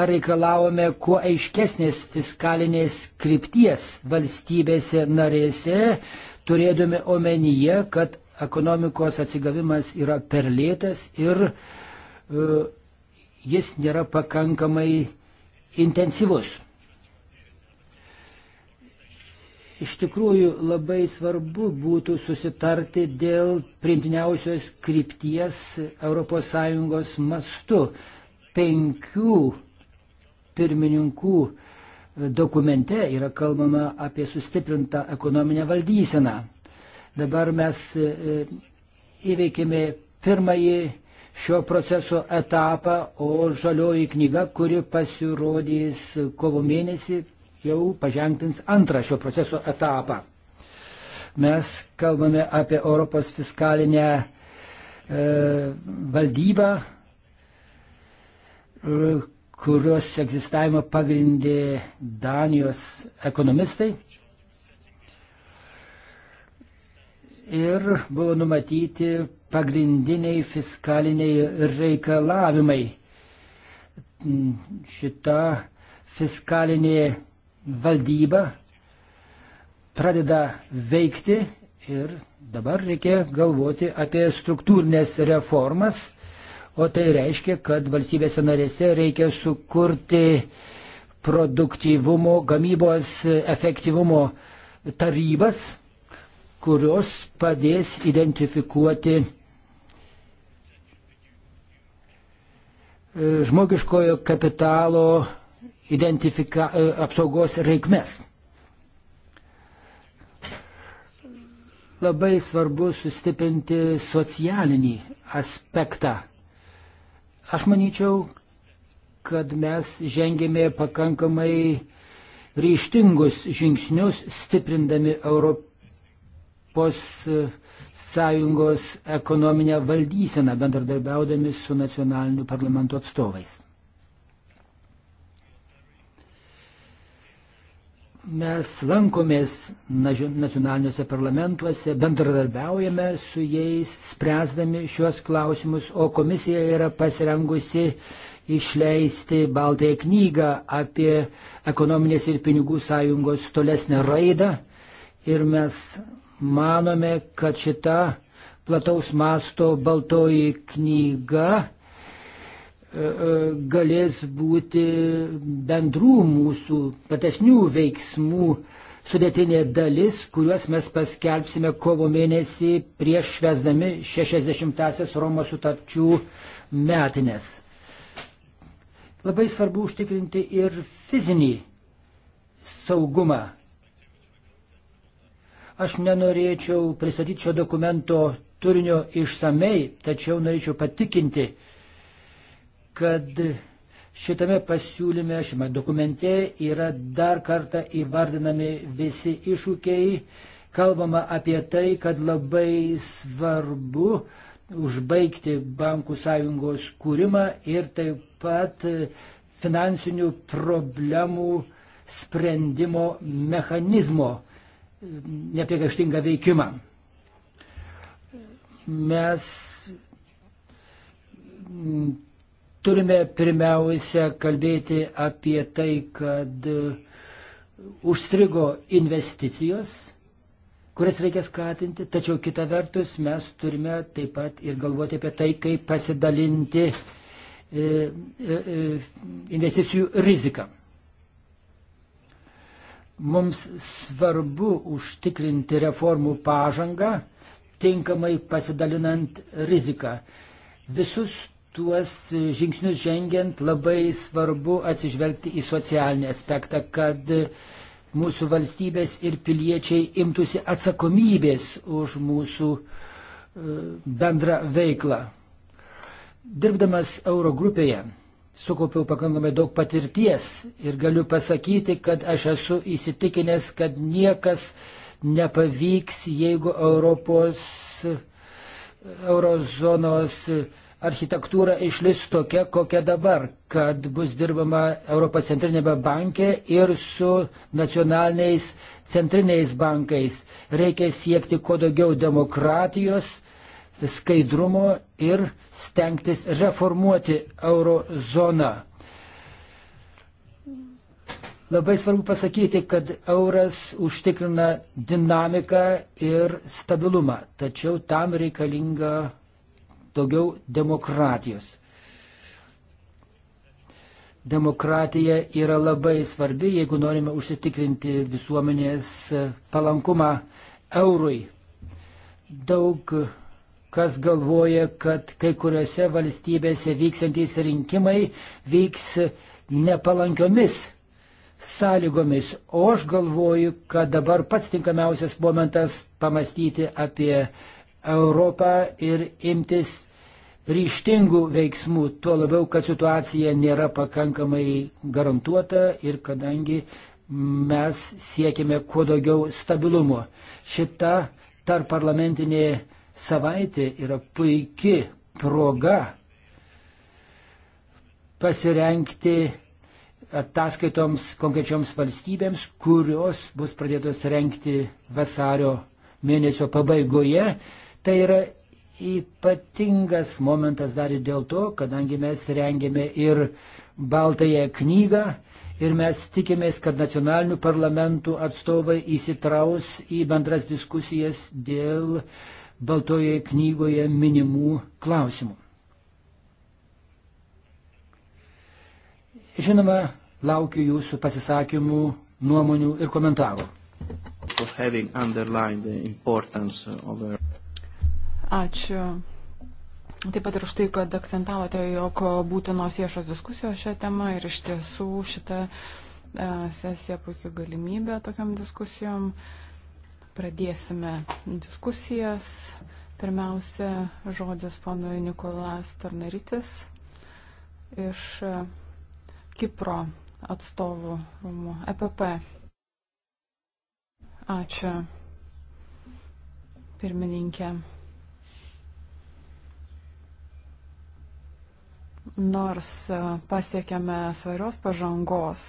pareikalavome kuo aiškesnės fiskalinės krypties valstybėse narėse, turėdami omenyje, kad ekonomikos atsigavimas yra perlėtas ir e, jis nėra pakankamai intensyvus. Iš tikrųjų labai svarbu būtų susitarti dėl primtiniausios krypties ES mastu. Penkių pirmininkų dokumente yra kalbama apie sustiprintą ekonominę valdyseną. Dabar mes e, įveikėme pirmąjį šio proceso etapą, o žalioji knyga, kuri pasirodys kovo mėnesį, jau pažengtins antrą šio proceso etapą. Mes kalbame apie Europos fiskalinę e, valdybą, kurios egzistavimą pagrindė Danijos ekonomistai. Ir buvo numatyti pagrindiniai fiskaliniai reikalavimai. Šita fiskalinė valdyba pradeda veikti ir dabar reikia galvoti apie struktūrinės reformas, o tai reiškia, kad valstybėse narėse reikia sukurti produktyvumo, gamybos efektyvumo tarybas, kurios padės identifikuoti e, žmogiškojo kapitalo identifika, e, apsaugos reikmes. Labai svarbu sustiprinti socialinį aspektą. Aš manyčiau, kad mes žengėme pakankamai ryštingus žingsnius, stiprindami Europos Sąjungos ekonominę valdyseną, bendradarbiaudami su nacionaliniu parlamentu atstovais. Mes lankomės nacionaliniuose parlamentuose, bendradarbiaujame su jais, spręsdami šiuos klausimus, o komisija yra pasirengusi išleisti Baltąją knygą apie ekonominės ir pinigų sąjungos tolesnę raidą. Ir mes manome, kad šita plataus masto Baltoji knyga E, e, galės būti bendrų mūsų platesnių veiksmų sudėtinė dalis, kuriuos mes paskelbsime kovo mėnesį prieš švesdami 60-asias Romos sutarčių metinės. Labai svarbu užtikrinti ir fizinį saugumą. Aš nenorėčiau pristatyti šio dokumento turinio išsamei, tačiau norėčiau patikinti, kad šitame pasiūlyme, šiame dokumente yra dar kartą įvardinami visi iššūkiai. Kalbama apie tai, kad labai svarbu užbaigti bankų sąjungos kūrimą ir taip pat finansinių problemų sprendimo mechanizmo nepriekaištingą veikimą. Mes turime pirmiausia kalbėti apie tai, kad e, užstrigo investicijos, kurias reikia skatinti, tačiau kita vertus mes turime taip pat ir galvoti apie tai, kaip pasidalinti e, e, investicijų riziką. Mums svarbu užtikrinti reformų pažangą, tinkamai pasidalinant riziką. Visus tuos žingsnius žengiant labai svarbu atsižvelgti į socialinį aspektą, kad mūsų valstybės ir piliečiai imtųsi atsakomybės už mūsų e, bendrą veiklą. Dirbdamas Eurogrupėje sukaupiau pakankamai daug patirties ir galiu pasakyti, kad aš esu įsitikinęs, kad niekas nepavyks, jeigu Europos eurozonos architektūra išlis tokia, kokia dabar, kad bus dirbama Europos centrinėme banke ir su nacionaliniais centriniais bankais. Reikia siekti kuo daugiau demokratijos, skaidrumo ir stengtis reformuoti eurozoną. Labai svarbu pasakyti, kad euras užtikrina dinamiką ir stabilumą, tačiau tam reikalinga daugiau demokratijos. Demokratija yra labai svarbi, jeigu norime užsitikrinti visuomenės palankumą eurui. Daug kas galvoja, kad kai kuriuose valstybėse vyksantys rinkimai vyks nepalankiomis sąlygomis, o aš galvoju, kad dabar pats tinkamiausias momentas pamastyti apie Europą ir imtis ryštingų veiksmų, tuo labiau, kad situacija nėra pakankamai garantuota ir kadangi mes siekime kuo daugiau stabilumo. Šita tarp parlamentinė savaitė yra puikia proga pasirenkti ataskaitoms konkrečioms valstybėms, kurios bus pradėtos renkti vasario mėnesio pabaigoje. Tai yra ypatingas momentas dar ir dėl to, kadangi mes rengėme ir Baltąją knygą ir mes tikimės, kad nacionalinių parlamentų atstovai įsitraus į bendras diskusijas dėl Baltojoje knygoje minimų klausimų. Žinoma, laukiu jūsų pasisakymų, nuomonių ir komentarų. Of... Ačiū. Taip pat ir už tai, kad akcentavote, jog būtinos viešos diskusijos šią temą ir iš tiesų šitą e, sesiją puikia galimybė tokiam diskusijom. Pradėsime diskusijas. Pirmiausia, žodis ponui Nikolas Tornaritis iš e, Kipro atstovų rūmų EPP. Ačiū, pirmininkė. nors e, pasiekėme svarios pažangos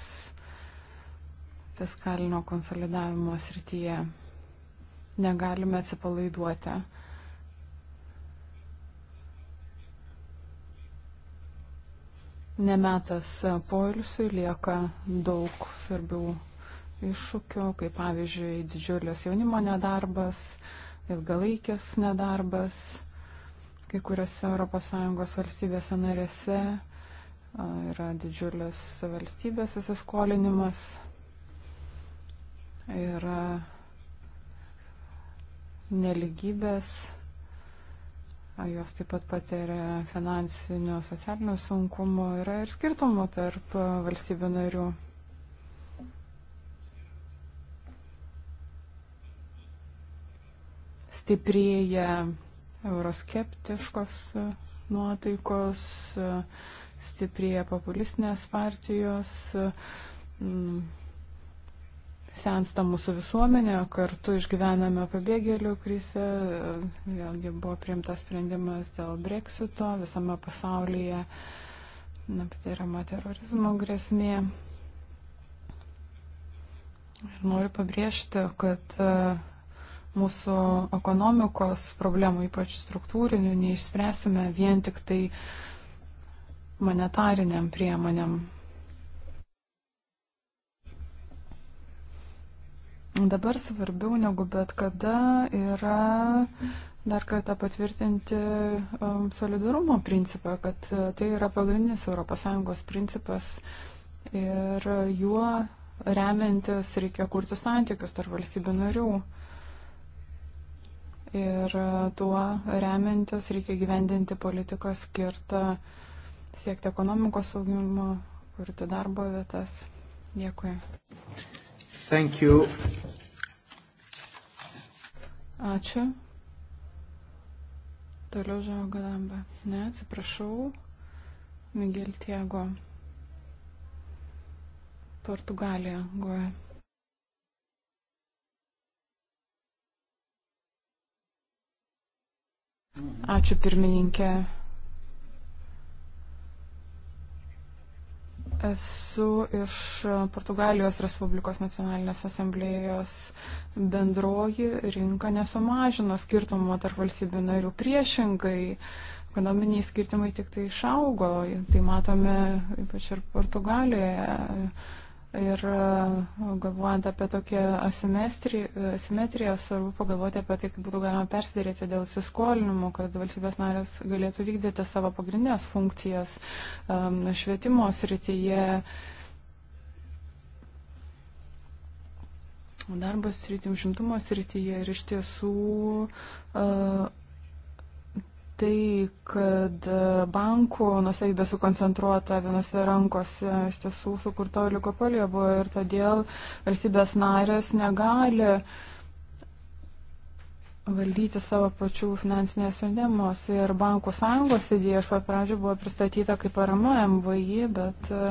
fiskalinio konsolidavimo srityje, negalime atsipalaiduoti. Nemetas poilsiui lieka daug svarbių iššūkių, kaip pavyzdžiui didžiulis jaunimo nedarbas, ilgalaikis nedarbas Kai kuriuose ES valstybėse narėse yra didžiulis valstybės įsiskolinimas. Yra neligybės, jos taip pat patiria finansinio, socialinio sunkumo, yra ir skirtumo tarp valstybių narių. Stiprėja euroskeptiškos nuotaikos, stiprėja populistinės partijos, sensta mūsų visuomenė, kartu išgyvename pabėgėlių krizę, vėlgi buvo priimtas sprendimas dėl breksito, visame pasaulyje patiriama terorizmo grėsmė. Ir noriu pabrėžti, kad mūsų ekonomikos problemų, ypač struktūrinių, neišspręsime vien tik tai monetariniam priemonėm. Dabar svarbiau negu bet kada yra dar kartą patvirtinti um, solidarumo principą, kad uh, tai yra pagrindinis ES principas ir juo remiantis reikia kurti santykius tarp valstybių narių. Uh, Ir e, tuo remiantis reikia gyvendinti politiką skirtą siekti ekonomikos augimo, kurti darbo vietas. Dėkui. Thank you. Ačiū. Toliau žavo galamba. Ne, atsiprašau. Miguel Tiego. Portugalija, Goja. Ačiū pirmininkė. Esu iš Portugalijos Respublikos nacionalinės asamblėjos bendroji rinka nesumažino skirtumo tarp valstybių narių priešingai. Ekonominiai skirtumai tik tai išaugo, tai matome ypač ir Portugalijoje. Ir e, galvojant apie tokią asimetriją, svarbu pagalvoti apie tai, kaip būtų galima persidėrėti dėl įsiskolinimų, kad valstybės narės galėtų vykdyti savo pagrindinės funkcijas um, švietimo srityje, darbos srityje, žimtumo srityje ir iš tiesų e, tai, kad e, bankų nusavybė sukoncentruota vienose rankose iš tiesų sukurto oligopolija buvo ir todėl valstybės narės negali valdyti savo pačių finansinės sprendimos. Ir bankų sąjungos idėja iš pat pradžių buvo pristatyta kaip parama MVI, bet e,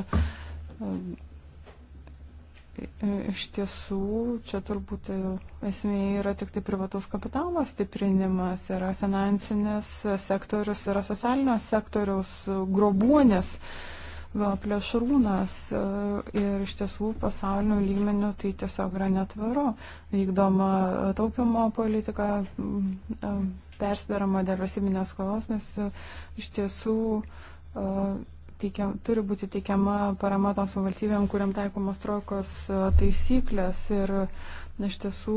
Iš tiesų, čia turbūt esmė yra tik tai privatus kapitalo stiprinimas, yra finansinis sektorius, yra socialinio sektoriaus grobuonės plėšrūnas ir iš tiesų pasaulinių lygmenių tai tiesiog yra netvaru. Vykdoma taupimo politika, persidaroma dėl valstybinės skolos, nes iš tiesų teikiam, turi būti teikiama parama toms valstybėm, kuriam taikomos trokos e, taisyklės ir iš tiesų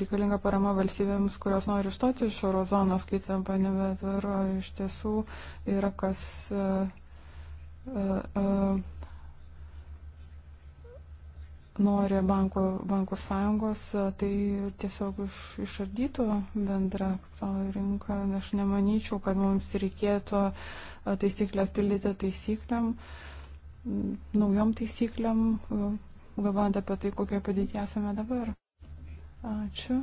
reikalinga parama valstybėms, kurios nori išstoti iš eurozonos, kai tampa nebetvaro, iš tiesų yra kas. Uh, uh, uh, nori bankų, bankų sąjungos, e, tai tiesiog iš, išardytų bendrą rinką. Aš nemanyčiau, kad mums reikėtų uh, taisyklės pildyti taisykliam, naujom taisykliam, galvojant apie tai, kokie padėti esame dabar. Ačiū.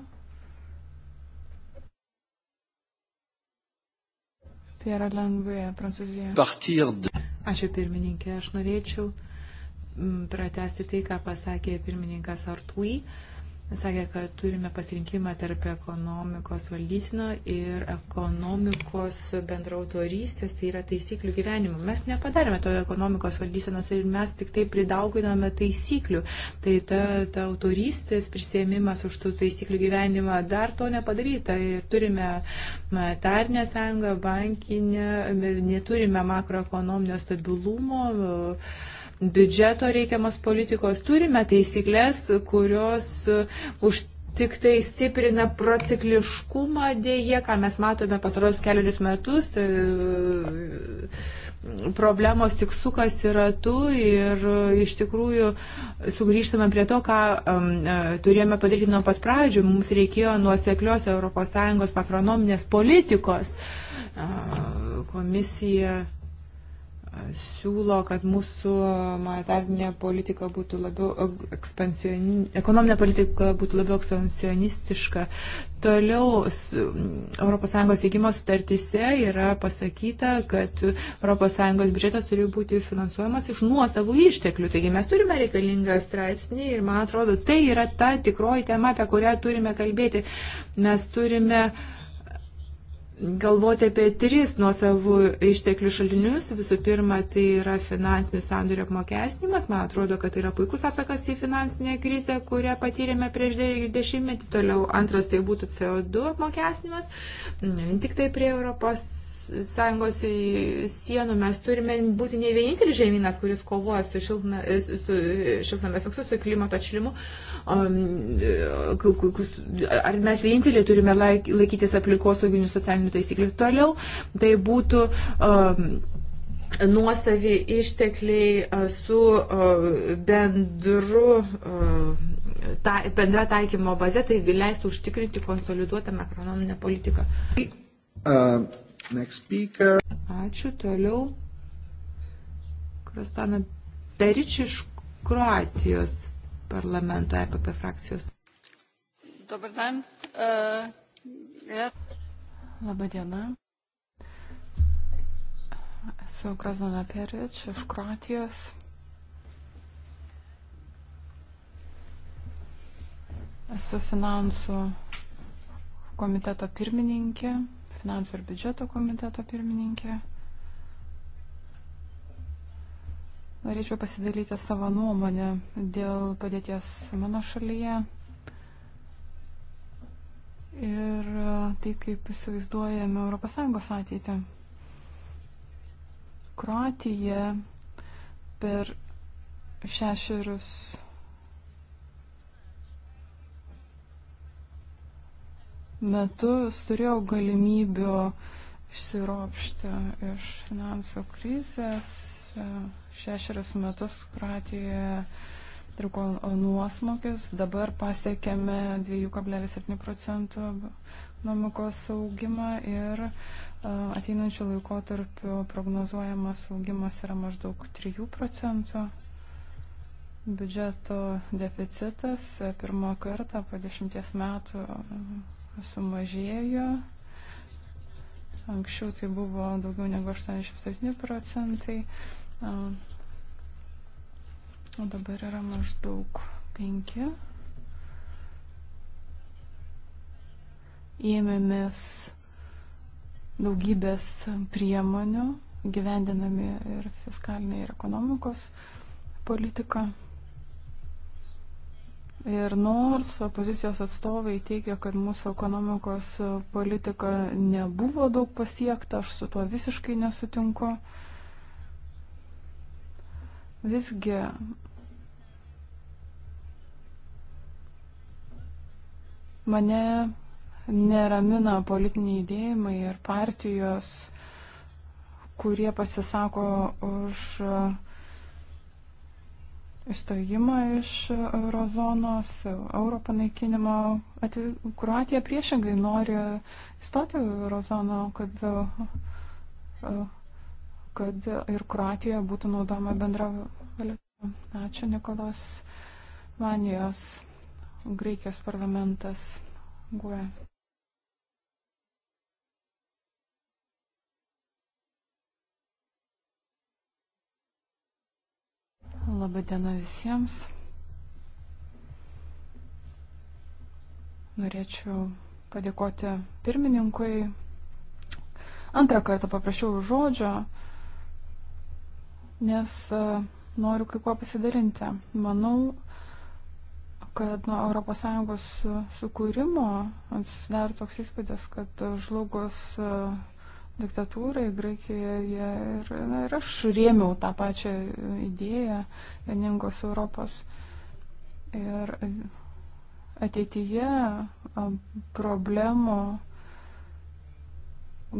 Pierre Lengvėje, Prancūzija. Ačiū pirmininkė, aš norėčiau mm, pratesti tai, ką pasakė pirmininkas Artui. Uh, sakė, kad turime pasirinkimą tarp ekonomikos valdysino ir ekonomikos bendrautorystės, tai yra taisyklių gyvenimo. Mes nepadarėme to ekonomikos valdysenos ir mes tik tai pridauginome taisyklių. Tai ta, ta autorystės prisėmimas už tų taisyklių gyvenimą dar to nepadaryta. Ir turime tarnę sąjungą, bankinę, neturime makroekonominio stabilumo biudžeto reikiamas politikos, turime taisyklės, kurios e, už tik tai stiprina procikliškumą dėje, ką mes matome pastaros kelius metus. Tai, e, problemos tik sukasi ratu ir e, iš tikrųjų sugrįžtame prie to, ką um, turėjome padaryti nuo pat pradžių. Mums reikėjo nuoseklios ES makronominės politikos. Uh, komisija siūlo, kad mūsų monetarinė politika būtų labiau ekspansioni, ekonominė politika būtų labiau ekspansionistiška. Toliau ES teikimo sutartyse yra pasakyta, kad ES biudžetas turi būti finansuojamas iš nuosavų išteklių. Taigi mes turime reikalingą straipsnį ir man atrodo, tai yra ta tikroji tema, apie kurią turime kalbėti. Mes turime uh, galvoti apie tris nuosavų išteklių šaltinius. Visų pirma, tai yra finansinių sandorių apmokestinimas. Man atrodo, kad tai yra puikus atsakas į finansinę krizę, kurią patyrėme prieš dešimtmetį. Toliau antras tai būtų CO2 apmokestinimas. Ne vien tik tai prie Europos Sąjungos sienų mes turime būti ne vienintelis žemynas, kuris kovoja su, šiltna, su šiltnam efektu, su klimato atšilimu. Um, ar mes vieninteliai turime laikytis aplinkosauginių socialinių taisyklių toliau? Tai būtų. Um, nuosavi ištekliai uh, su uh, bendru, uh, ta, bendra taikymo baze, tai leistų užtikrinti konsoliduotą ekonominę politiką. Uh, Ačiū toliau. Krastana Perič iš Kroatijos parlamento EPP frakcijos. Dobar dan. Uh, e, yes. Labą dieną. Esu Krasnana Perič iš Kroatijos. Esu finansų komiteto pirmininkė finansų ir biudžeto komiteto pirmininkė. Norėčiau pasidalyti savo nuomonę dėl padėties mano šalyje ir tai, kaip įsivaizduojame ES ateitį. Kroatija per šešerius metus turėjau galimybių išsiropšti iš finansų krizės. Šešerius metus Kroatijoje truko nuosmokis, dabar pasiekėme 2,7 procentų ekonomikos augimą ir ateinančių laikotarpių prognozuojamas augimas yra maždaug 3 procentų. Biudžeto deficitas pirmą kartą po dešimties metų sumažėjo. Anksčiau tai buvo daugiau negu 87 procentai, o dabar yra maždaug 5. Ėmėmės daugybės priemonių, gyvendinami ir fiskalinę, ir ekonomikos politiką. Ir nors opozicijos atstovai teigia, kad mūsų ekonomikos politika nebuvo daug pasiekta, aš su tuo visiškai nesutinku. Visgi mane neramina politiniai judėjimai ir partijos, kurie pasisako už uh, išstojimą iš eurozonos, euro panaikinimo. Kroatija priešingai nori įstoti eurozoną, kad, kad ir Kroatija būtų naudojama bendra valiuta. Ačiū, Nikolas Manijos, Graikijos parlamentas. Gue. Labai diena visiems. Norėčiau padėkoti pirmininkui. Antrą kartą paprašiau žodžio, nes e, noriu kai kuo pasidalinti. Manau, kad nuo ES sukūrimo susidaro toks įspūdis, kad žlugus e, diktatūrai Graikijoje ir, na, ir aš rėmiau tą pačią idėją vieningos Europos. Ir ateityje problemų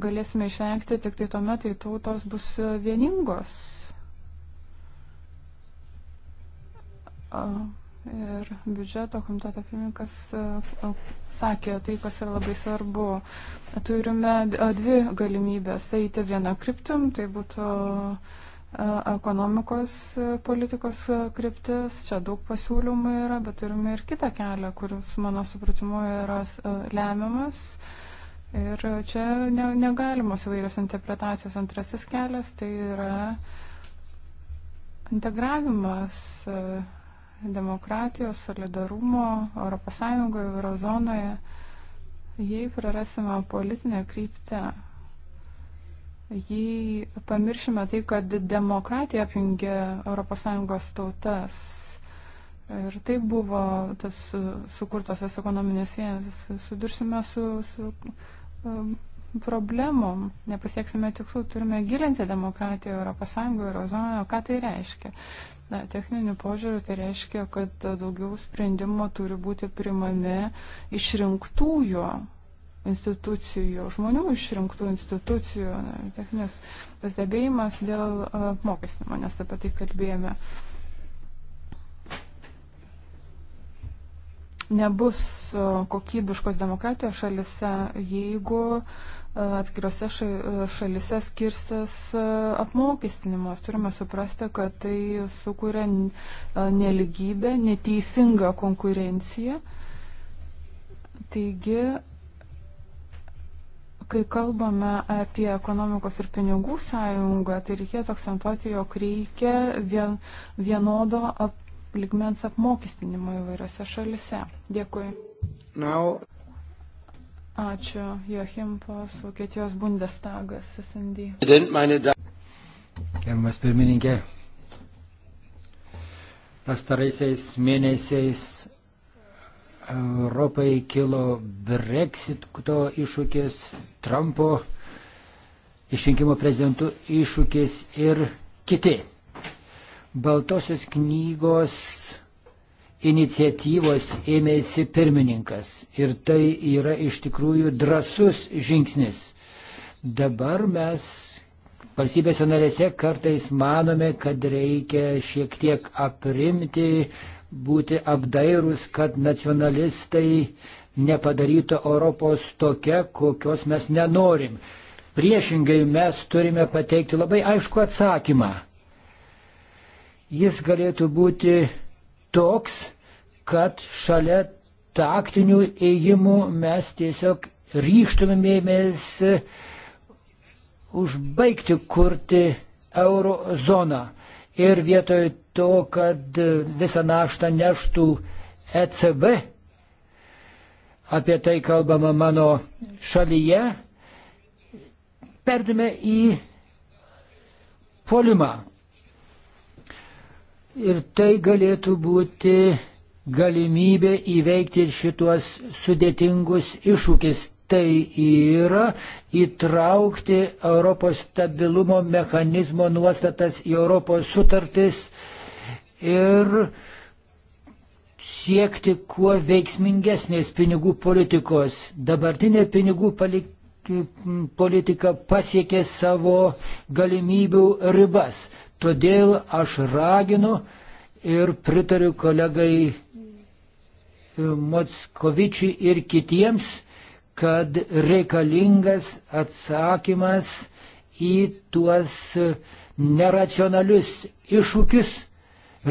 galėsime išvengti tik tai tuomet, kai tautos bus vieningos ir biudžeto komiteto pirmininkas e, sakė tai, kas yra labai svarbu. Turime e, dvi galimybės eiti vieną kryptim, tai būtų e, ekonomikos politikos kryptis, čia daug pasiūlymų yra, bet turime ir kitą kelią, kuris mano supratimu yra lemiamas. Ir čia ne, negalimos įvairios interpretacijos. Antrasis kelias tai yra integravimas demokratijos, solidarumo ES, Eurozonoje, jei prarasime politinę kryptę, jei pamiršime tai, kad demokratija apjungia ES tautas ir tai buvo tas sukurtas ekonominis vienis, sudursime su, su um, problemom, nepasieksime tikslų, turime gilinti demokratiją Europos Sąjungoje, Eurozonoje. Ką tai reiškia? Na, techniniu požiūriu tai reiškia, kad daugiau sprendimo turi būti primami išrinktųjų institucijų, žmonių išrinktų institucijų, na, techninis pastebėjimas dėl e, apmokestinimo, nes apie tai kalbėjome. Nebus e, kokybiškos demokratijos šalise, jeigu uh, E, atskirose e, šalise skirsis e, apmokestinimas. Turime suprasti, kad tai sukuria neligybę, neteisingą konkurenciją. Taigi, kai kalbame apie ekonomikos ir pinigų sąjungą, tai reikėtų akcentuoti, jog reikia vien, vienodo ap, ligmens apmokestinimo įvairiose šalise. Dėkui. Now. Ačiū, Joachim Pos, Vokietijos Bundestagas, SND. Gerbiamas pirmininkė, pastaraisiais mėnesiais Europai kilo Brexito iššūkis, Trumpo išrinkimo prezidentų iššūkis ir kiti. Baltosios knygos iniciatyvos ėmėsi pirmininkas ir tai yra iš tikrųjų drasus žingsnis. Dabar mes valstybėse narėse kartais manome, kad reikia šiek tiek aprimti, būti apdairūs, kad nacionalistai nepadarytų Europos tokia, kokios mes nenorim. Priešingai mes turime pateikti labai aišku atsakymą. Jis galėtų būti toks, kad šalia taktinių ėjimų mes tiesiog ryštumėmės užbaigti kurti euro zoną. Ir vietoj to, kad visą naštą neštų ECB, apie tai kalbama mano šalyje, perdume į polimą. Ir tai galėtų būti galimybė įveikti ir šituos sudėtingus iššūkis. Tai yra įtraukti Europos stabilumo mechanizmo nuostatas į Europos sutartis ir siekti kuo veiksmingesnės pinigų politikos. Dabartinė pinigų palik... politika pasiekė savo galimybių ribas. Todėl aš raginu ir pritariu kolegai Mockovičiui ir kitiems, kad reikalingas atsakymas į tuos neracionalius iššūkius,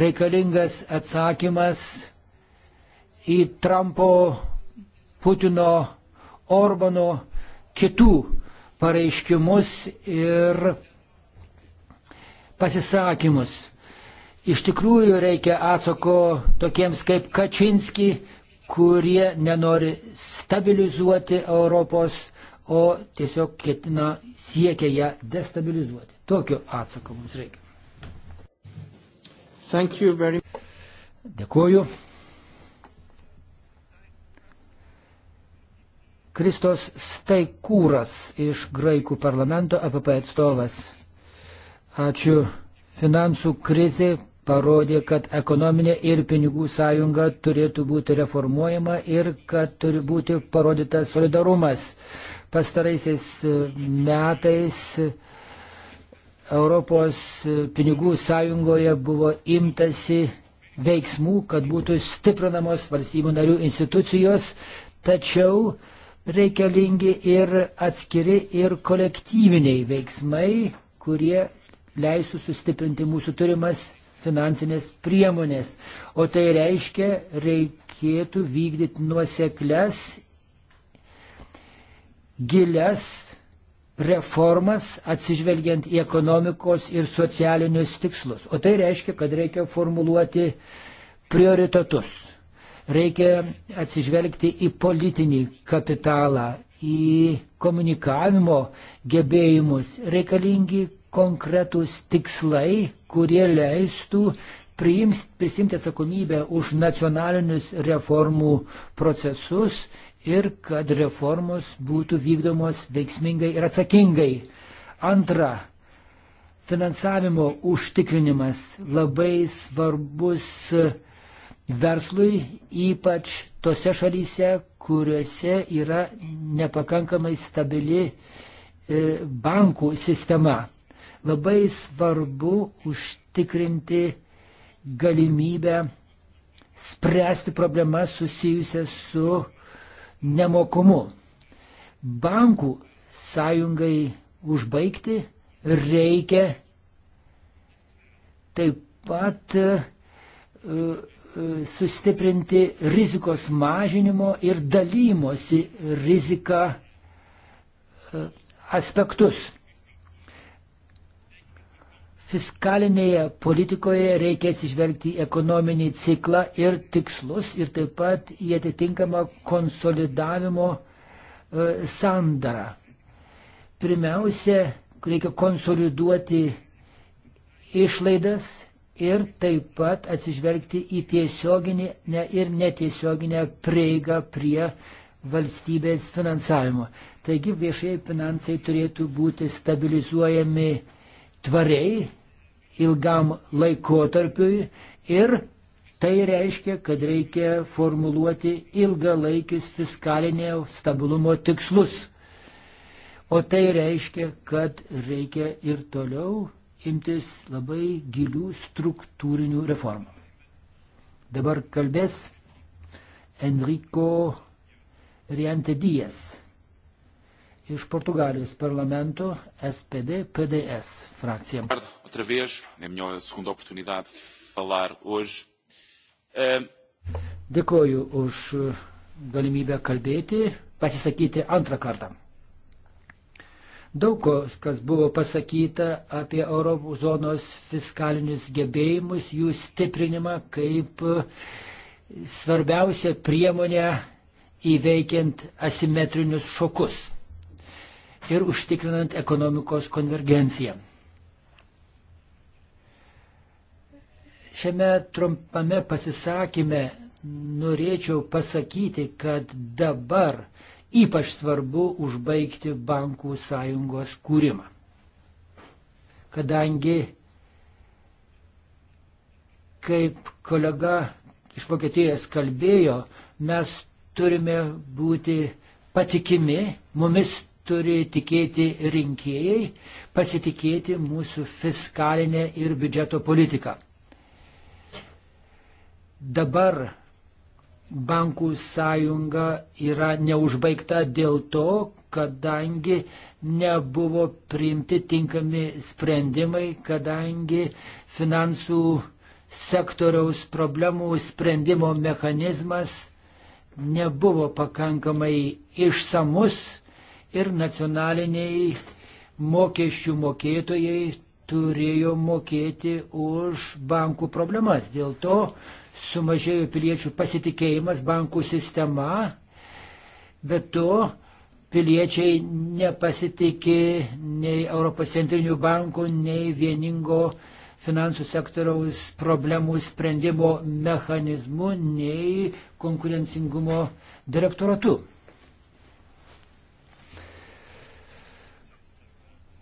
reikalingas atsakymas į Trumpo, Putino, Orbano kitų pareiškimus ir pasisakymus. Iš tikrųjų reikia atsako tokiems kaip Kačinski, kurie nenori stabilizuoti Europos, o tiesiog ketina siekia ją destabilizuoti. Tokio atsako mums reikia. Very... Dėkuoju. Kristos Staikūras iš Graikų parlamento APP atstovas. Ačiū. Finansų krizė parodė, kad ekonominė ir pinigų sąjunga turėtų būti reformuojama ir kad turi būti parodytas solidarumas. Pastaraisiais e, metais e, Europos e, pinigų sąjungoje buvo imtasi veiksmų, kad būtų stiprinamos valstybių narių institucijos, tačiau reikalingi ir atskiri ir kolektyviniai veiksmai, kurie leisų sustiprinti mūsų turimas finansinės priemonės. O tai reiškia, reikėtų vykdyti nuosekles, gilias reformas atsižvelgiant į ekonomikos ir socialinius tikslus. O tai reiškia, kad reikia formuluoti prioritetus. Reikia atsižvelgti į politinį kapitalą, į komunikavimo gebėjimus. Reikalingi konkretūs tikslai, kurie leistų priims, prisimti atsakomybę už nacionalinius reformų procesus ir kad reformos būtų vykdomos veiksmingai ir atsakingai. Antra, finansavimo užtikrinimas labai svarbus verslui, ypač tose šalyse, kuriuose yra nepakankamai stabili e, bankų sistema. Labai svarbu užtikrinti galimybę spręsti problemas susijusias su nemokumu. Bankų sąjungai užbaigti reikia taip pat e, e, sustiprinti rizikos mažinimo ir dalymosi riziką e, aspektus. Fiskalinėje politikoje reikia atsižvelgti į ekonominį ciklą ir tikslus ir taip pat į atitinkamą konsolidavimo e, sandarą. Pirmiausia, reikia konsoliduoti išlaidas ir taip pat atsižvelgti į tiesioginį ne, ir netiesioginę prieigą prie valstybės finansavimo. Taigi viešieji finansai turėtų būti stabilizuojami tvariai ilgam laikotarpiui ir tai reiškia, kad reikia formuluoti ilgalaikius fiskalinio stabilumo tikslus. O tai reiškia, kad reikia ir toliau imtis labai gilių struktūrinių reformų. Dabar kalbės Enrico Riante Dijas iš Portugalijos parlamento SPD PDS frakcija. Pardon outra vez, é a minha segunda oportunidade de falar hoje. Dėkoju už eh, galimybę kalbėti, pasisakyti antrą kartą. Daug kas buvo pasakyta apie eurozonos fiskalinius gebėjimus, jų stiprinimą kaip eh, svarbiausia priemonė įveikiant asimetrinius šokus ir užtikrinant ekonomikos konvergenciją. Šiame trumpame pasisakymė norėčiau pasakyti, kad dabar ypač svarbu užbaigti bankų sąjungos kūrimą. Kadangi, kaip kolega iš Vokietijos kalbėjo, mes turime būti patikimi, mumis turi tikėti rinkėjai, pasitikėti mūsų fiskalinę ir biudžeto politiką. Dabar bankų sąjunga yra neužbaigta dėl to, kadangi nebuvo priimti tinkami sprendimai, kadangi finansų sektoriaus problemų sprendimo mechanizmas nebuvo pakankamai išsamus ir nacionaliniai mokesčių mokėtojai turėjo mokėti už bankų problemas. Dėl to sumažėjo piliečių pasitikėjimas bankų sistema, bet to piliečiai nepasitikė nei Europos centrinių bankų, nei vieningo finansų sektoriaus problemų sprendimo mechanizmu, nei konkurencingumo direktoratu.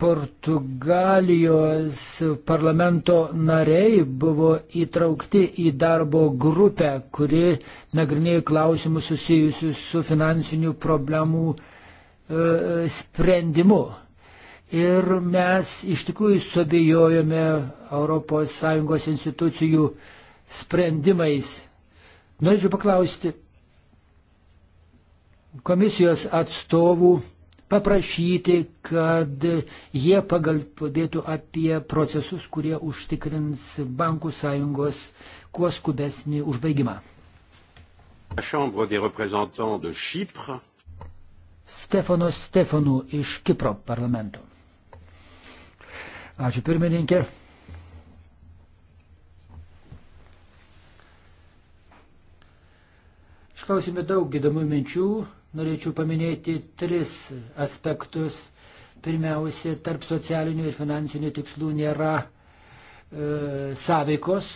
Portugalijos parlamento nariai buvo įtraukti į darbo grupę, kuri nagrinėjo klausimus susijusius su finansinių problemų e, sprendimu. Ir mes iš tikrųjų sobijojome ES institucijų sprendimais. Norėčiau paklausti komisijos atstovų paprašyti, kad jie pagal padėtų apie procesus, kurie užtikrins bankų sąjungos kuo skubesnį užbaigimą. Stefano Stefanų iš Kipro parlamento. Ačiū pirmininkė. Išklausime daug įdomių minčių, norėčiau paminėti tris aspektus. Pirmiausia, tarp socialinių ir finansinių tikslų nėra e, sąveikos,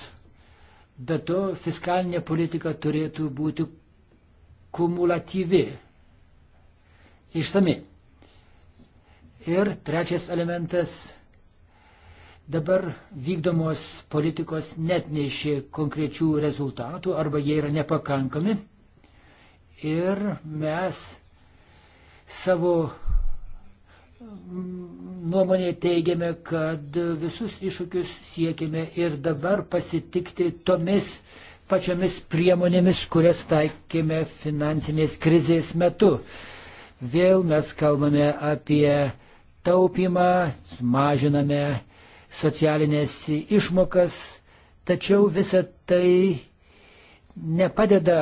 bet to fiskalinė politika turėtų būti kumulatyvi, išsami. Ir trečias elementas dabar vykdomos politikos net neišė konkrečių rezultatų arba jie yra nepakankami ir mes savo nuomonė teigiame, kad visus iššūkius siekime ir dabar pasitikti tomis pačiomis priemonėmis, kurias taikėme finansinės krizės metu. Vėl mes kalbame apie taupimą, mažiname socialinės išmokas, tačiau visa tai nepadeda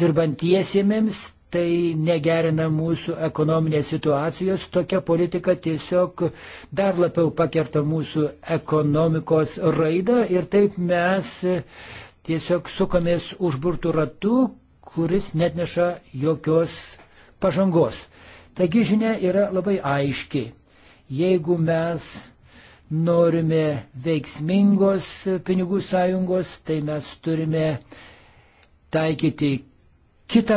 dirbantiesiems, tai negerina mūsų ekonominės situacijos, tokia politika tiesiog dar labiau pakerta mūsų ekonomikos raidą ir taip mes tiesiog sukamės užburtų ratų, kuris net neša jokios pažangos. Taigi žinia yra labai aiški. Jeigu mes norime veiksmingos pinigų sąjungos, tai mes turime uh, taikyti kitą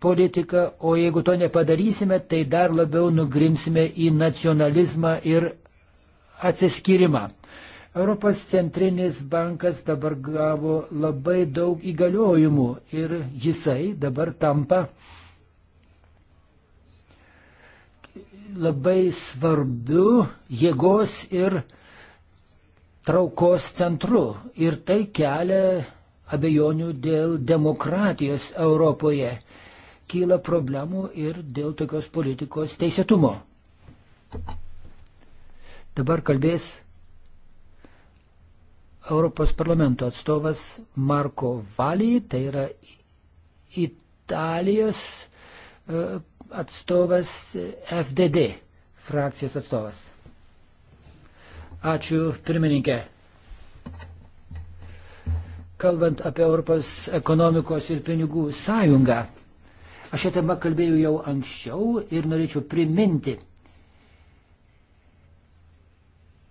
politiką, o jeigu to nepadarysime, tai dar labiau nugrimsime į nacionalizmą ir atsiskyrimą. Europos centrinis bankas dabar gavo labai daug įgaliojimų ir jisai dabar tampa labai svarbiu jėgos ir traukos centru. Ir tai kelia abejonių dėl demokratijos Europoje. Kyla problemų ir dėl tokios politikos teisėtumo. Dabar kalbės Europos parlamento atstovas Marko Valį, tai yra Italijos e, atstovas FDD frakcijos atstovas. Ačiū pirmininkė kalbant apie Europos ekonomikos ir pinigų sąjungą. Aš šią temą kalbėjau jau anksčiau ir norėčiau priminti,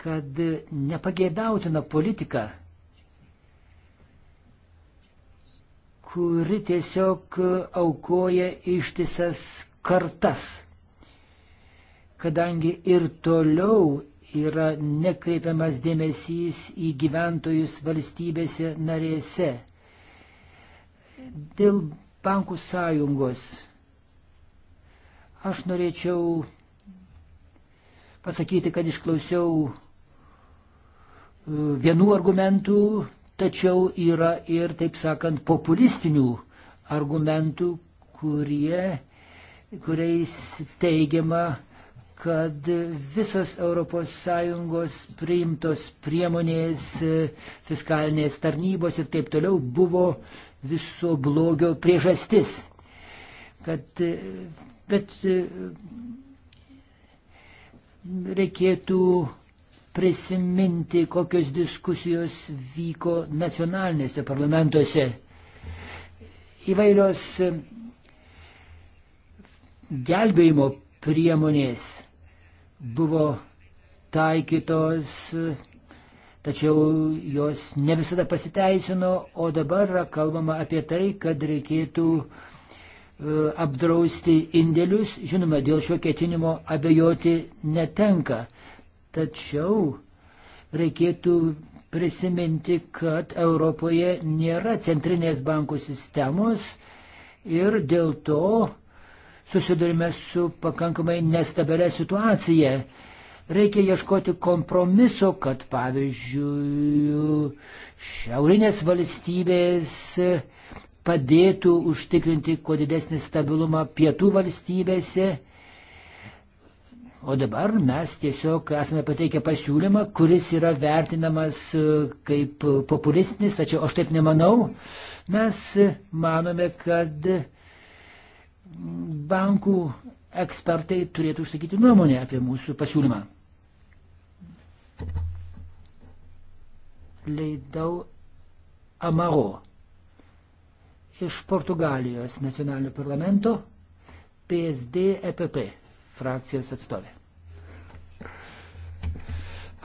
kad nepageidautina politika, kuri tiesiog aukoja ištisas kartas, kadangi ir toliau yra nekreipiamas dėmesys į gyventojus valstybėse narėse. Dėl bankų sąjungos aš norėčiau pasakyti, kad išklausiau e, vienų argumentų, tačiau yra ir, taip sakant, populistinių argumentų, kurie, kuriais teigiama, kad visos ES priimtos priemonės, fiskalinės tarnybos ir taip toliau buvo viso blogio priežastis. Kad, bet reikėtų prisiminti, kokios diskusijos vyko nacionalinėse parlamentuose. Įvairios gelbėjimo priemonės buvo taikytos, tačiau jos ne visada pasiteisino, o dabar yra kalbama apie tai, kad reikėtų e, apdrausti indėlius. Žinoma, dėl šio ketinimo abejoti netenka. Tačiau reikėtų prisiminti, kad Europoje nėra centrinės bankų sistemos ir dėl to susidurime su pakankamai nestabilia situacija. Reikia ieškoti kompromiso, kad pavyzdžiui šiaurinės valstybės padėtų užtikrinti kuo didesnį stabilumą pietų valstybėse. O dabar mes tiesiog esame pateikę pasiūlymą, kuris yra vertinamas e, kaip populistinis, tačiau aš taip nemanau. Mes manome, kad bankų ekspertai turėtų užsakyti nuomonę apie mūsų pasiūlymą. Leidau Amaro iš Portugalijos nacionalinio parlamento PSD EPP frakcijos atstovė.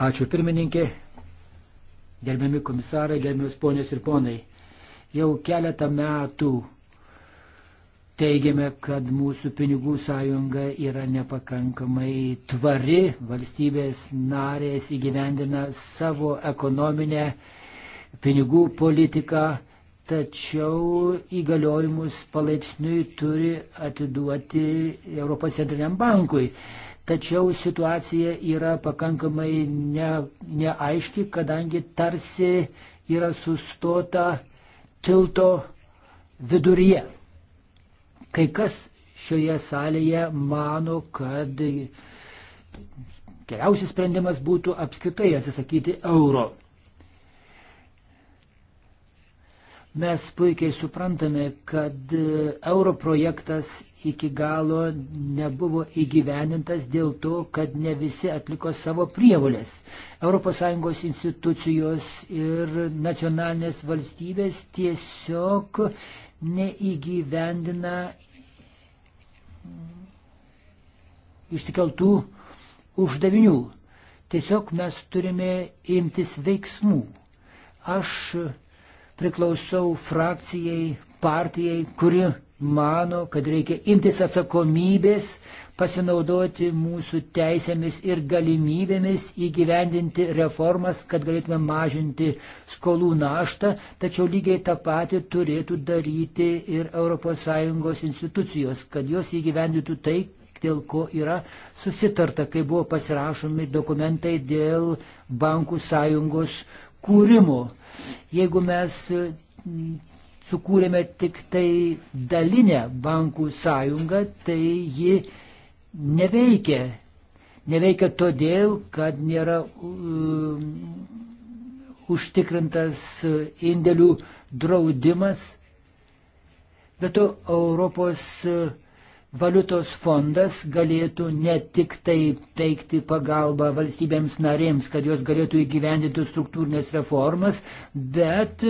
Ačiū pirmininkė, gerbiami komisarai, gerbiamis ponios ir ponai. Jau keletą metų teigiame, kad mūsų pinigų sąjunga yra nepakankamai tvari, valstybės narės įgyvendina savo ekonominę pinigų politiką, tačiau įgaliojimus palaipsniui turi atiduoti Europos centriniam bankui. Tačiau situacija yra pakankamai ne, neaiški, kadangi tarsi yra sustota tilto viduryje. Kai kas šioje salėje mano, kad geriausias sprendimas būtų apskritai atsisakyti euro. Mes puikiai suprantame, kad euro projektas iki galo nebuvo įgyvenintas dėl to, kad ne visi atliko savo prievolės. ES institucijos ir nacionalinės valstybės tiesiog neįgyvendina išsikeltų uždavinių. Tiesiog mes turime imtis veiksmų. Aš priklausau frakcijai, partijai, kuri mano, kad reikia imtis atsakomybės, pasinaudoti mūsų teisėmis ir galimybėmis įgyvendinti reformas, kad galėtume mažinti skolų naštą, tačiau lygiai tą patį turėtų daryti ir ES institucijos, kad jos įgyvendintų tai, dėl ko yra susitarta, kai buvo pasirašomi dokumentai dėl bankų sąjungos kūrimo. Jeigu mes mm, sukūrėme tik tai dalinę bankų sąjungą, tai ji neveikia. Neveikia todėl, kad nėra um, užtikrintas indėlių draudimas. Bet to Europos uh, valiutos fondas galėtų ne tik tai teikti pagalbą valstybėms narėms, kad jos galėtų įgyvendinti struktūrinės reformas, bet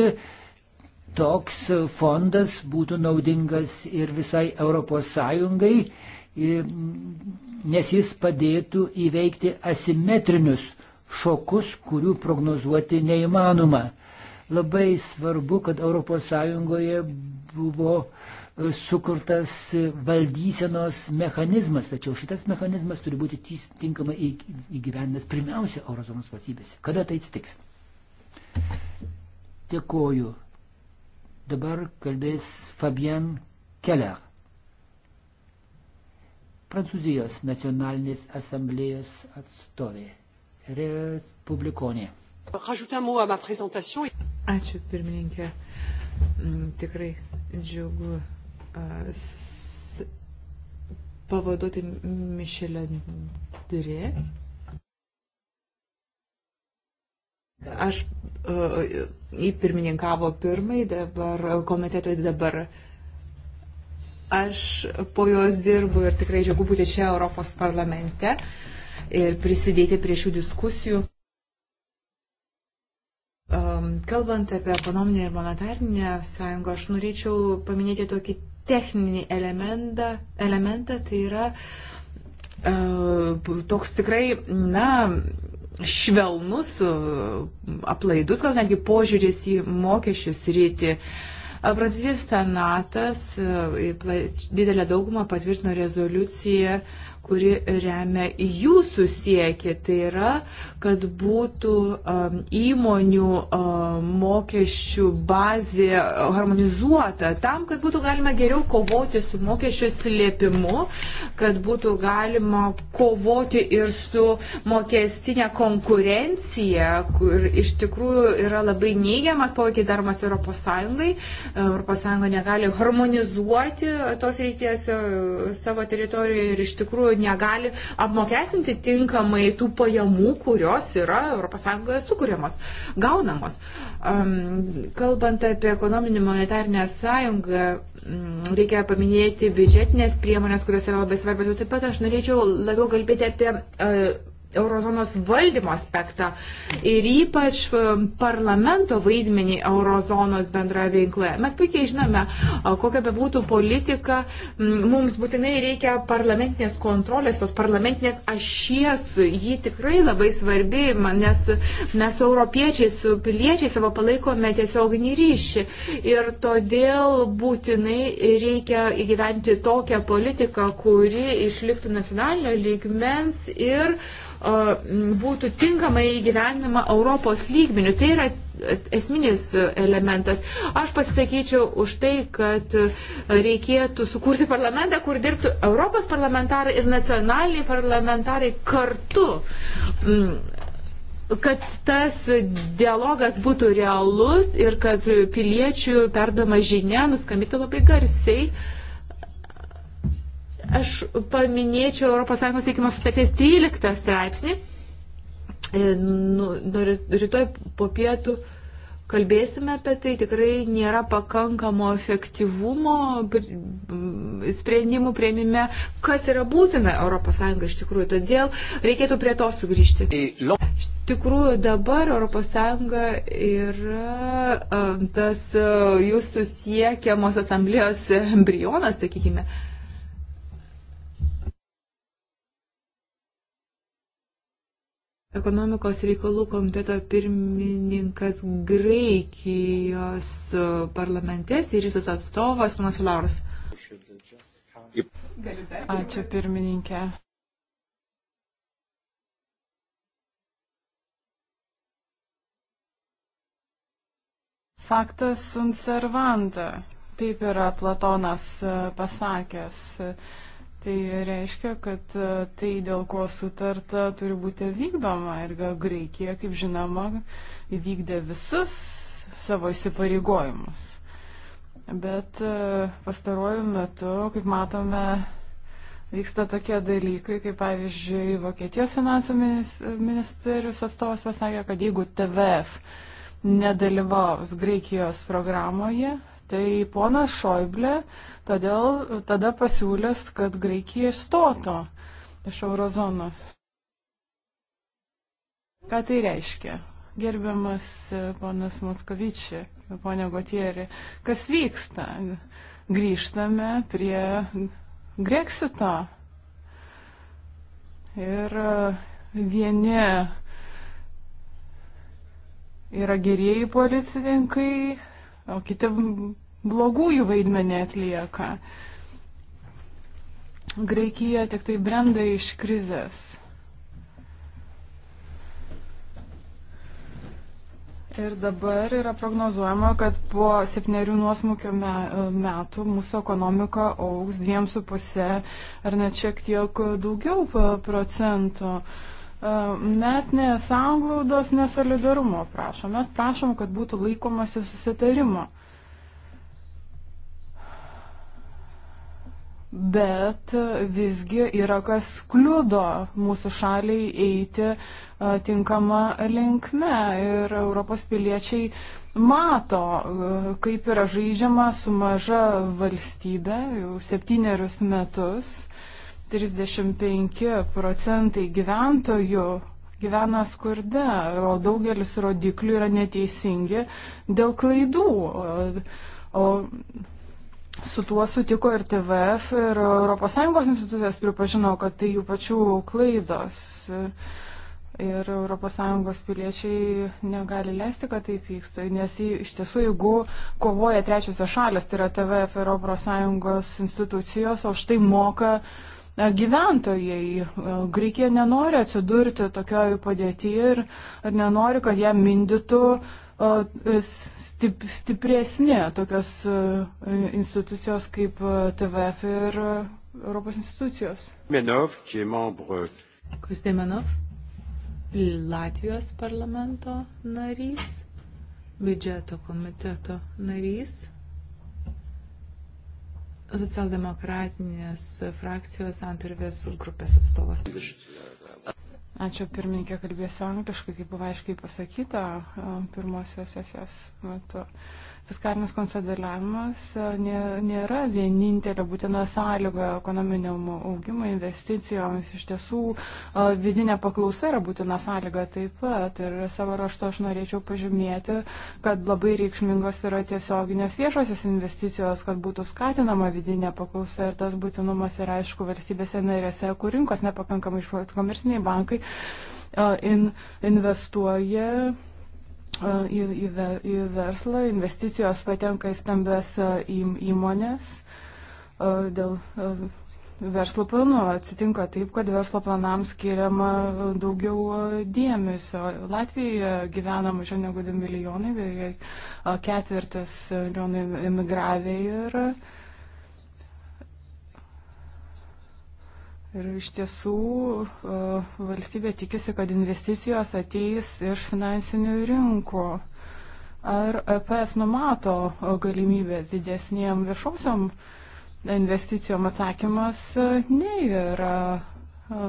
toks fondas būtų naudingas ir visai ES, nes jis padėtų įveikti asimetrinius šokus, kurių prognozuoti neįmanoma. Labai svarbu, kad ES buvo sukurtas valdysenos mechanizmas, tačiau šitas mechanizmas turi būti tinkamai įgyvendęs pirmiausia Eurozonos valstybėse. Kada tai atsitiks? Dėkoju. Dabar kalbės Fabien Keller. Prancūzijos nacionalinės asamblėjos atstovė, respublikonė. Ačiū pirmininkė. Mm, tikrai džiugu pavaduoti Mišelę Dri. Aš jį pirmininkavo pirmai, dabar komitetui dabar aš po jos dirbu ir tikrai džiugu būti čia Europos parlamente ir prisidėti prie šių diskusijų. Kalbant apie ekonominę ir monetarinę sąjungą, aš norėčiau paminėti tokį techninį elementą, elementą tai yra uh, toks tikrai, na, švelnus, e, aplaidus gal netgi požiūris į mokesčių sritį. E, Prancūzijos senatas didelę daugumą patvirtino rezoliuciją kuri remia jūsų siekį. Tai yra, kad būtų um, įmonių um, mokesčių bazė harmonizuota tam, kad būtų galima geriau kovoti su mokesčių slėpimu, kad būtų galima kovoti ir su mokestinė konkurencija, kur iš tikrųjų yra labai neigiamas poveikis daromas Europos Sąjungai. Europos Sąjunga negali harmonizuoti tos ryties uh, savo teritorijoje ir iš tikrųjų negali apmokestinti tinkamai tų pajamų, kurios yra ES sukūriamos, gaunamos. Kalbant apie ekonominį monetarinę sąjungą, mm, reikia paminėti biudžetinės priemonės, kurios yra labai svarbios. Taip pat aš norėčiau labiau kalbėti apie e, eurozonos valdymo aspektą ir ypač e, parlamento vaidmenį eurozonos bendroje veikloje. Mes puikiai žinome, e, kokia bebūtų politika, mums būtinai reikia parlamentinės kontrolės, tos parlamentinės ašies, ji tikrai labai svarbi, nes mes su europiečiais, su piliečiai savo palaikome tiesioginį ryšį ir todėl būtinai reikia įgyventi tokią politiką, kuri išliktų nacionalinio lygmens ir uh, būtų tinkamai įgyvenima Europos lygmenių. Tai yra esminis elementas. Aš pasisakyčiau už tai, kad reikėtų sukurti parlamentą, kur dirbtų Europos parlamentarai ir nacionaliniai parlamentarai kartu kad tas dialogas būtų realus ir kad piliečių perdama žinia nuskambėtų labai garsiai. Uh, aš paminėčiau ES veikimo sutarties 13 straipsnį. E, nu, nu, rytoj po pietų kalbėsime apie tai, tikrai nėra pakankamo efektyvumo sprendimų prieimime, kas yra būtina ES iš tikrųjų. Todėl reikėtų prie to sugrįžti. Iš tikrųjų dabar ES yra e, tas e, jūsų siekiamos asamblėjos embrionas, sakykime. Uh, Ekonomikos reikalų komiteto pirmininkas Graikijos parlamente, Sirijos atstovas, panas Lauras. Ačiū pirmininkė. Faktas sunt servanta. Taip yra Platonas pasakęs. Tai reiškia, kad e, tai, dėl ko sutarta, turi būti vykdoma. Ir Graikija, kaip žinoma, įvykdė visus savo įsipareigojimus. Bet e, pastaruoju metu, kaip matome, vyksta tokie dalykai, kaip pavyzdžiui, Vokietijos finansų ministerijos atstovas pasakė, kad jeigu TVF nedalyvaus Graikijos programoje, Tai ponas Šoiblė todėl tada pasiūlės, kad Graikija išstoto iš eurozonos. Ką tai reiškia? Gerbiamas e, ponas Moskovičiai, ponė Gotieri, kas vyksta? Grįžtame prie Greksito. Ir e, vieni yra gerieji policininkai, o kiti blogųjų vaidmenį atlieka. Graikija tik tai brenda iš krizės. Ir dabar yra prognozuojama, kad po septynerių nuosmukio me, metų mūsų ekonomika augs dviem su pusė ar net šiek tiek daugiau procentų. Uh, E, mes ne sanglaudos, ne solidarumo prašom. Mes prašom, kad būtų laikomasi susitarimo. Bet visgi yra kas kliudo mūsų šaliai eiti e, tinkamą linkme. Ir Europos piliečiai mato, e, kaip yra žaidžiama su maža valstybė jau septynerius metus. Uh, 35 procentai gyventojų gyvena skurde, o daugelis rodiklių yra neteisingi dėl klaidų. O, o su tuo sutiko ir TVF, ir ES institucijas pripažino, kad tai jų pačių klaidos. Ir ES piliečiai negali leisti, kad taip vyksta, nes iš tiesų, jeigu kovoja trečiosios šalis, tai yra TVF ir ES institucijos, o štai moka uh, gyventojai. E, Graikija nenori atsidurti tokioje padėtyje ir nenori, kad ją mindytų e, stip, stipresnė tokios e, institucijos kaip TVF ir Europos institucijos. Menov, Kristemenov, Latvijos parlamento narys, biudžeto komiteto narys socialdemokratinės frakcijos antarvės grupės atstovas. Ačiū pirmininkė, kalbėsiu angliškai, kaip buvo aiškiai pasakyta pirmosios sesijos metu fiskalinis konsolidavimas e, nėra vienintelė būtina sąlyga ekonominiam augimui, investicijoms. Iš tiesų, e, vidinė paklausa yra būtina sąlyga taip pat. Ir savo rašto aš norėčiau pažymėti, kad labai reikšmingos yra tiesioginės viešosios investicijos, kad būtų skatinama vidinė paklausa. Ir tas būtinumas yra, aišku, valstybėse narėse, kur rinkos nepakankamai išvalgyti komerciniai bankai e, in, investuoja į, į, į verslą, investicijos patenka į stambes įmonės. Dėl verslo planų atsitinka taip, kad verslo planams skiriama daugiau dėmesio. Latvijoje gyvena mažiau negu 2 milijonai, beveik ketvirtas milijonai emigravę yra. Ir Ir iš tiesų e, valstybė tikisi, kad investicijos ateis iš finansinių rinkų. Ar EPS numato e, galimybės didesniem viešosiom investicijom? Atsakymas ne yra e,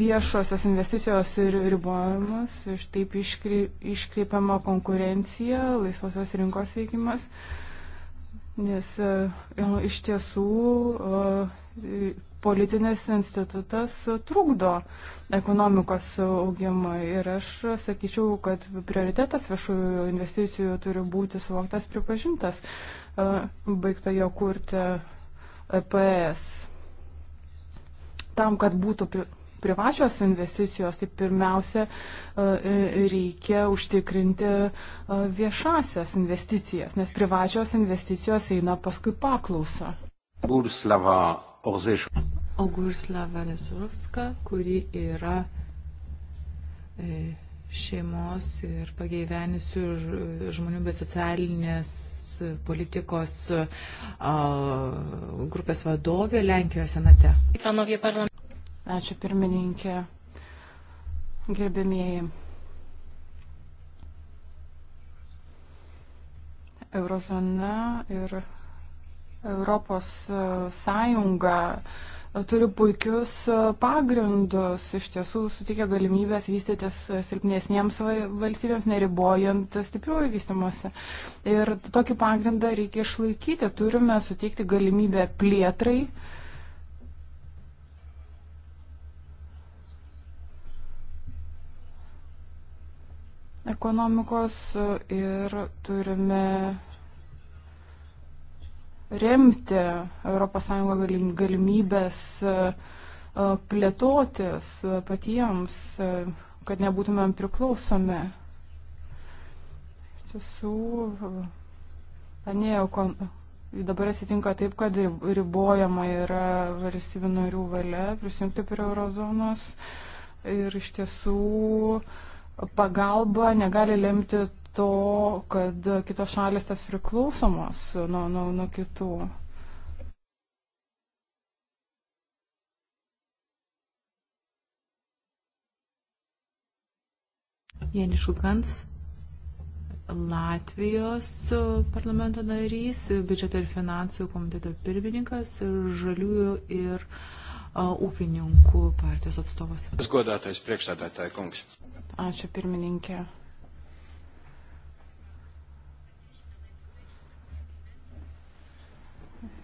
viešosios investicijos ir ribojimas, iš taip iškreipiama konkurencija, laisvosios rinkos veikimas. Nes iš tiesų politinis institutas trukdo ekonomikos augimą. Ir aš sakyčiau, kad prioritetas viešųjų investicijų turi būti suvoktas, pripažintas, e, baigta jo kurti EPS. Tam, kad būtų privačios investicijos, tai pirmiausia e, reikia užtikrinti e, viešasias investicijas, nes privačios investicijos eina paskui paklausą. Burslava Auguslava Nesurovska, kuri yra e, šeimos ir pagyvenusių žmonių be socialinės politikos grupės vadovė Lenkijos senate. Ačiū pirmininkė, gerbėmieji. Eurozona ir Europos e, Sąjunga e, turi puikius e, pagrindus, iš tiesų suteikia galimybės vystytis silpnesniems valstybėms, neribojant stipriųjų vystimuose. Ir tokį pagrindą reikia išlaikyti, turime suteikti galimybę plėtrai. ekonomikos ir turime remti ES galimybės e, e, plėtotis e, patiems, kad nebūtumėm priklausomi. Tiesų, panėjau, dabar atsitinka taip, kad ribojama yra valstybių narių valia prisijungti prie eurozonos ir iš tiesų pagalba negali lemti to, kad kitos šalis tas priklausomos nuo, nuo, nuo kitų. Janišų Kans, Latvijos parlamento narys, biudžeto ir finansų komiteto pirmininkas, žaliųjų ir uh, ūkininkų partijos atstovas. Godātais priekšstādātāja kungs. Ačiū pirmininkė.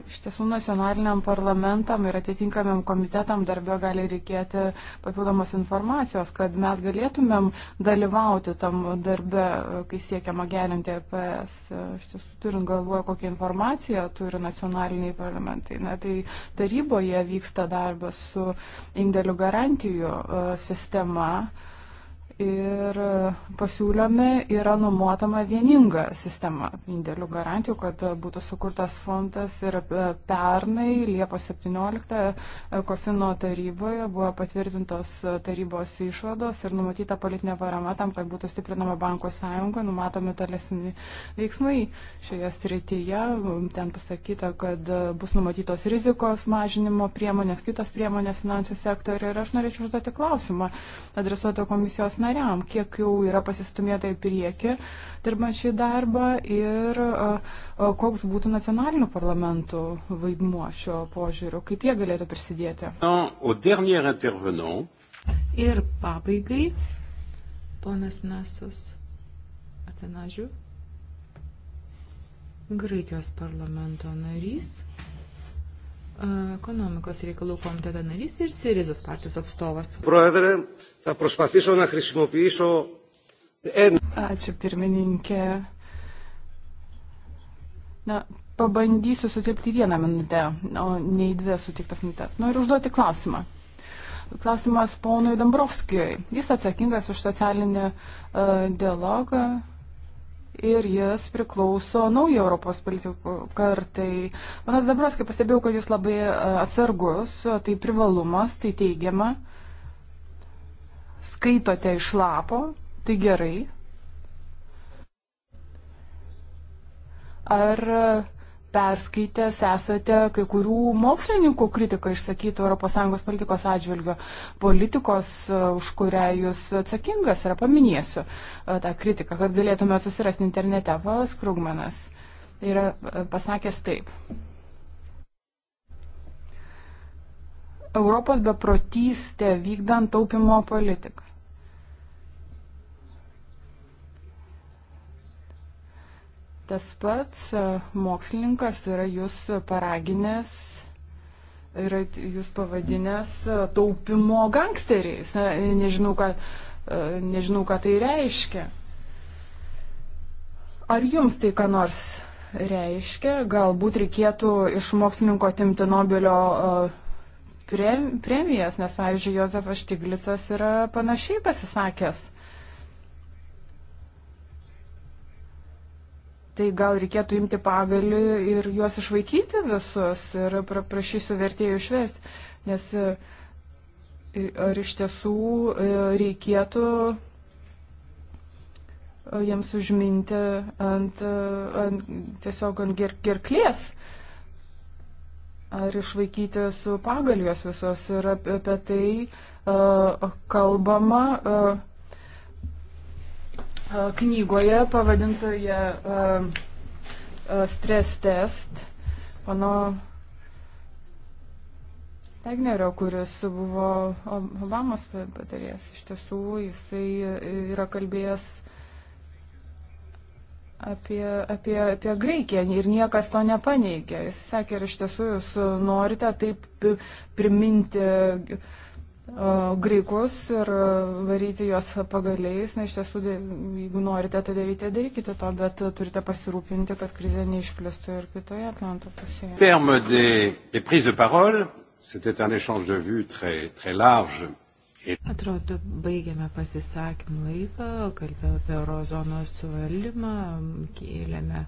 Iš tiesų nacionaliniam parlamentam ir atitinkamiam komitetam darbė gali reikėti papildomos informacijos, kad mes galėtumėm dalyvauti tam darbė, kai siekiama gerinti EPS. Iš tiesų turint galvoje, kokią informaciją turi nacionaliniai parlamentai. Na, tai taryboje vyksta darbas su indėlių garantijų e, sistema. Uh, ir pasiūlėme yra numuotama vieninga sistema indėlių garantijų, kad būtų sukurtas fondas ir pernai Liepos 17 Kofino taryboje buvo patvirtintos tarybos išvados ir numatyta politinė parama tam, kad būtų stiprinama bankų sąjunga, numatomi tolesni veiksmai šioje srityje. Ten pasakyta, kad bus numatytos rizikos mažinimo priemonės, kitos priemonės finansų sektoriuje ir aš norėčiau užduoti klausimą adresuoto komisijos nariam, kiek jau yra pasistumėta į priekį, dirbant šį darbą ir koks būtų nacionalinių parlamentų vaidmuo šio požiūriu, kaip jie galėtų prisidėti. Ir pabaigai, ponas Nasus Atenažių, Graikijos parlamento narys. Ekonomikos reikalų komiteto narys ir Sirizos partijos atstovas. Ačiū pirmininkė. Na, pabandysiu sutilpti vieną minutę, o ne į dvi sutiktas minutės. Noriu užduoti klausimą. Klausimas ponui Dambrovskijui. Jis atsakingas už socialinį uh, dialogą, ir jis priklauso naujo Europos politikų kartai. Manas Dabras, kaip pastebėjau, kad jis labai e, atsargus, tai privalumas, tai teigiama. Skaitote iš lapo, tai gerai. Ar perskaitęs esate kai kurių mokslininkų kritiką išsakytą ES politikos atžvilgiu, politikos, e, už kurią jūs atsakingas yra, paminėsiu e, tą kritiką, kad galėtume susirasti internete. Valas Krugmanas yra e, pasakęs taip. Europos beprotystė vykdant taupimo politiką. Tas pats e, mokslininkas yra jūs paraginęs yra jūs pavadinęs e, taupimo gangsteriais. Na, nežinau, ką, e, nežinau, ką tai reiškia. Ar jums tai ką nors reiškia? Galbūt reikėtų iš mokslininko timti Nobelio premijas, nes, pavyzdžiui, Jozefas Štiglicas yra panašiai pasisakęs. tai gal reikėtų imti pagalį ir juos išvaikyti visus ir prašysiu vertėjų išversti. Nes e, ar iš tiesų e, reikėtų e, jiems užminti ant, ant tiesiog ant ger, gerklės. Ar išvaikyti su pagalios visos ir apie tai uh, kalbama uh, E, knygoje pavadintoje e, e, Stress test, pano Tegnerio, kuris buvo Obamos patarėjas. Iš tiesų, jisai yra kalbėjęs apie, apie, apie Graikiją ir niekas to nepaneigė. Jis sakė, ir iš tiesų jūs norite taip priminti uh, graikus ir varyti juos pagaliais. Na, iš tiesų, jeigu norite tai daryti, darykite to, bet turite pasirūpinti, kad krizė neišplistų ir kitoje Atlanto pusėje. Terme des, des prises de parole, c'était un échange de vues très, très large. Atrodo, baigėme pasisakymą laiką, kalbėjome apie eurozonos valdymą, kėlėme,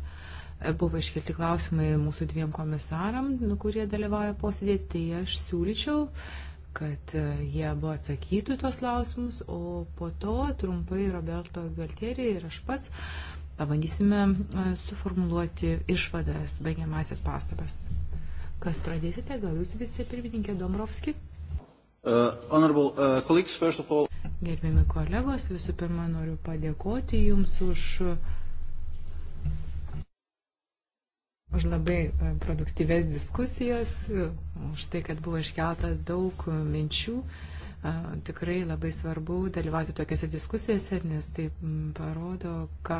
buvo iškelti klausimai mūsų dviem komisaram, nu, kurie dalyvauja posėdėti, tai aš siūlyčiau uh, kad e, jie buvo atsakytų tuos klausimus, o po to trumpai Roberto Galtieri ir aš pats pabandysime e, suformuluoti išvadas, baigiamasias pastabas. Kas pradėsite, gal jūs vicepirmininkė Domrovski? Uh, honorable uh, colleagues, first of all. Gerbėmi kolegos, visų pirma noriu padėkoti Jums už uh, Už labai e, produktyves diskusijas, už tai, kad buvo iškelta daug minčių. Tikrai labai svarbu dalyvauti tokiuose diskusijose, nes tai parodo, ką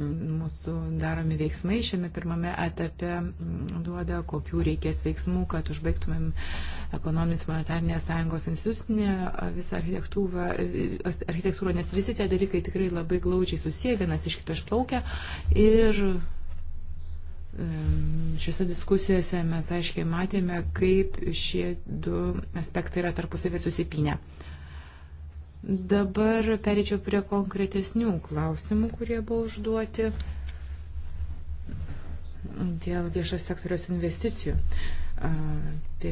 mūsų daromi veiksmai šiame pirmame etape duoda, kokių reikės veiksmų, kad užbaigtumėm ekonominės monetarnės sąjungos institucinę visą architektūrą, nes visi tie dalykai tikrai labai glaudžiai susiję, vienas iš kito išplaukia. Ir Šiuose diskusijose mes aiškiai matėme, kaip šie du aspektai yra tarpusavė susipinę. Dabar perėčiau prie konkretesnių klausimų, kurie buvo užduoti dėl viešas sektorios investicijų. Uh, Apie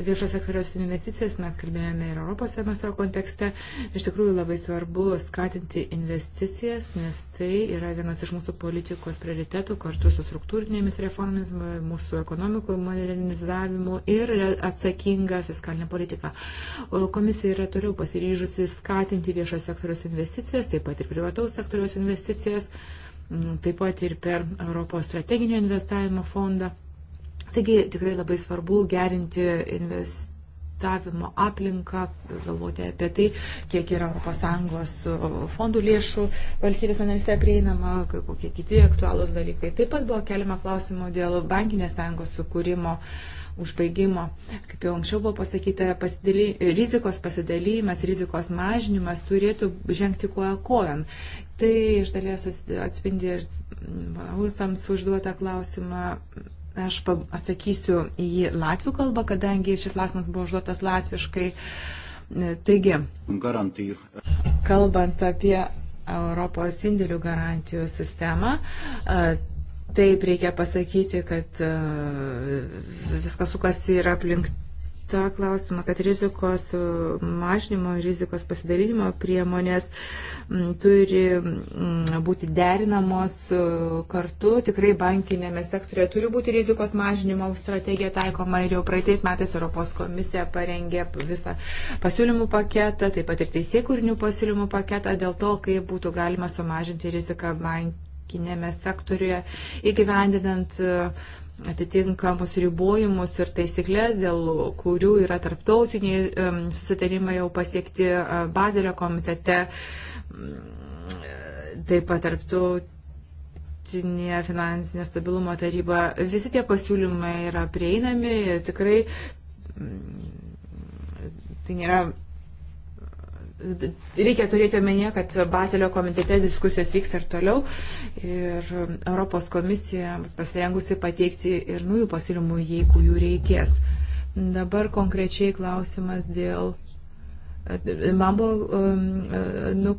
viešo sektoriaus investicijas mes kalbėjome ir Europos semestro kontekste. Iš tikrųjų labai svarbu skatinti investicijas, nes tai yra vienas iš mūsų politikos prioritetų kartu su struktūrinėmis reformomis, mūsų ekonomikų modernizavimu ir atsakinga fiskalinė politika. Komisija yra toliau pasiryžusi skatinti viešo sektoriaus investicijas, taip pat ir privataus sektoriaus investicijas, taip pat ir per Europos strateginio investavimo fondą Taigi tikrai labai svarbu gerinti investavimo aplinką, galvoti apie tai, kiek yra ES fondų lėšų valstybės analise prieinama, kokie kiti aktualūs dalykai. Taip pat buvo keliama klausimų dėl bankinės sąjungos sukūrimo užbaigimo. Kaip jau anksčiau buvo pasakyta, pasidaly, rizikos pasidalymas, rizikos mažinimas turėtų žengti koja kojon. Tai iš dalies atspindi ir Rusams užduotą klausimą Aš atsakysiu į jį latvių kalbą, kadangi šis klausimas buvo užduotas latviškai. E, taigi, garantijų. Kalbant apie Europos indėlių garantijų sistemą, e, taip reikia pasakyti, kad e, viskas sukasi ir aplink tą klausimą, kad rizikos mažnymo, rizikos pasidalinimo priemonės mm, turi mm, būti derinamos e, kartu. Tikrai bankinėme sektorėje turi būti rizikos mažnymo strategija taikoma ir jau praeitais metais Europos komisija parengė visą pasiūlymų paketą, taip pat ir teisėkūrinių pasiūlymų paketą dėl to, kaip būtų galima sumažinti riziką bankinėme sektoriuje įgyvendinant uh, atitinkamus ribojimus ir taisyklės, dėl kurių yra tarptautiniai susitarimai jau pasiekti Bazelio komitete, taip pat tarptautiniai tarptautinė finansinio stabilumo taryba. Visi tie pasiūlymai yra prieinami, tikrai tai nėra Reikia turėti omenyje, kad Bazelio komitete diskusijos vyks ir toliau ir Europos komisija pasirengusi pateikti ir naujų pasiūlymų, jeigu jų reikės. Dabar konkrečiai klausimas dėl. Man buvo um, nu,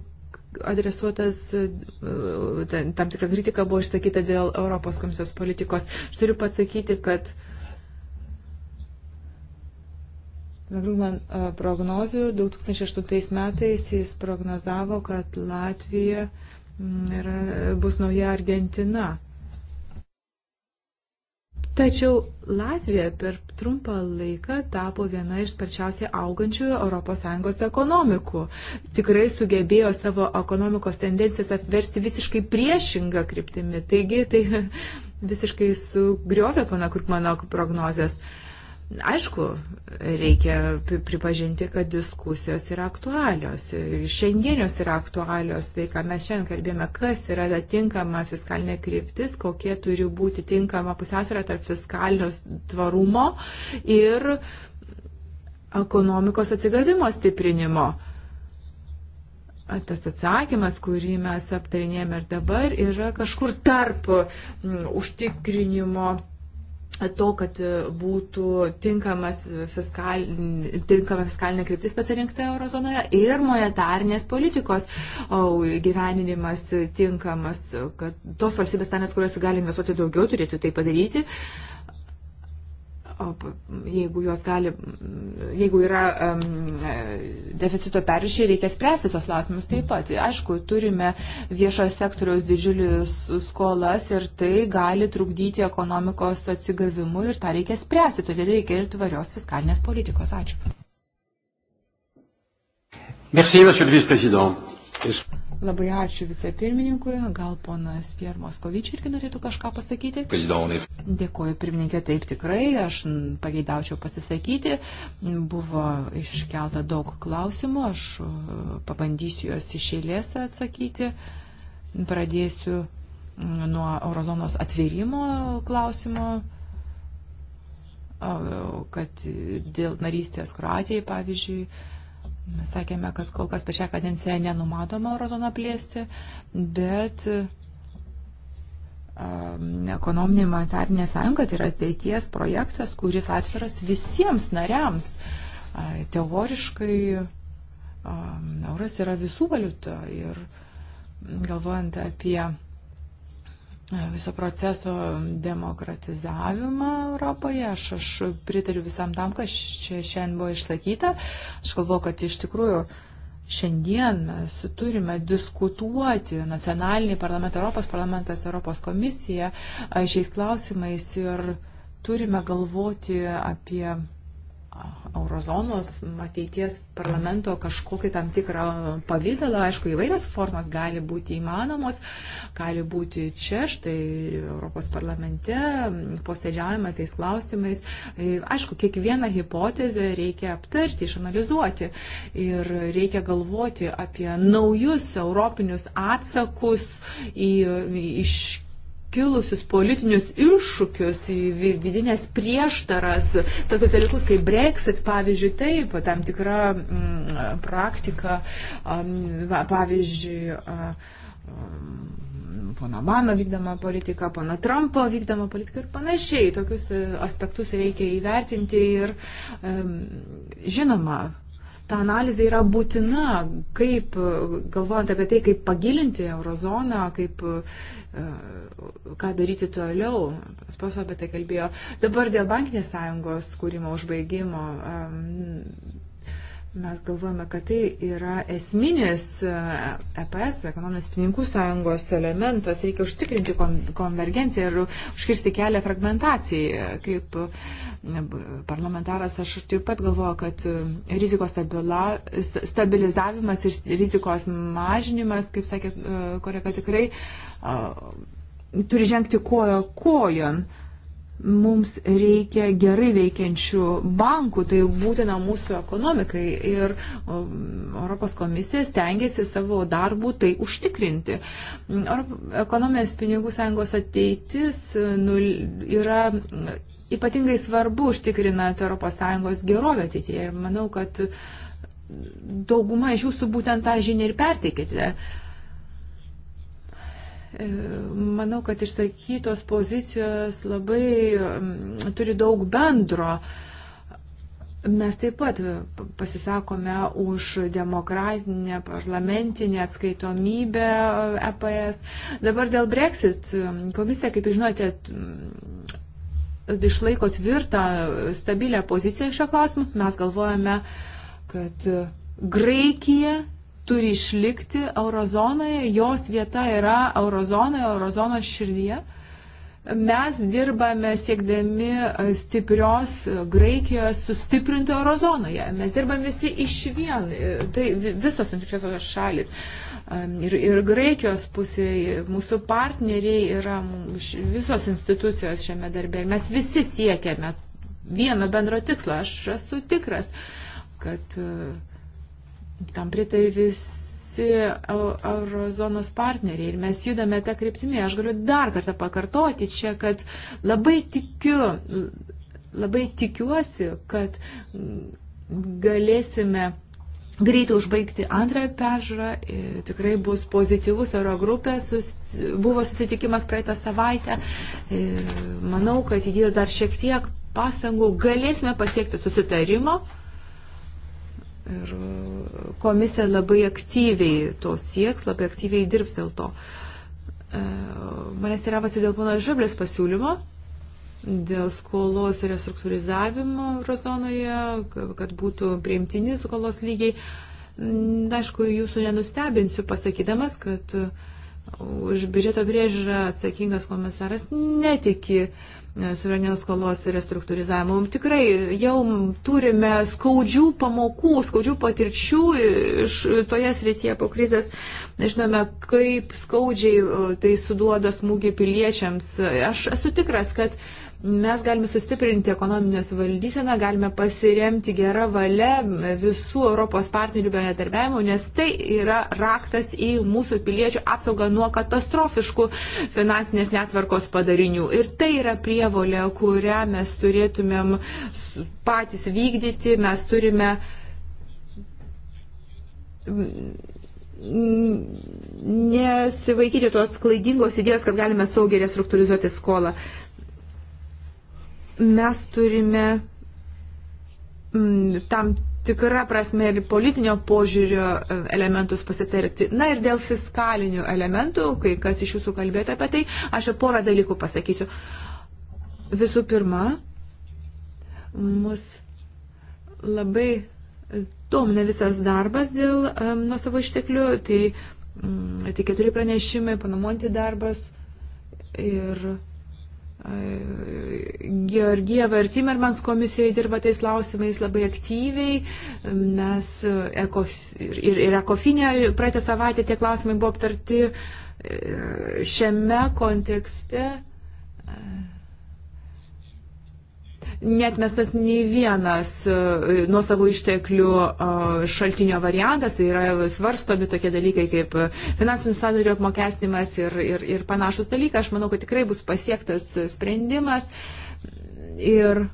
adresuotas, uh, tam tikra kritika buvo išsakyta dėl Europos komisijos politikos. Aš turiu pasakyti, kad uh, Grūman prognozių 2008 metais jis prognozavo, kad Latvija mm, yra, bus nauja Argentina. Tačiau Latvija per trumpą laiką tapo viena iš sparčiausiai augančių ES ekonomikų. Tikrai sugebėjo savo ekonomikos tendencijas atversti visiškai priešingą kryptimį. Taigi tai (laughs) visiškai sugriovė pana Kurkmano prognozes. Uh, Aišku, reikia pripažinti, kad diskusijos yra aktualios ir šiandienios yra aktualios, tai ką mes šiandien kalbėjome, kas yra ta tinkama fiskalinė kryptis, kokie turi būti tinkama pusiausvėra tarp fiskalinio tvarumo ir ekonomikos atsigavimo stiprinimo. Tas atsakymas, kurį mes aptarinėjame ir dabar, yra kažkur tarp užtikrinimo to, kad būtų tinkamas fiskal, tinkama fiskalinė kryptis pasirinkta eurozonoje ir monetarnės politikos o, gyveninimas tinkamas, kad tos valstybės tenės, kurios gali investuoti daugiau, turėtų tai padaryti. Uh, O jeigu jos gali, jeigu yra um, deficito peršiai, reikia spręsti tos klausimus taip pat. Aišku, turime viešojo sektoriaus didžiulius skolas ir tai gali trukdyti ekonomikos atsigavimui ir tą reikia spręsti. Todėl reikia ir tvarios fiskalinės politikos. Ačiū. Merci, monsieur le vice-président. Labai ačiū vicepirmininkui. Gal ponas Pier Moskovičiai irgi norėtų kažką pasakyti? Dėkuoju, pirmininkė, taip tikrai. Aš pageidaučiau pasisakyti. Buvo iškelta daug klausimų. Aš e, pabandysiu juos iš eilės atsakyti. Pradėsiu nuo eurozonos atvėrimo klausimo kad dėl narystės Kroatijai, pavyzdžiui, Mes sakėme, kad kol kas per šią kadenciją nenumatoma eurozoną plėsti, bet um, ekonominė monetarinė sąjunga tai yra ateities projektas, kuris atviras visiems nariams. Teoriškai um, euras yra visų valiuta ir galvojant apie viso proceso demokratizavimą Europoje. Aš, aš pritariu visam tam, kas čia šiandien buvo išsakyta. Aš galvoju, kad iš tikrųjų šiandien mes turime diskutuoti nacionalinį parlamentą, Europos parlamentas, Europos komisija šiais klausimais ir turime galvoti apie eurozonos ateities parlamento kažkokį tam tikrą pavydalą, aišku, įvairios formas gali būti įmanomos, gali būti čia, štai Europos parlamente, posėdžiavime tais klausimais. E, aišku, kiekvieną hipotezę reikia aptarti, išanalizuoti ir reikia galvoti apie naujus europinius atsakus į, iš kilusius politinius iššūkius, į vidinės prieštaras, tokius dalykus kaip Brexit, pavyzdžiui, taip, tam tikra m, mm, praktika, m, pavyzdžiui, m, pono Mano vykdoma politika, pono Trumpo vykdoma politika ir panašiai. Tokius e, aspektus reikia įvertinti ir, m, žinoma, ta analizė yra būtina, kaip, galvojant apie tai, kaip pagilinti eurozoną, kaip, e, ką daryti toliau. Spaso apie tai kalbėjo. Dabar dėl bankinės sąjungos kūrimo užbaigimo. Mes galvojame, kad tai yra esminis EPS, e ekonominės pinigų sąjungos elementas. Reikia užtikrinti konvergenciją ir užkirsti kelią fragmentacijai. Kaip uh, parlamentaras, aš taip pat galvoju, kad e, rizikos stabila, stabilizavimas ir rizikos mažinimas, kaip sakė e, koreka, tikrai turi žengti kojo kojon. Mums reikia gerai veikiančių bankų, tai būtina mūsų ekonomikai ir Europos komisija stengiasi savo darbų tai užtikrinti. Ekonomijos pinigų sąjungos ateitis e, yra ypatingai svarbu užtikrinant ES gerovę ateityje. Ir manau, kad dauguma iš jūsų būtent tą žinią ir perteikite. E, manau, kad išsakytos pozicijos labai turi daug bendro. Mes taip pat pasisakome už demokratinę parlamentinę atskaitomybę EPS. E Dabar dėl Brexit komisija, kaip žinote, išlaiko tvirtą, stabilę poziciją šio klausimu. Mes galvojame, kad Graikija turi išlikti eurozonoje, jos vieta yra eurozonoje, eurozonos širdyje. Mes dirbame siekdami stiprios Graikijos sustiprinti eurozonoje. Mes dirbame visi iš vien, tai visos antikriosios šalis. Uh, ir, ir Graikijos pusėje, mūsų partneriai yra visos institucijos šiame darbe. Ir mes visi siekiame vieno bendro tikslo. Aš esu tikras, kad e, tam pritarė visi eurozonos partneriai ir mes judame tą kryptimį. Aš galiu dar kartą pakartoti čia, kad labai tikiu, labai tikiuosi, kad galėsime greitai užbaigti antrą peržiūrą. E, tikrai bus pozityvus euro grupės. Sus, buvo susitikimas praeitą savaitę. E, manau, kad įdėjo dar šiek tiek pasangų. Galėsime pasiekti susitarimo. Ir komisija labai aktyviai to sieks, labai aktyviai dirbs dėl to. E, manęs teravasi dėl pono Žiblės pasiūlymo dėl skolos restruktūrizavimo eurozonoje, kad būtų priimtini skolos lygiai. Aišku, jūsų nenustebinsiu pasakydamas, kad už biudžeto priežiūrą atsakingas komisaras netiki suverenios skolos restruktūrizavimo. Tikrai jau turime skaudžių pamokų, skaudžių patirčių iš toje srityje po krizės. Žinome, kaip skaudžiai tai suduoda smūgį piliečiams. Aš esu tikras, kad uh, Mes galime sustiprinti ekonominės valdyseną, galime pasiremti gerą valią visų Europos partnerių bendradarbiavimo, nes tai yra raktas į mūsų piliečių apsaugą nuo katastrofiškų finansinės netvarkos padarinių. Ir tai yra prievolė, kurią mes turėtumėm patys vykdyti, mes turime nesivaikyti tos klaidingos idėjos, kad galime saugiai restruktūrizuoti skolą. Uh, mes turime mm, tam tikra prasme ir politinio požiūrio e, elementus pasitarti. Na ir dėl fiskalinių elementų, kai kas iš jūsų kalbėjote apie tai, aš porą dalykų pasakysiu. Visų pirma, mus labai domina visas darbas dėl um, e, nuo savo išteklių, tai um, tai keturi pranešimai, panamonti darbas ir Georgieva ir Timermans komisijoje dirba tais klausimais labai aktyviai. Mes ekof, ir, ir ekofinė praeitą savaitę tie klausimai buvo aptarti e, šiame kontekste. Uh netmestas nei vienas e, nuo savo išteklių e, šaltinio variantas, tai yra svarstomi tokie dalykai kaip finansinių sandorių apmokestinimas ir, ir, ir panašus dalykai. Aš manau, kad tikrai bus pasiektas sprendimas. Ir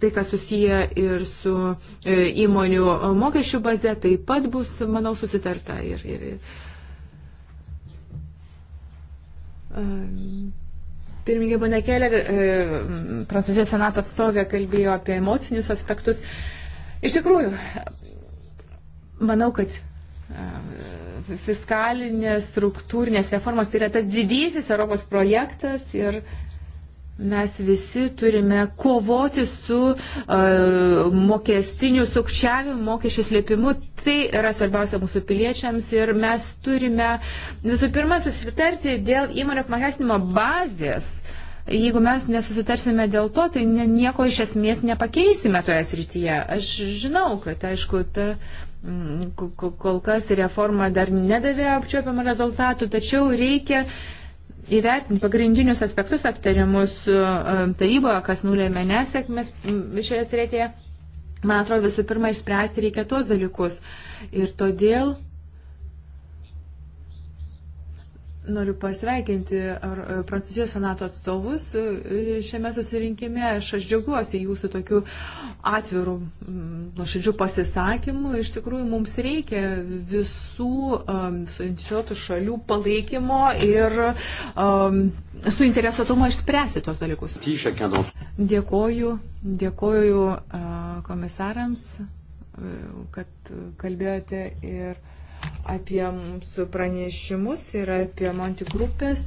Tai, kas susiję ir su e, įmonių mokesčių baze, taip pat bus, manau, susitarta. Ir, ir, ir. Um Pirmininkė Bane Keller, e, Prancūzijos senato atstovė, kalbėjo apie emocinius aspektus. Iš tikrųjų, manau, kad e, fiskalinės, struktūrinės reformos tai yra tas didysis Europos projektas ir mes visi turime kovoti su uh, mokestiniu sukčiavimu, mokesčių slėpimu. Tai yra svarbiausia mūsų piliečiams ir mes turime visų pirma susitarti dėl įmonių apmokestinimo bazės Jeigu mes nesusitarsime dėl to, tai nieko iš esmės nepakeisime toje srityje. Aš žinau, kad aišku, ta, mm, kol kas reforma dar nedavė apčiopiamą rezultatų, tačiau reikia įvertinti pagrindinius aspektus aptariamus e, taryboje, kas nulėmė nesėkmės mm, šioje srityje. Man atrodo, visų pirma, išspręsti reikia tuos dalykus. Ir todėl Noriu pasveikinti e, Prancūzijos senato atstovus e, šiame susirinkime. Aš, aš džiaugiuosi jūsų tokiu atviru, nuoširdžiu pasisakymu. Iš tikrųjų, mums reikia visų um, suinteresuotų šalių palaikymo ir um, suinteresuotumo išspręsti tos dalykus. Dėkoju, dėkoju uh, komisarams, kad kalbėjote ir apie mūsų pranešimus ir apie Monti grupės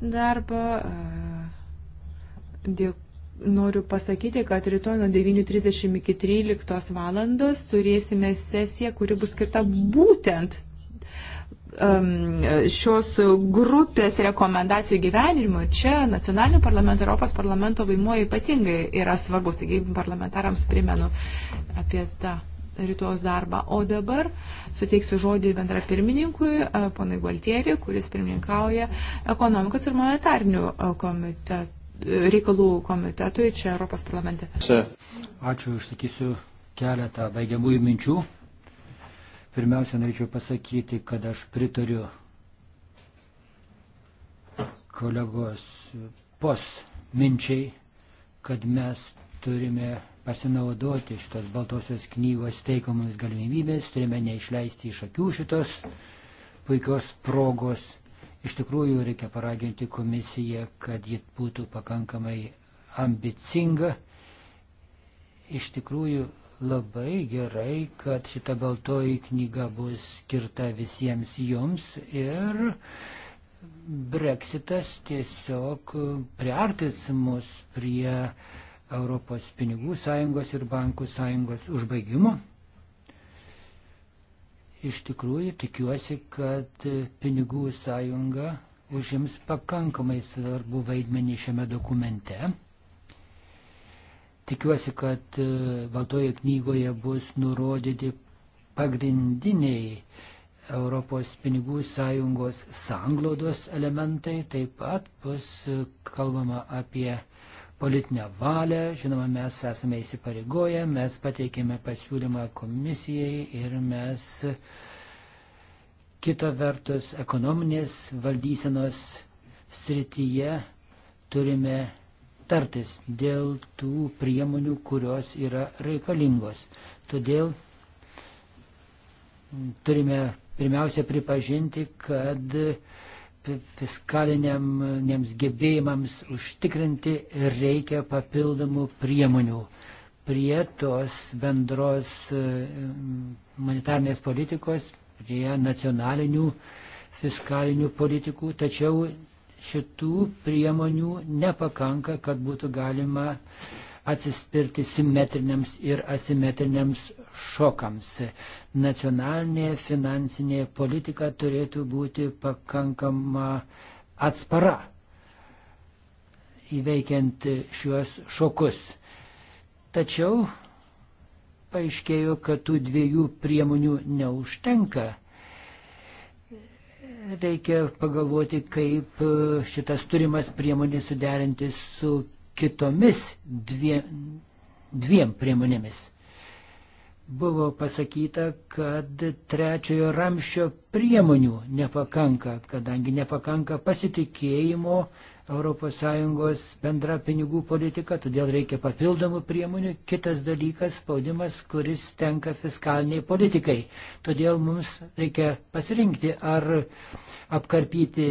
darbą. E, Dėkui. Noriu pasakyti, kad rytoj nuo 9.30 iki 13 valandos turėsime sesiją, kuri bus skirta būtent šios grupės rekomendacijų gyvenimo čia nacionalinių parlamentų, Europos parlamento vaimuo ypatingai yra svarbus. Taigi parlamentarams primenu apie tą rytojus darbą. O dabar suteiksiu žodį bendra pirmininkui, e, ponai Gualtieri, kuris pirmininkauja ekonomikos ir monetarnių e, komitetų reikalų komitetui čia Europos parlamente. Ačiū, išsakysiu keletą baigiamųjų minčių. Pirmiausia, norėčiau pasakyti, kad aš pritariu kolegos pos minčiai, kad mes turime pasinaudoti šitos baltosios knygos teikomus galimybės, turime neišleisti iš akių šitos puikios progos. Iš tikrųjų reikia paraginti komisiją, kad ji būtų pakankamai ambicinga. Iš tikrųjų labai gerai, kad šita baltoji knyga bus skirta visiems jums ir Brexitas tiesiog priartins mus prie uh, Europos pinigų sąjungos ir bankų sąjungos užbaigimo. Iš tikrųjų tikiuosi, kad pinigų sąjunga užims pakankamai svarbu vaidmenį šiame dokumente. Tikiuosi, kad e, Baltojo knygoje bus nurodyti pagrindiniai Europos pinigų sąjungos sanglaudos elementai, taip pat bus e, kalbama apie politinę valią, žinoma, mes esame įsipareigoję, mes pateikėme pasiūlymą komisijai ir mes kita vertus ekonominės valdysenos srityje turime tartis dėl tų priemonių, kurios yra reikalingos. Todėl turime pirmiausia pripažinti, kad fiskaliniams gebėjimams užtikrinti reikia papildomų priemonių. Prie tos bendros humanitarnės e, politikos, prie nacionalinių fiskalinių politikų, tačiau šitų priemonių nepakanka, kad būtų galima atsispirti simetriniams ir asimetriniams šokams. Nacionalinė finansinė politika turėtų būti pakankama atspara įveikiant šiuos šokus. Tačiau paaiškėjo, kad tų dviejų priemonių neužtenka. Reikia pagalvoti, kaip šitas turimas priemonės suderinti su kitomis dviem, dviem priemonėmis buvo pasakyta, kad trečiojo ramščio priemonių nepakanka, kadangi nepakanka pasitikėjimo ES bendra pinigų politika, todėl reikia papildomų priemonių. Kitas dalykas - spaudimas, kuris tenka fiskaliniai politikai. Todėl mums reikia pasirinkti, ar apkarpyti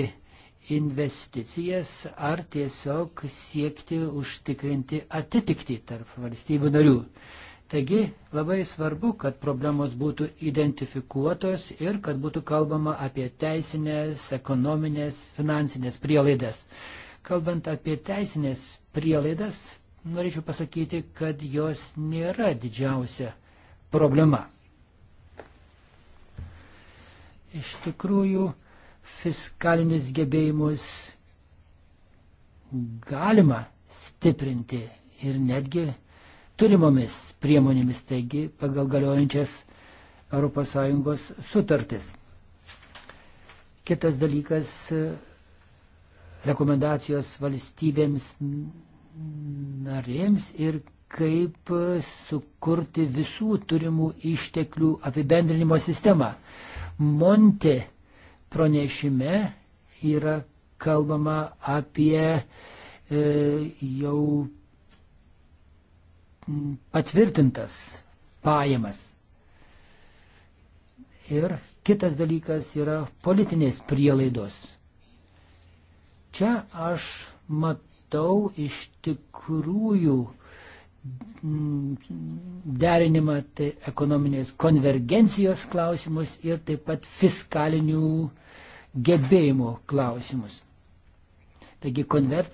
investicijas, ar tiesiog siekti užtikrinti atitikti tarp valstybių narių. Taigi labai svarbu, kad problemos būtų identifikuotos ir kad būtų kalbama apie teisinės, ekonominės, finansinės prielaidas. Kalbant apie teisinės prielaidas, norėčiau pasakyti, kad jos nėra didžiausia problema. Iš tikrųjų, fiskalinius gebėjimus galima stiprinti ir netgi turimomis priemonėmis, taigi pagal galiojančias ES sutartis. Kitas dalykas - rekomendacijos valstybėms narėms ir kaip sukurti visų turimų išteklių apibendrinimo sistemą. Monti pranešime yra kalbama apie e, jau patvirtintas pajamas. Ir kitas dalykas yra politinės prielaidos. Čia aš matau iš tikrųjų mm, derinimą tai ekonominės konvergencijos klausimus ir taip pat fiskalinių gebėjimų klausimus. Taigi konver,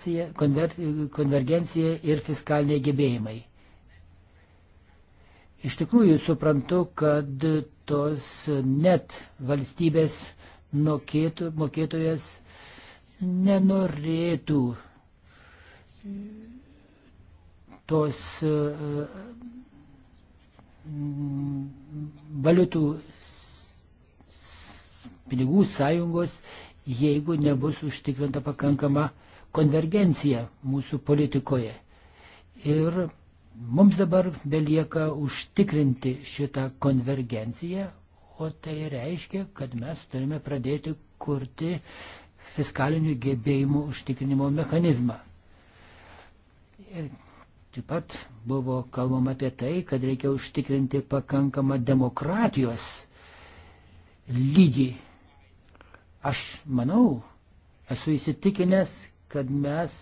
konvergencija ir fiskaliniai gebėjimai. Iš tikrųjų suprantu, kad tos net valstybės nokėtų, mokėtojas nenorėtų tos e, mm, valiutų pinigų sąjungos, jeigu nebus užtikrinta pakankama konvergencija mūsų politikoje. Ir Mums dabar belieka užtikrinti šitą konvergenciją, o tai reiškia, kad mes turime pradėti kurti fiskalinių gebėjimų užtikrinimo mechanizmą. Ir taip pat buvo kalbama apie tai, kad reikia užtikrinti pakankamą demokratijos lygį. Aš manau, esu įsitikinęs, kad mes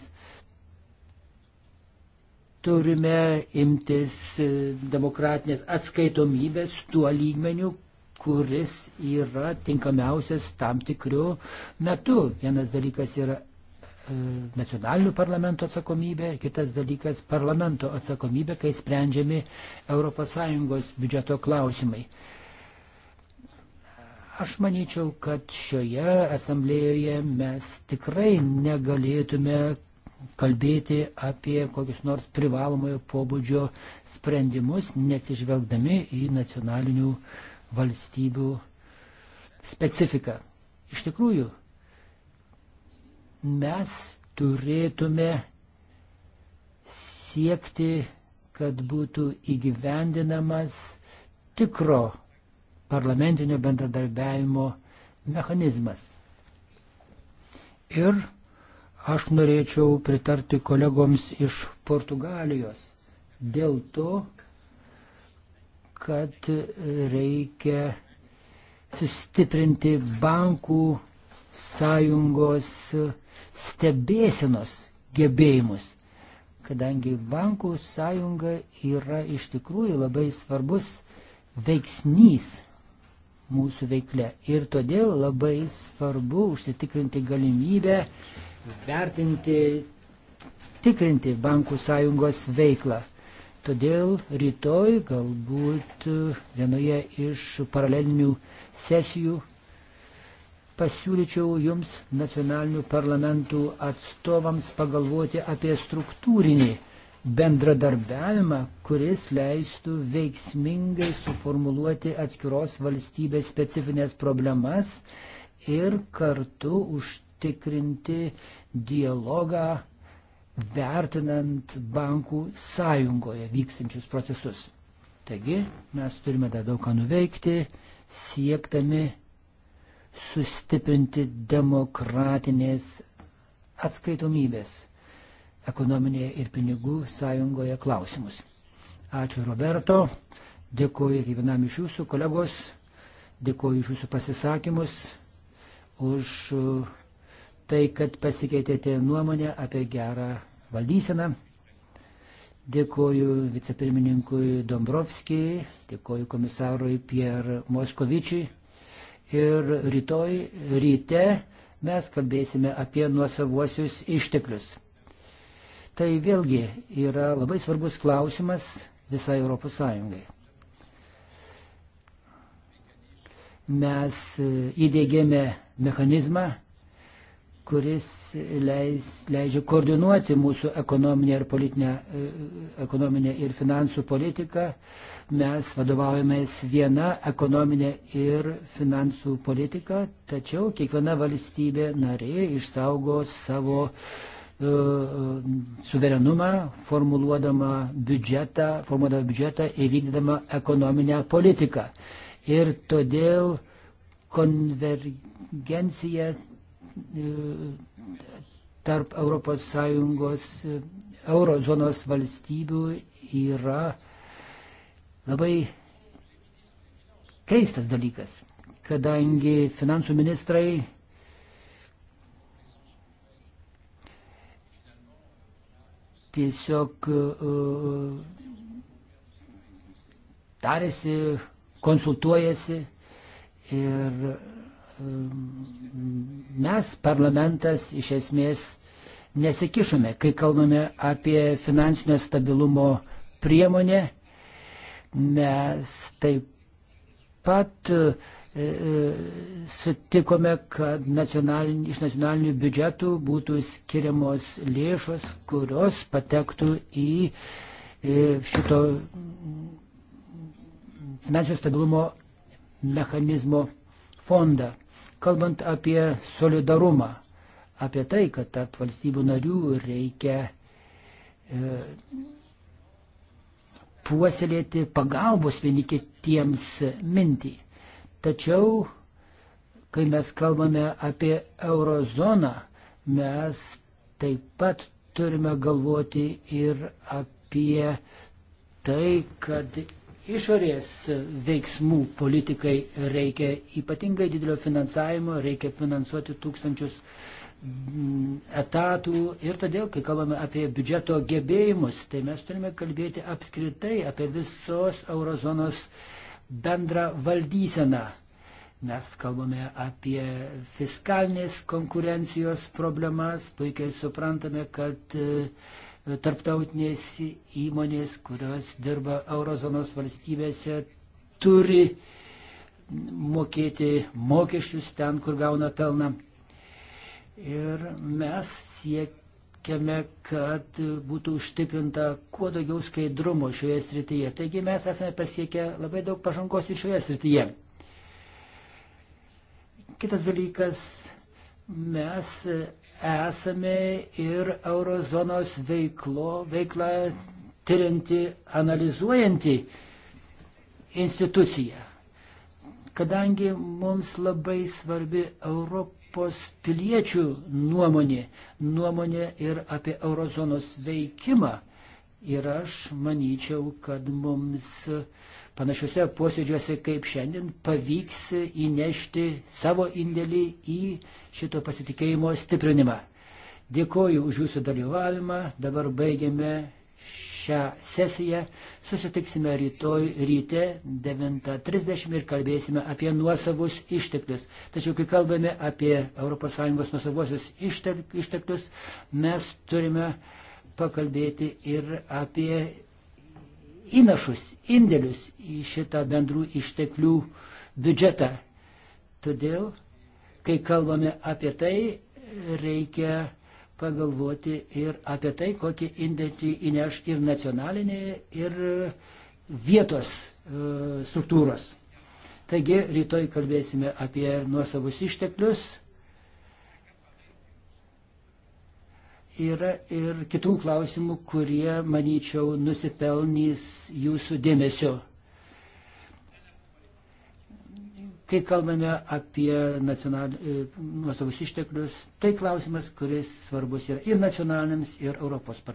turime imtis e, demokratinės atskaitomybės tuo lygmeniu, kuris yra tinkamiausias tam tikriu metu. Vienas dalykas yra e, nacionalinių parlamento atsakomybė, kitas dalykas parlamento atsakomybė, kai sprendžiami ES biudžeto klausimai. Aš manyčiau, kad šioje asamblėjoje mes tikrai negalėtume kalbėti apie kokius nors privalomojo pobūdžio sprendimus, neatsižvelgdami į nacionalinių valstybių specifiką. Iš tikrųjų, mes turėtume siekti, kad būtų įgyvendinamas tikro parlamentinio bendradarbiavimo mechanizmas. Ir Aš norėčiau pritarti kolegoms iš Portugalijos dėl to, kad reikia sustiprinti bankų sąjungos stebėsinos gebėjimus, kadangi bankų sąjunga yra iš tikrųjų labai svarbus veiksnys mūsų veikle. Ir todėl labai svarbu užsitikrinti galimybę vertinti, tikrinti bankų sąjungos veiklą. Todėl rytoj galbūt vienoje iš paralelinių sesijų pasiūlyčiau jums nacionalinių parlamentų atstovams pagalvoti apie struktūrinį bendradarbiavimą, kuris leistų veiksmingai suformuluoti atskiros valstybės specifines problemas ir kartu užtikrinti užtikrinti dialogą, vertinant bankų sąjungoje vykstančius procesus. Taigi mes turime dar daug ką nuveikti, siektami sustiprinti demokratinės atskaitomybės ekonominėje ir pinigų sąjungoje klausimus. Ačiū Roberto, dėkuoju kiekvienam iš jūsų kolegos, dėkuoju iš jūsų pasisakymus už tai, kad pasikeitėte nuomonę apie gerą valdyseną. Dėkoju vicepirmininkui Dombrovskijai, dėkoju komisarui Pierre Moskovičiui. Ir rytoj ryte mes kalbėsime apie nuosavuosius išteklius. Tai vėlgi yra labai svarbus klausimas visai Europos Sąjungai. Mes įdėgėme mechanizmą kuris leis, leidžia koordinuoti mūsų ekonominę ir, politinę, e, ekonominę ir finansų politiką. Mes vadovaujamės viena ekonominė ir finansų politika, tačiau kiekviena valstybė narė išsaugo savo e, suverenumą, formuluodama biudžetą, formuodama biudžetą ir vykdydama ekonominę politiką. Ir todėl konvergencija tarp ES eurozonos valstybių yra labai keistas dalykas, kadangi finansų ministrai tiesiog uh, tarėsi, konsultuojasi ir mes, parlamentas, iš esmės nesikišome, kai kalbame apie finansinio stabilumo priemonę. Mes taip pat e, e, sutikome, kad nacionalin, iš nacionalinių biudžetų būtų skiriamos lėšos, kurios patektų į e, šito finansinio stabilumo mechanizmo fondą. Kalbant apie solidarumą, apie tai, kad tarp valstybių narių reikia e, puoselėti pagalbos vieni kitiems mintį. Tačiau, kai mes kalbame apie eurozoną, mes taip pat turime galvoti ir apie tai, kad išorės veiksmų politikai reikia ypatingai didelio finansavimo, reikia finansuoti tūkstančius mm, etatų ir todėl, kai kalbame apie biudžeto gebėjimus, tai mes turime kalbėti apskritai apie visos eurozonos bendrą valdyseną. Mes kalbame apie fiskalinės konkurencijos problemas, puikiai suprantame, kad uh, tarptautinės įmonės, kurios dirba eurozonos valstybėse, turi mokėti mokesčius ten, kur gauna pelną. Ir mes siekiame, kad būtų užtikrinta kuo daugiau skaidrumo šioje srityje. Taigi mes esame pasiekę labai daug pažangos ir šioje srityje. Kitas dalykas, mes esame ir eurozonos veiklo, veiklą tyrinti, analizuojanti institucija. Kadangi mums labai svarbi Europos piliečių nuomonė, nuomonė ir apie eurozonos veikimą. Ir aš manyčiau, kad mums panašiuose posėdžiuose kaip šiandien pavyks įnešti savo indėlį į šito pasitikėjimo stiprinimą. Dėkoju už jūsų dalyvavimą. Dabar baigiame šią sesiją. Susitiksime rytoj ryte 9.30 ir kalbėsime apie nuosavus išteklius. Tačiau, kai kalbame apie ES nuosavuosius išteklius, mes turime pakalbėti ir apie įnašus, indėlius į šitą bendrų išteklių biudžetą. Todėl Kai kalbame apie tai, reikia pagalvoti ir apie tai, kokį indėlį įneš ir nacionalinė, ir e, vietos e, struktūros. Taigi rytoj kalbėsime apie nuosavus išteklius. Yra ir kitų klausimų, kurie, manyčiau, nusipelnys jūsų dėmesio. Kai kalbame apie e, nuosavus išteklius, tai klausimas, kuris svarbus yra ir nacionaliniams, ir Europos parlamentams.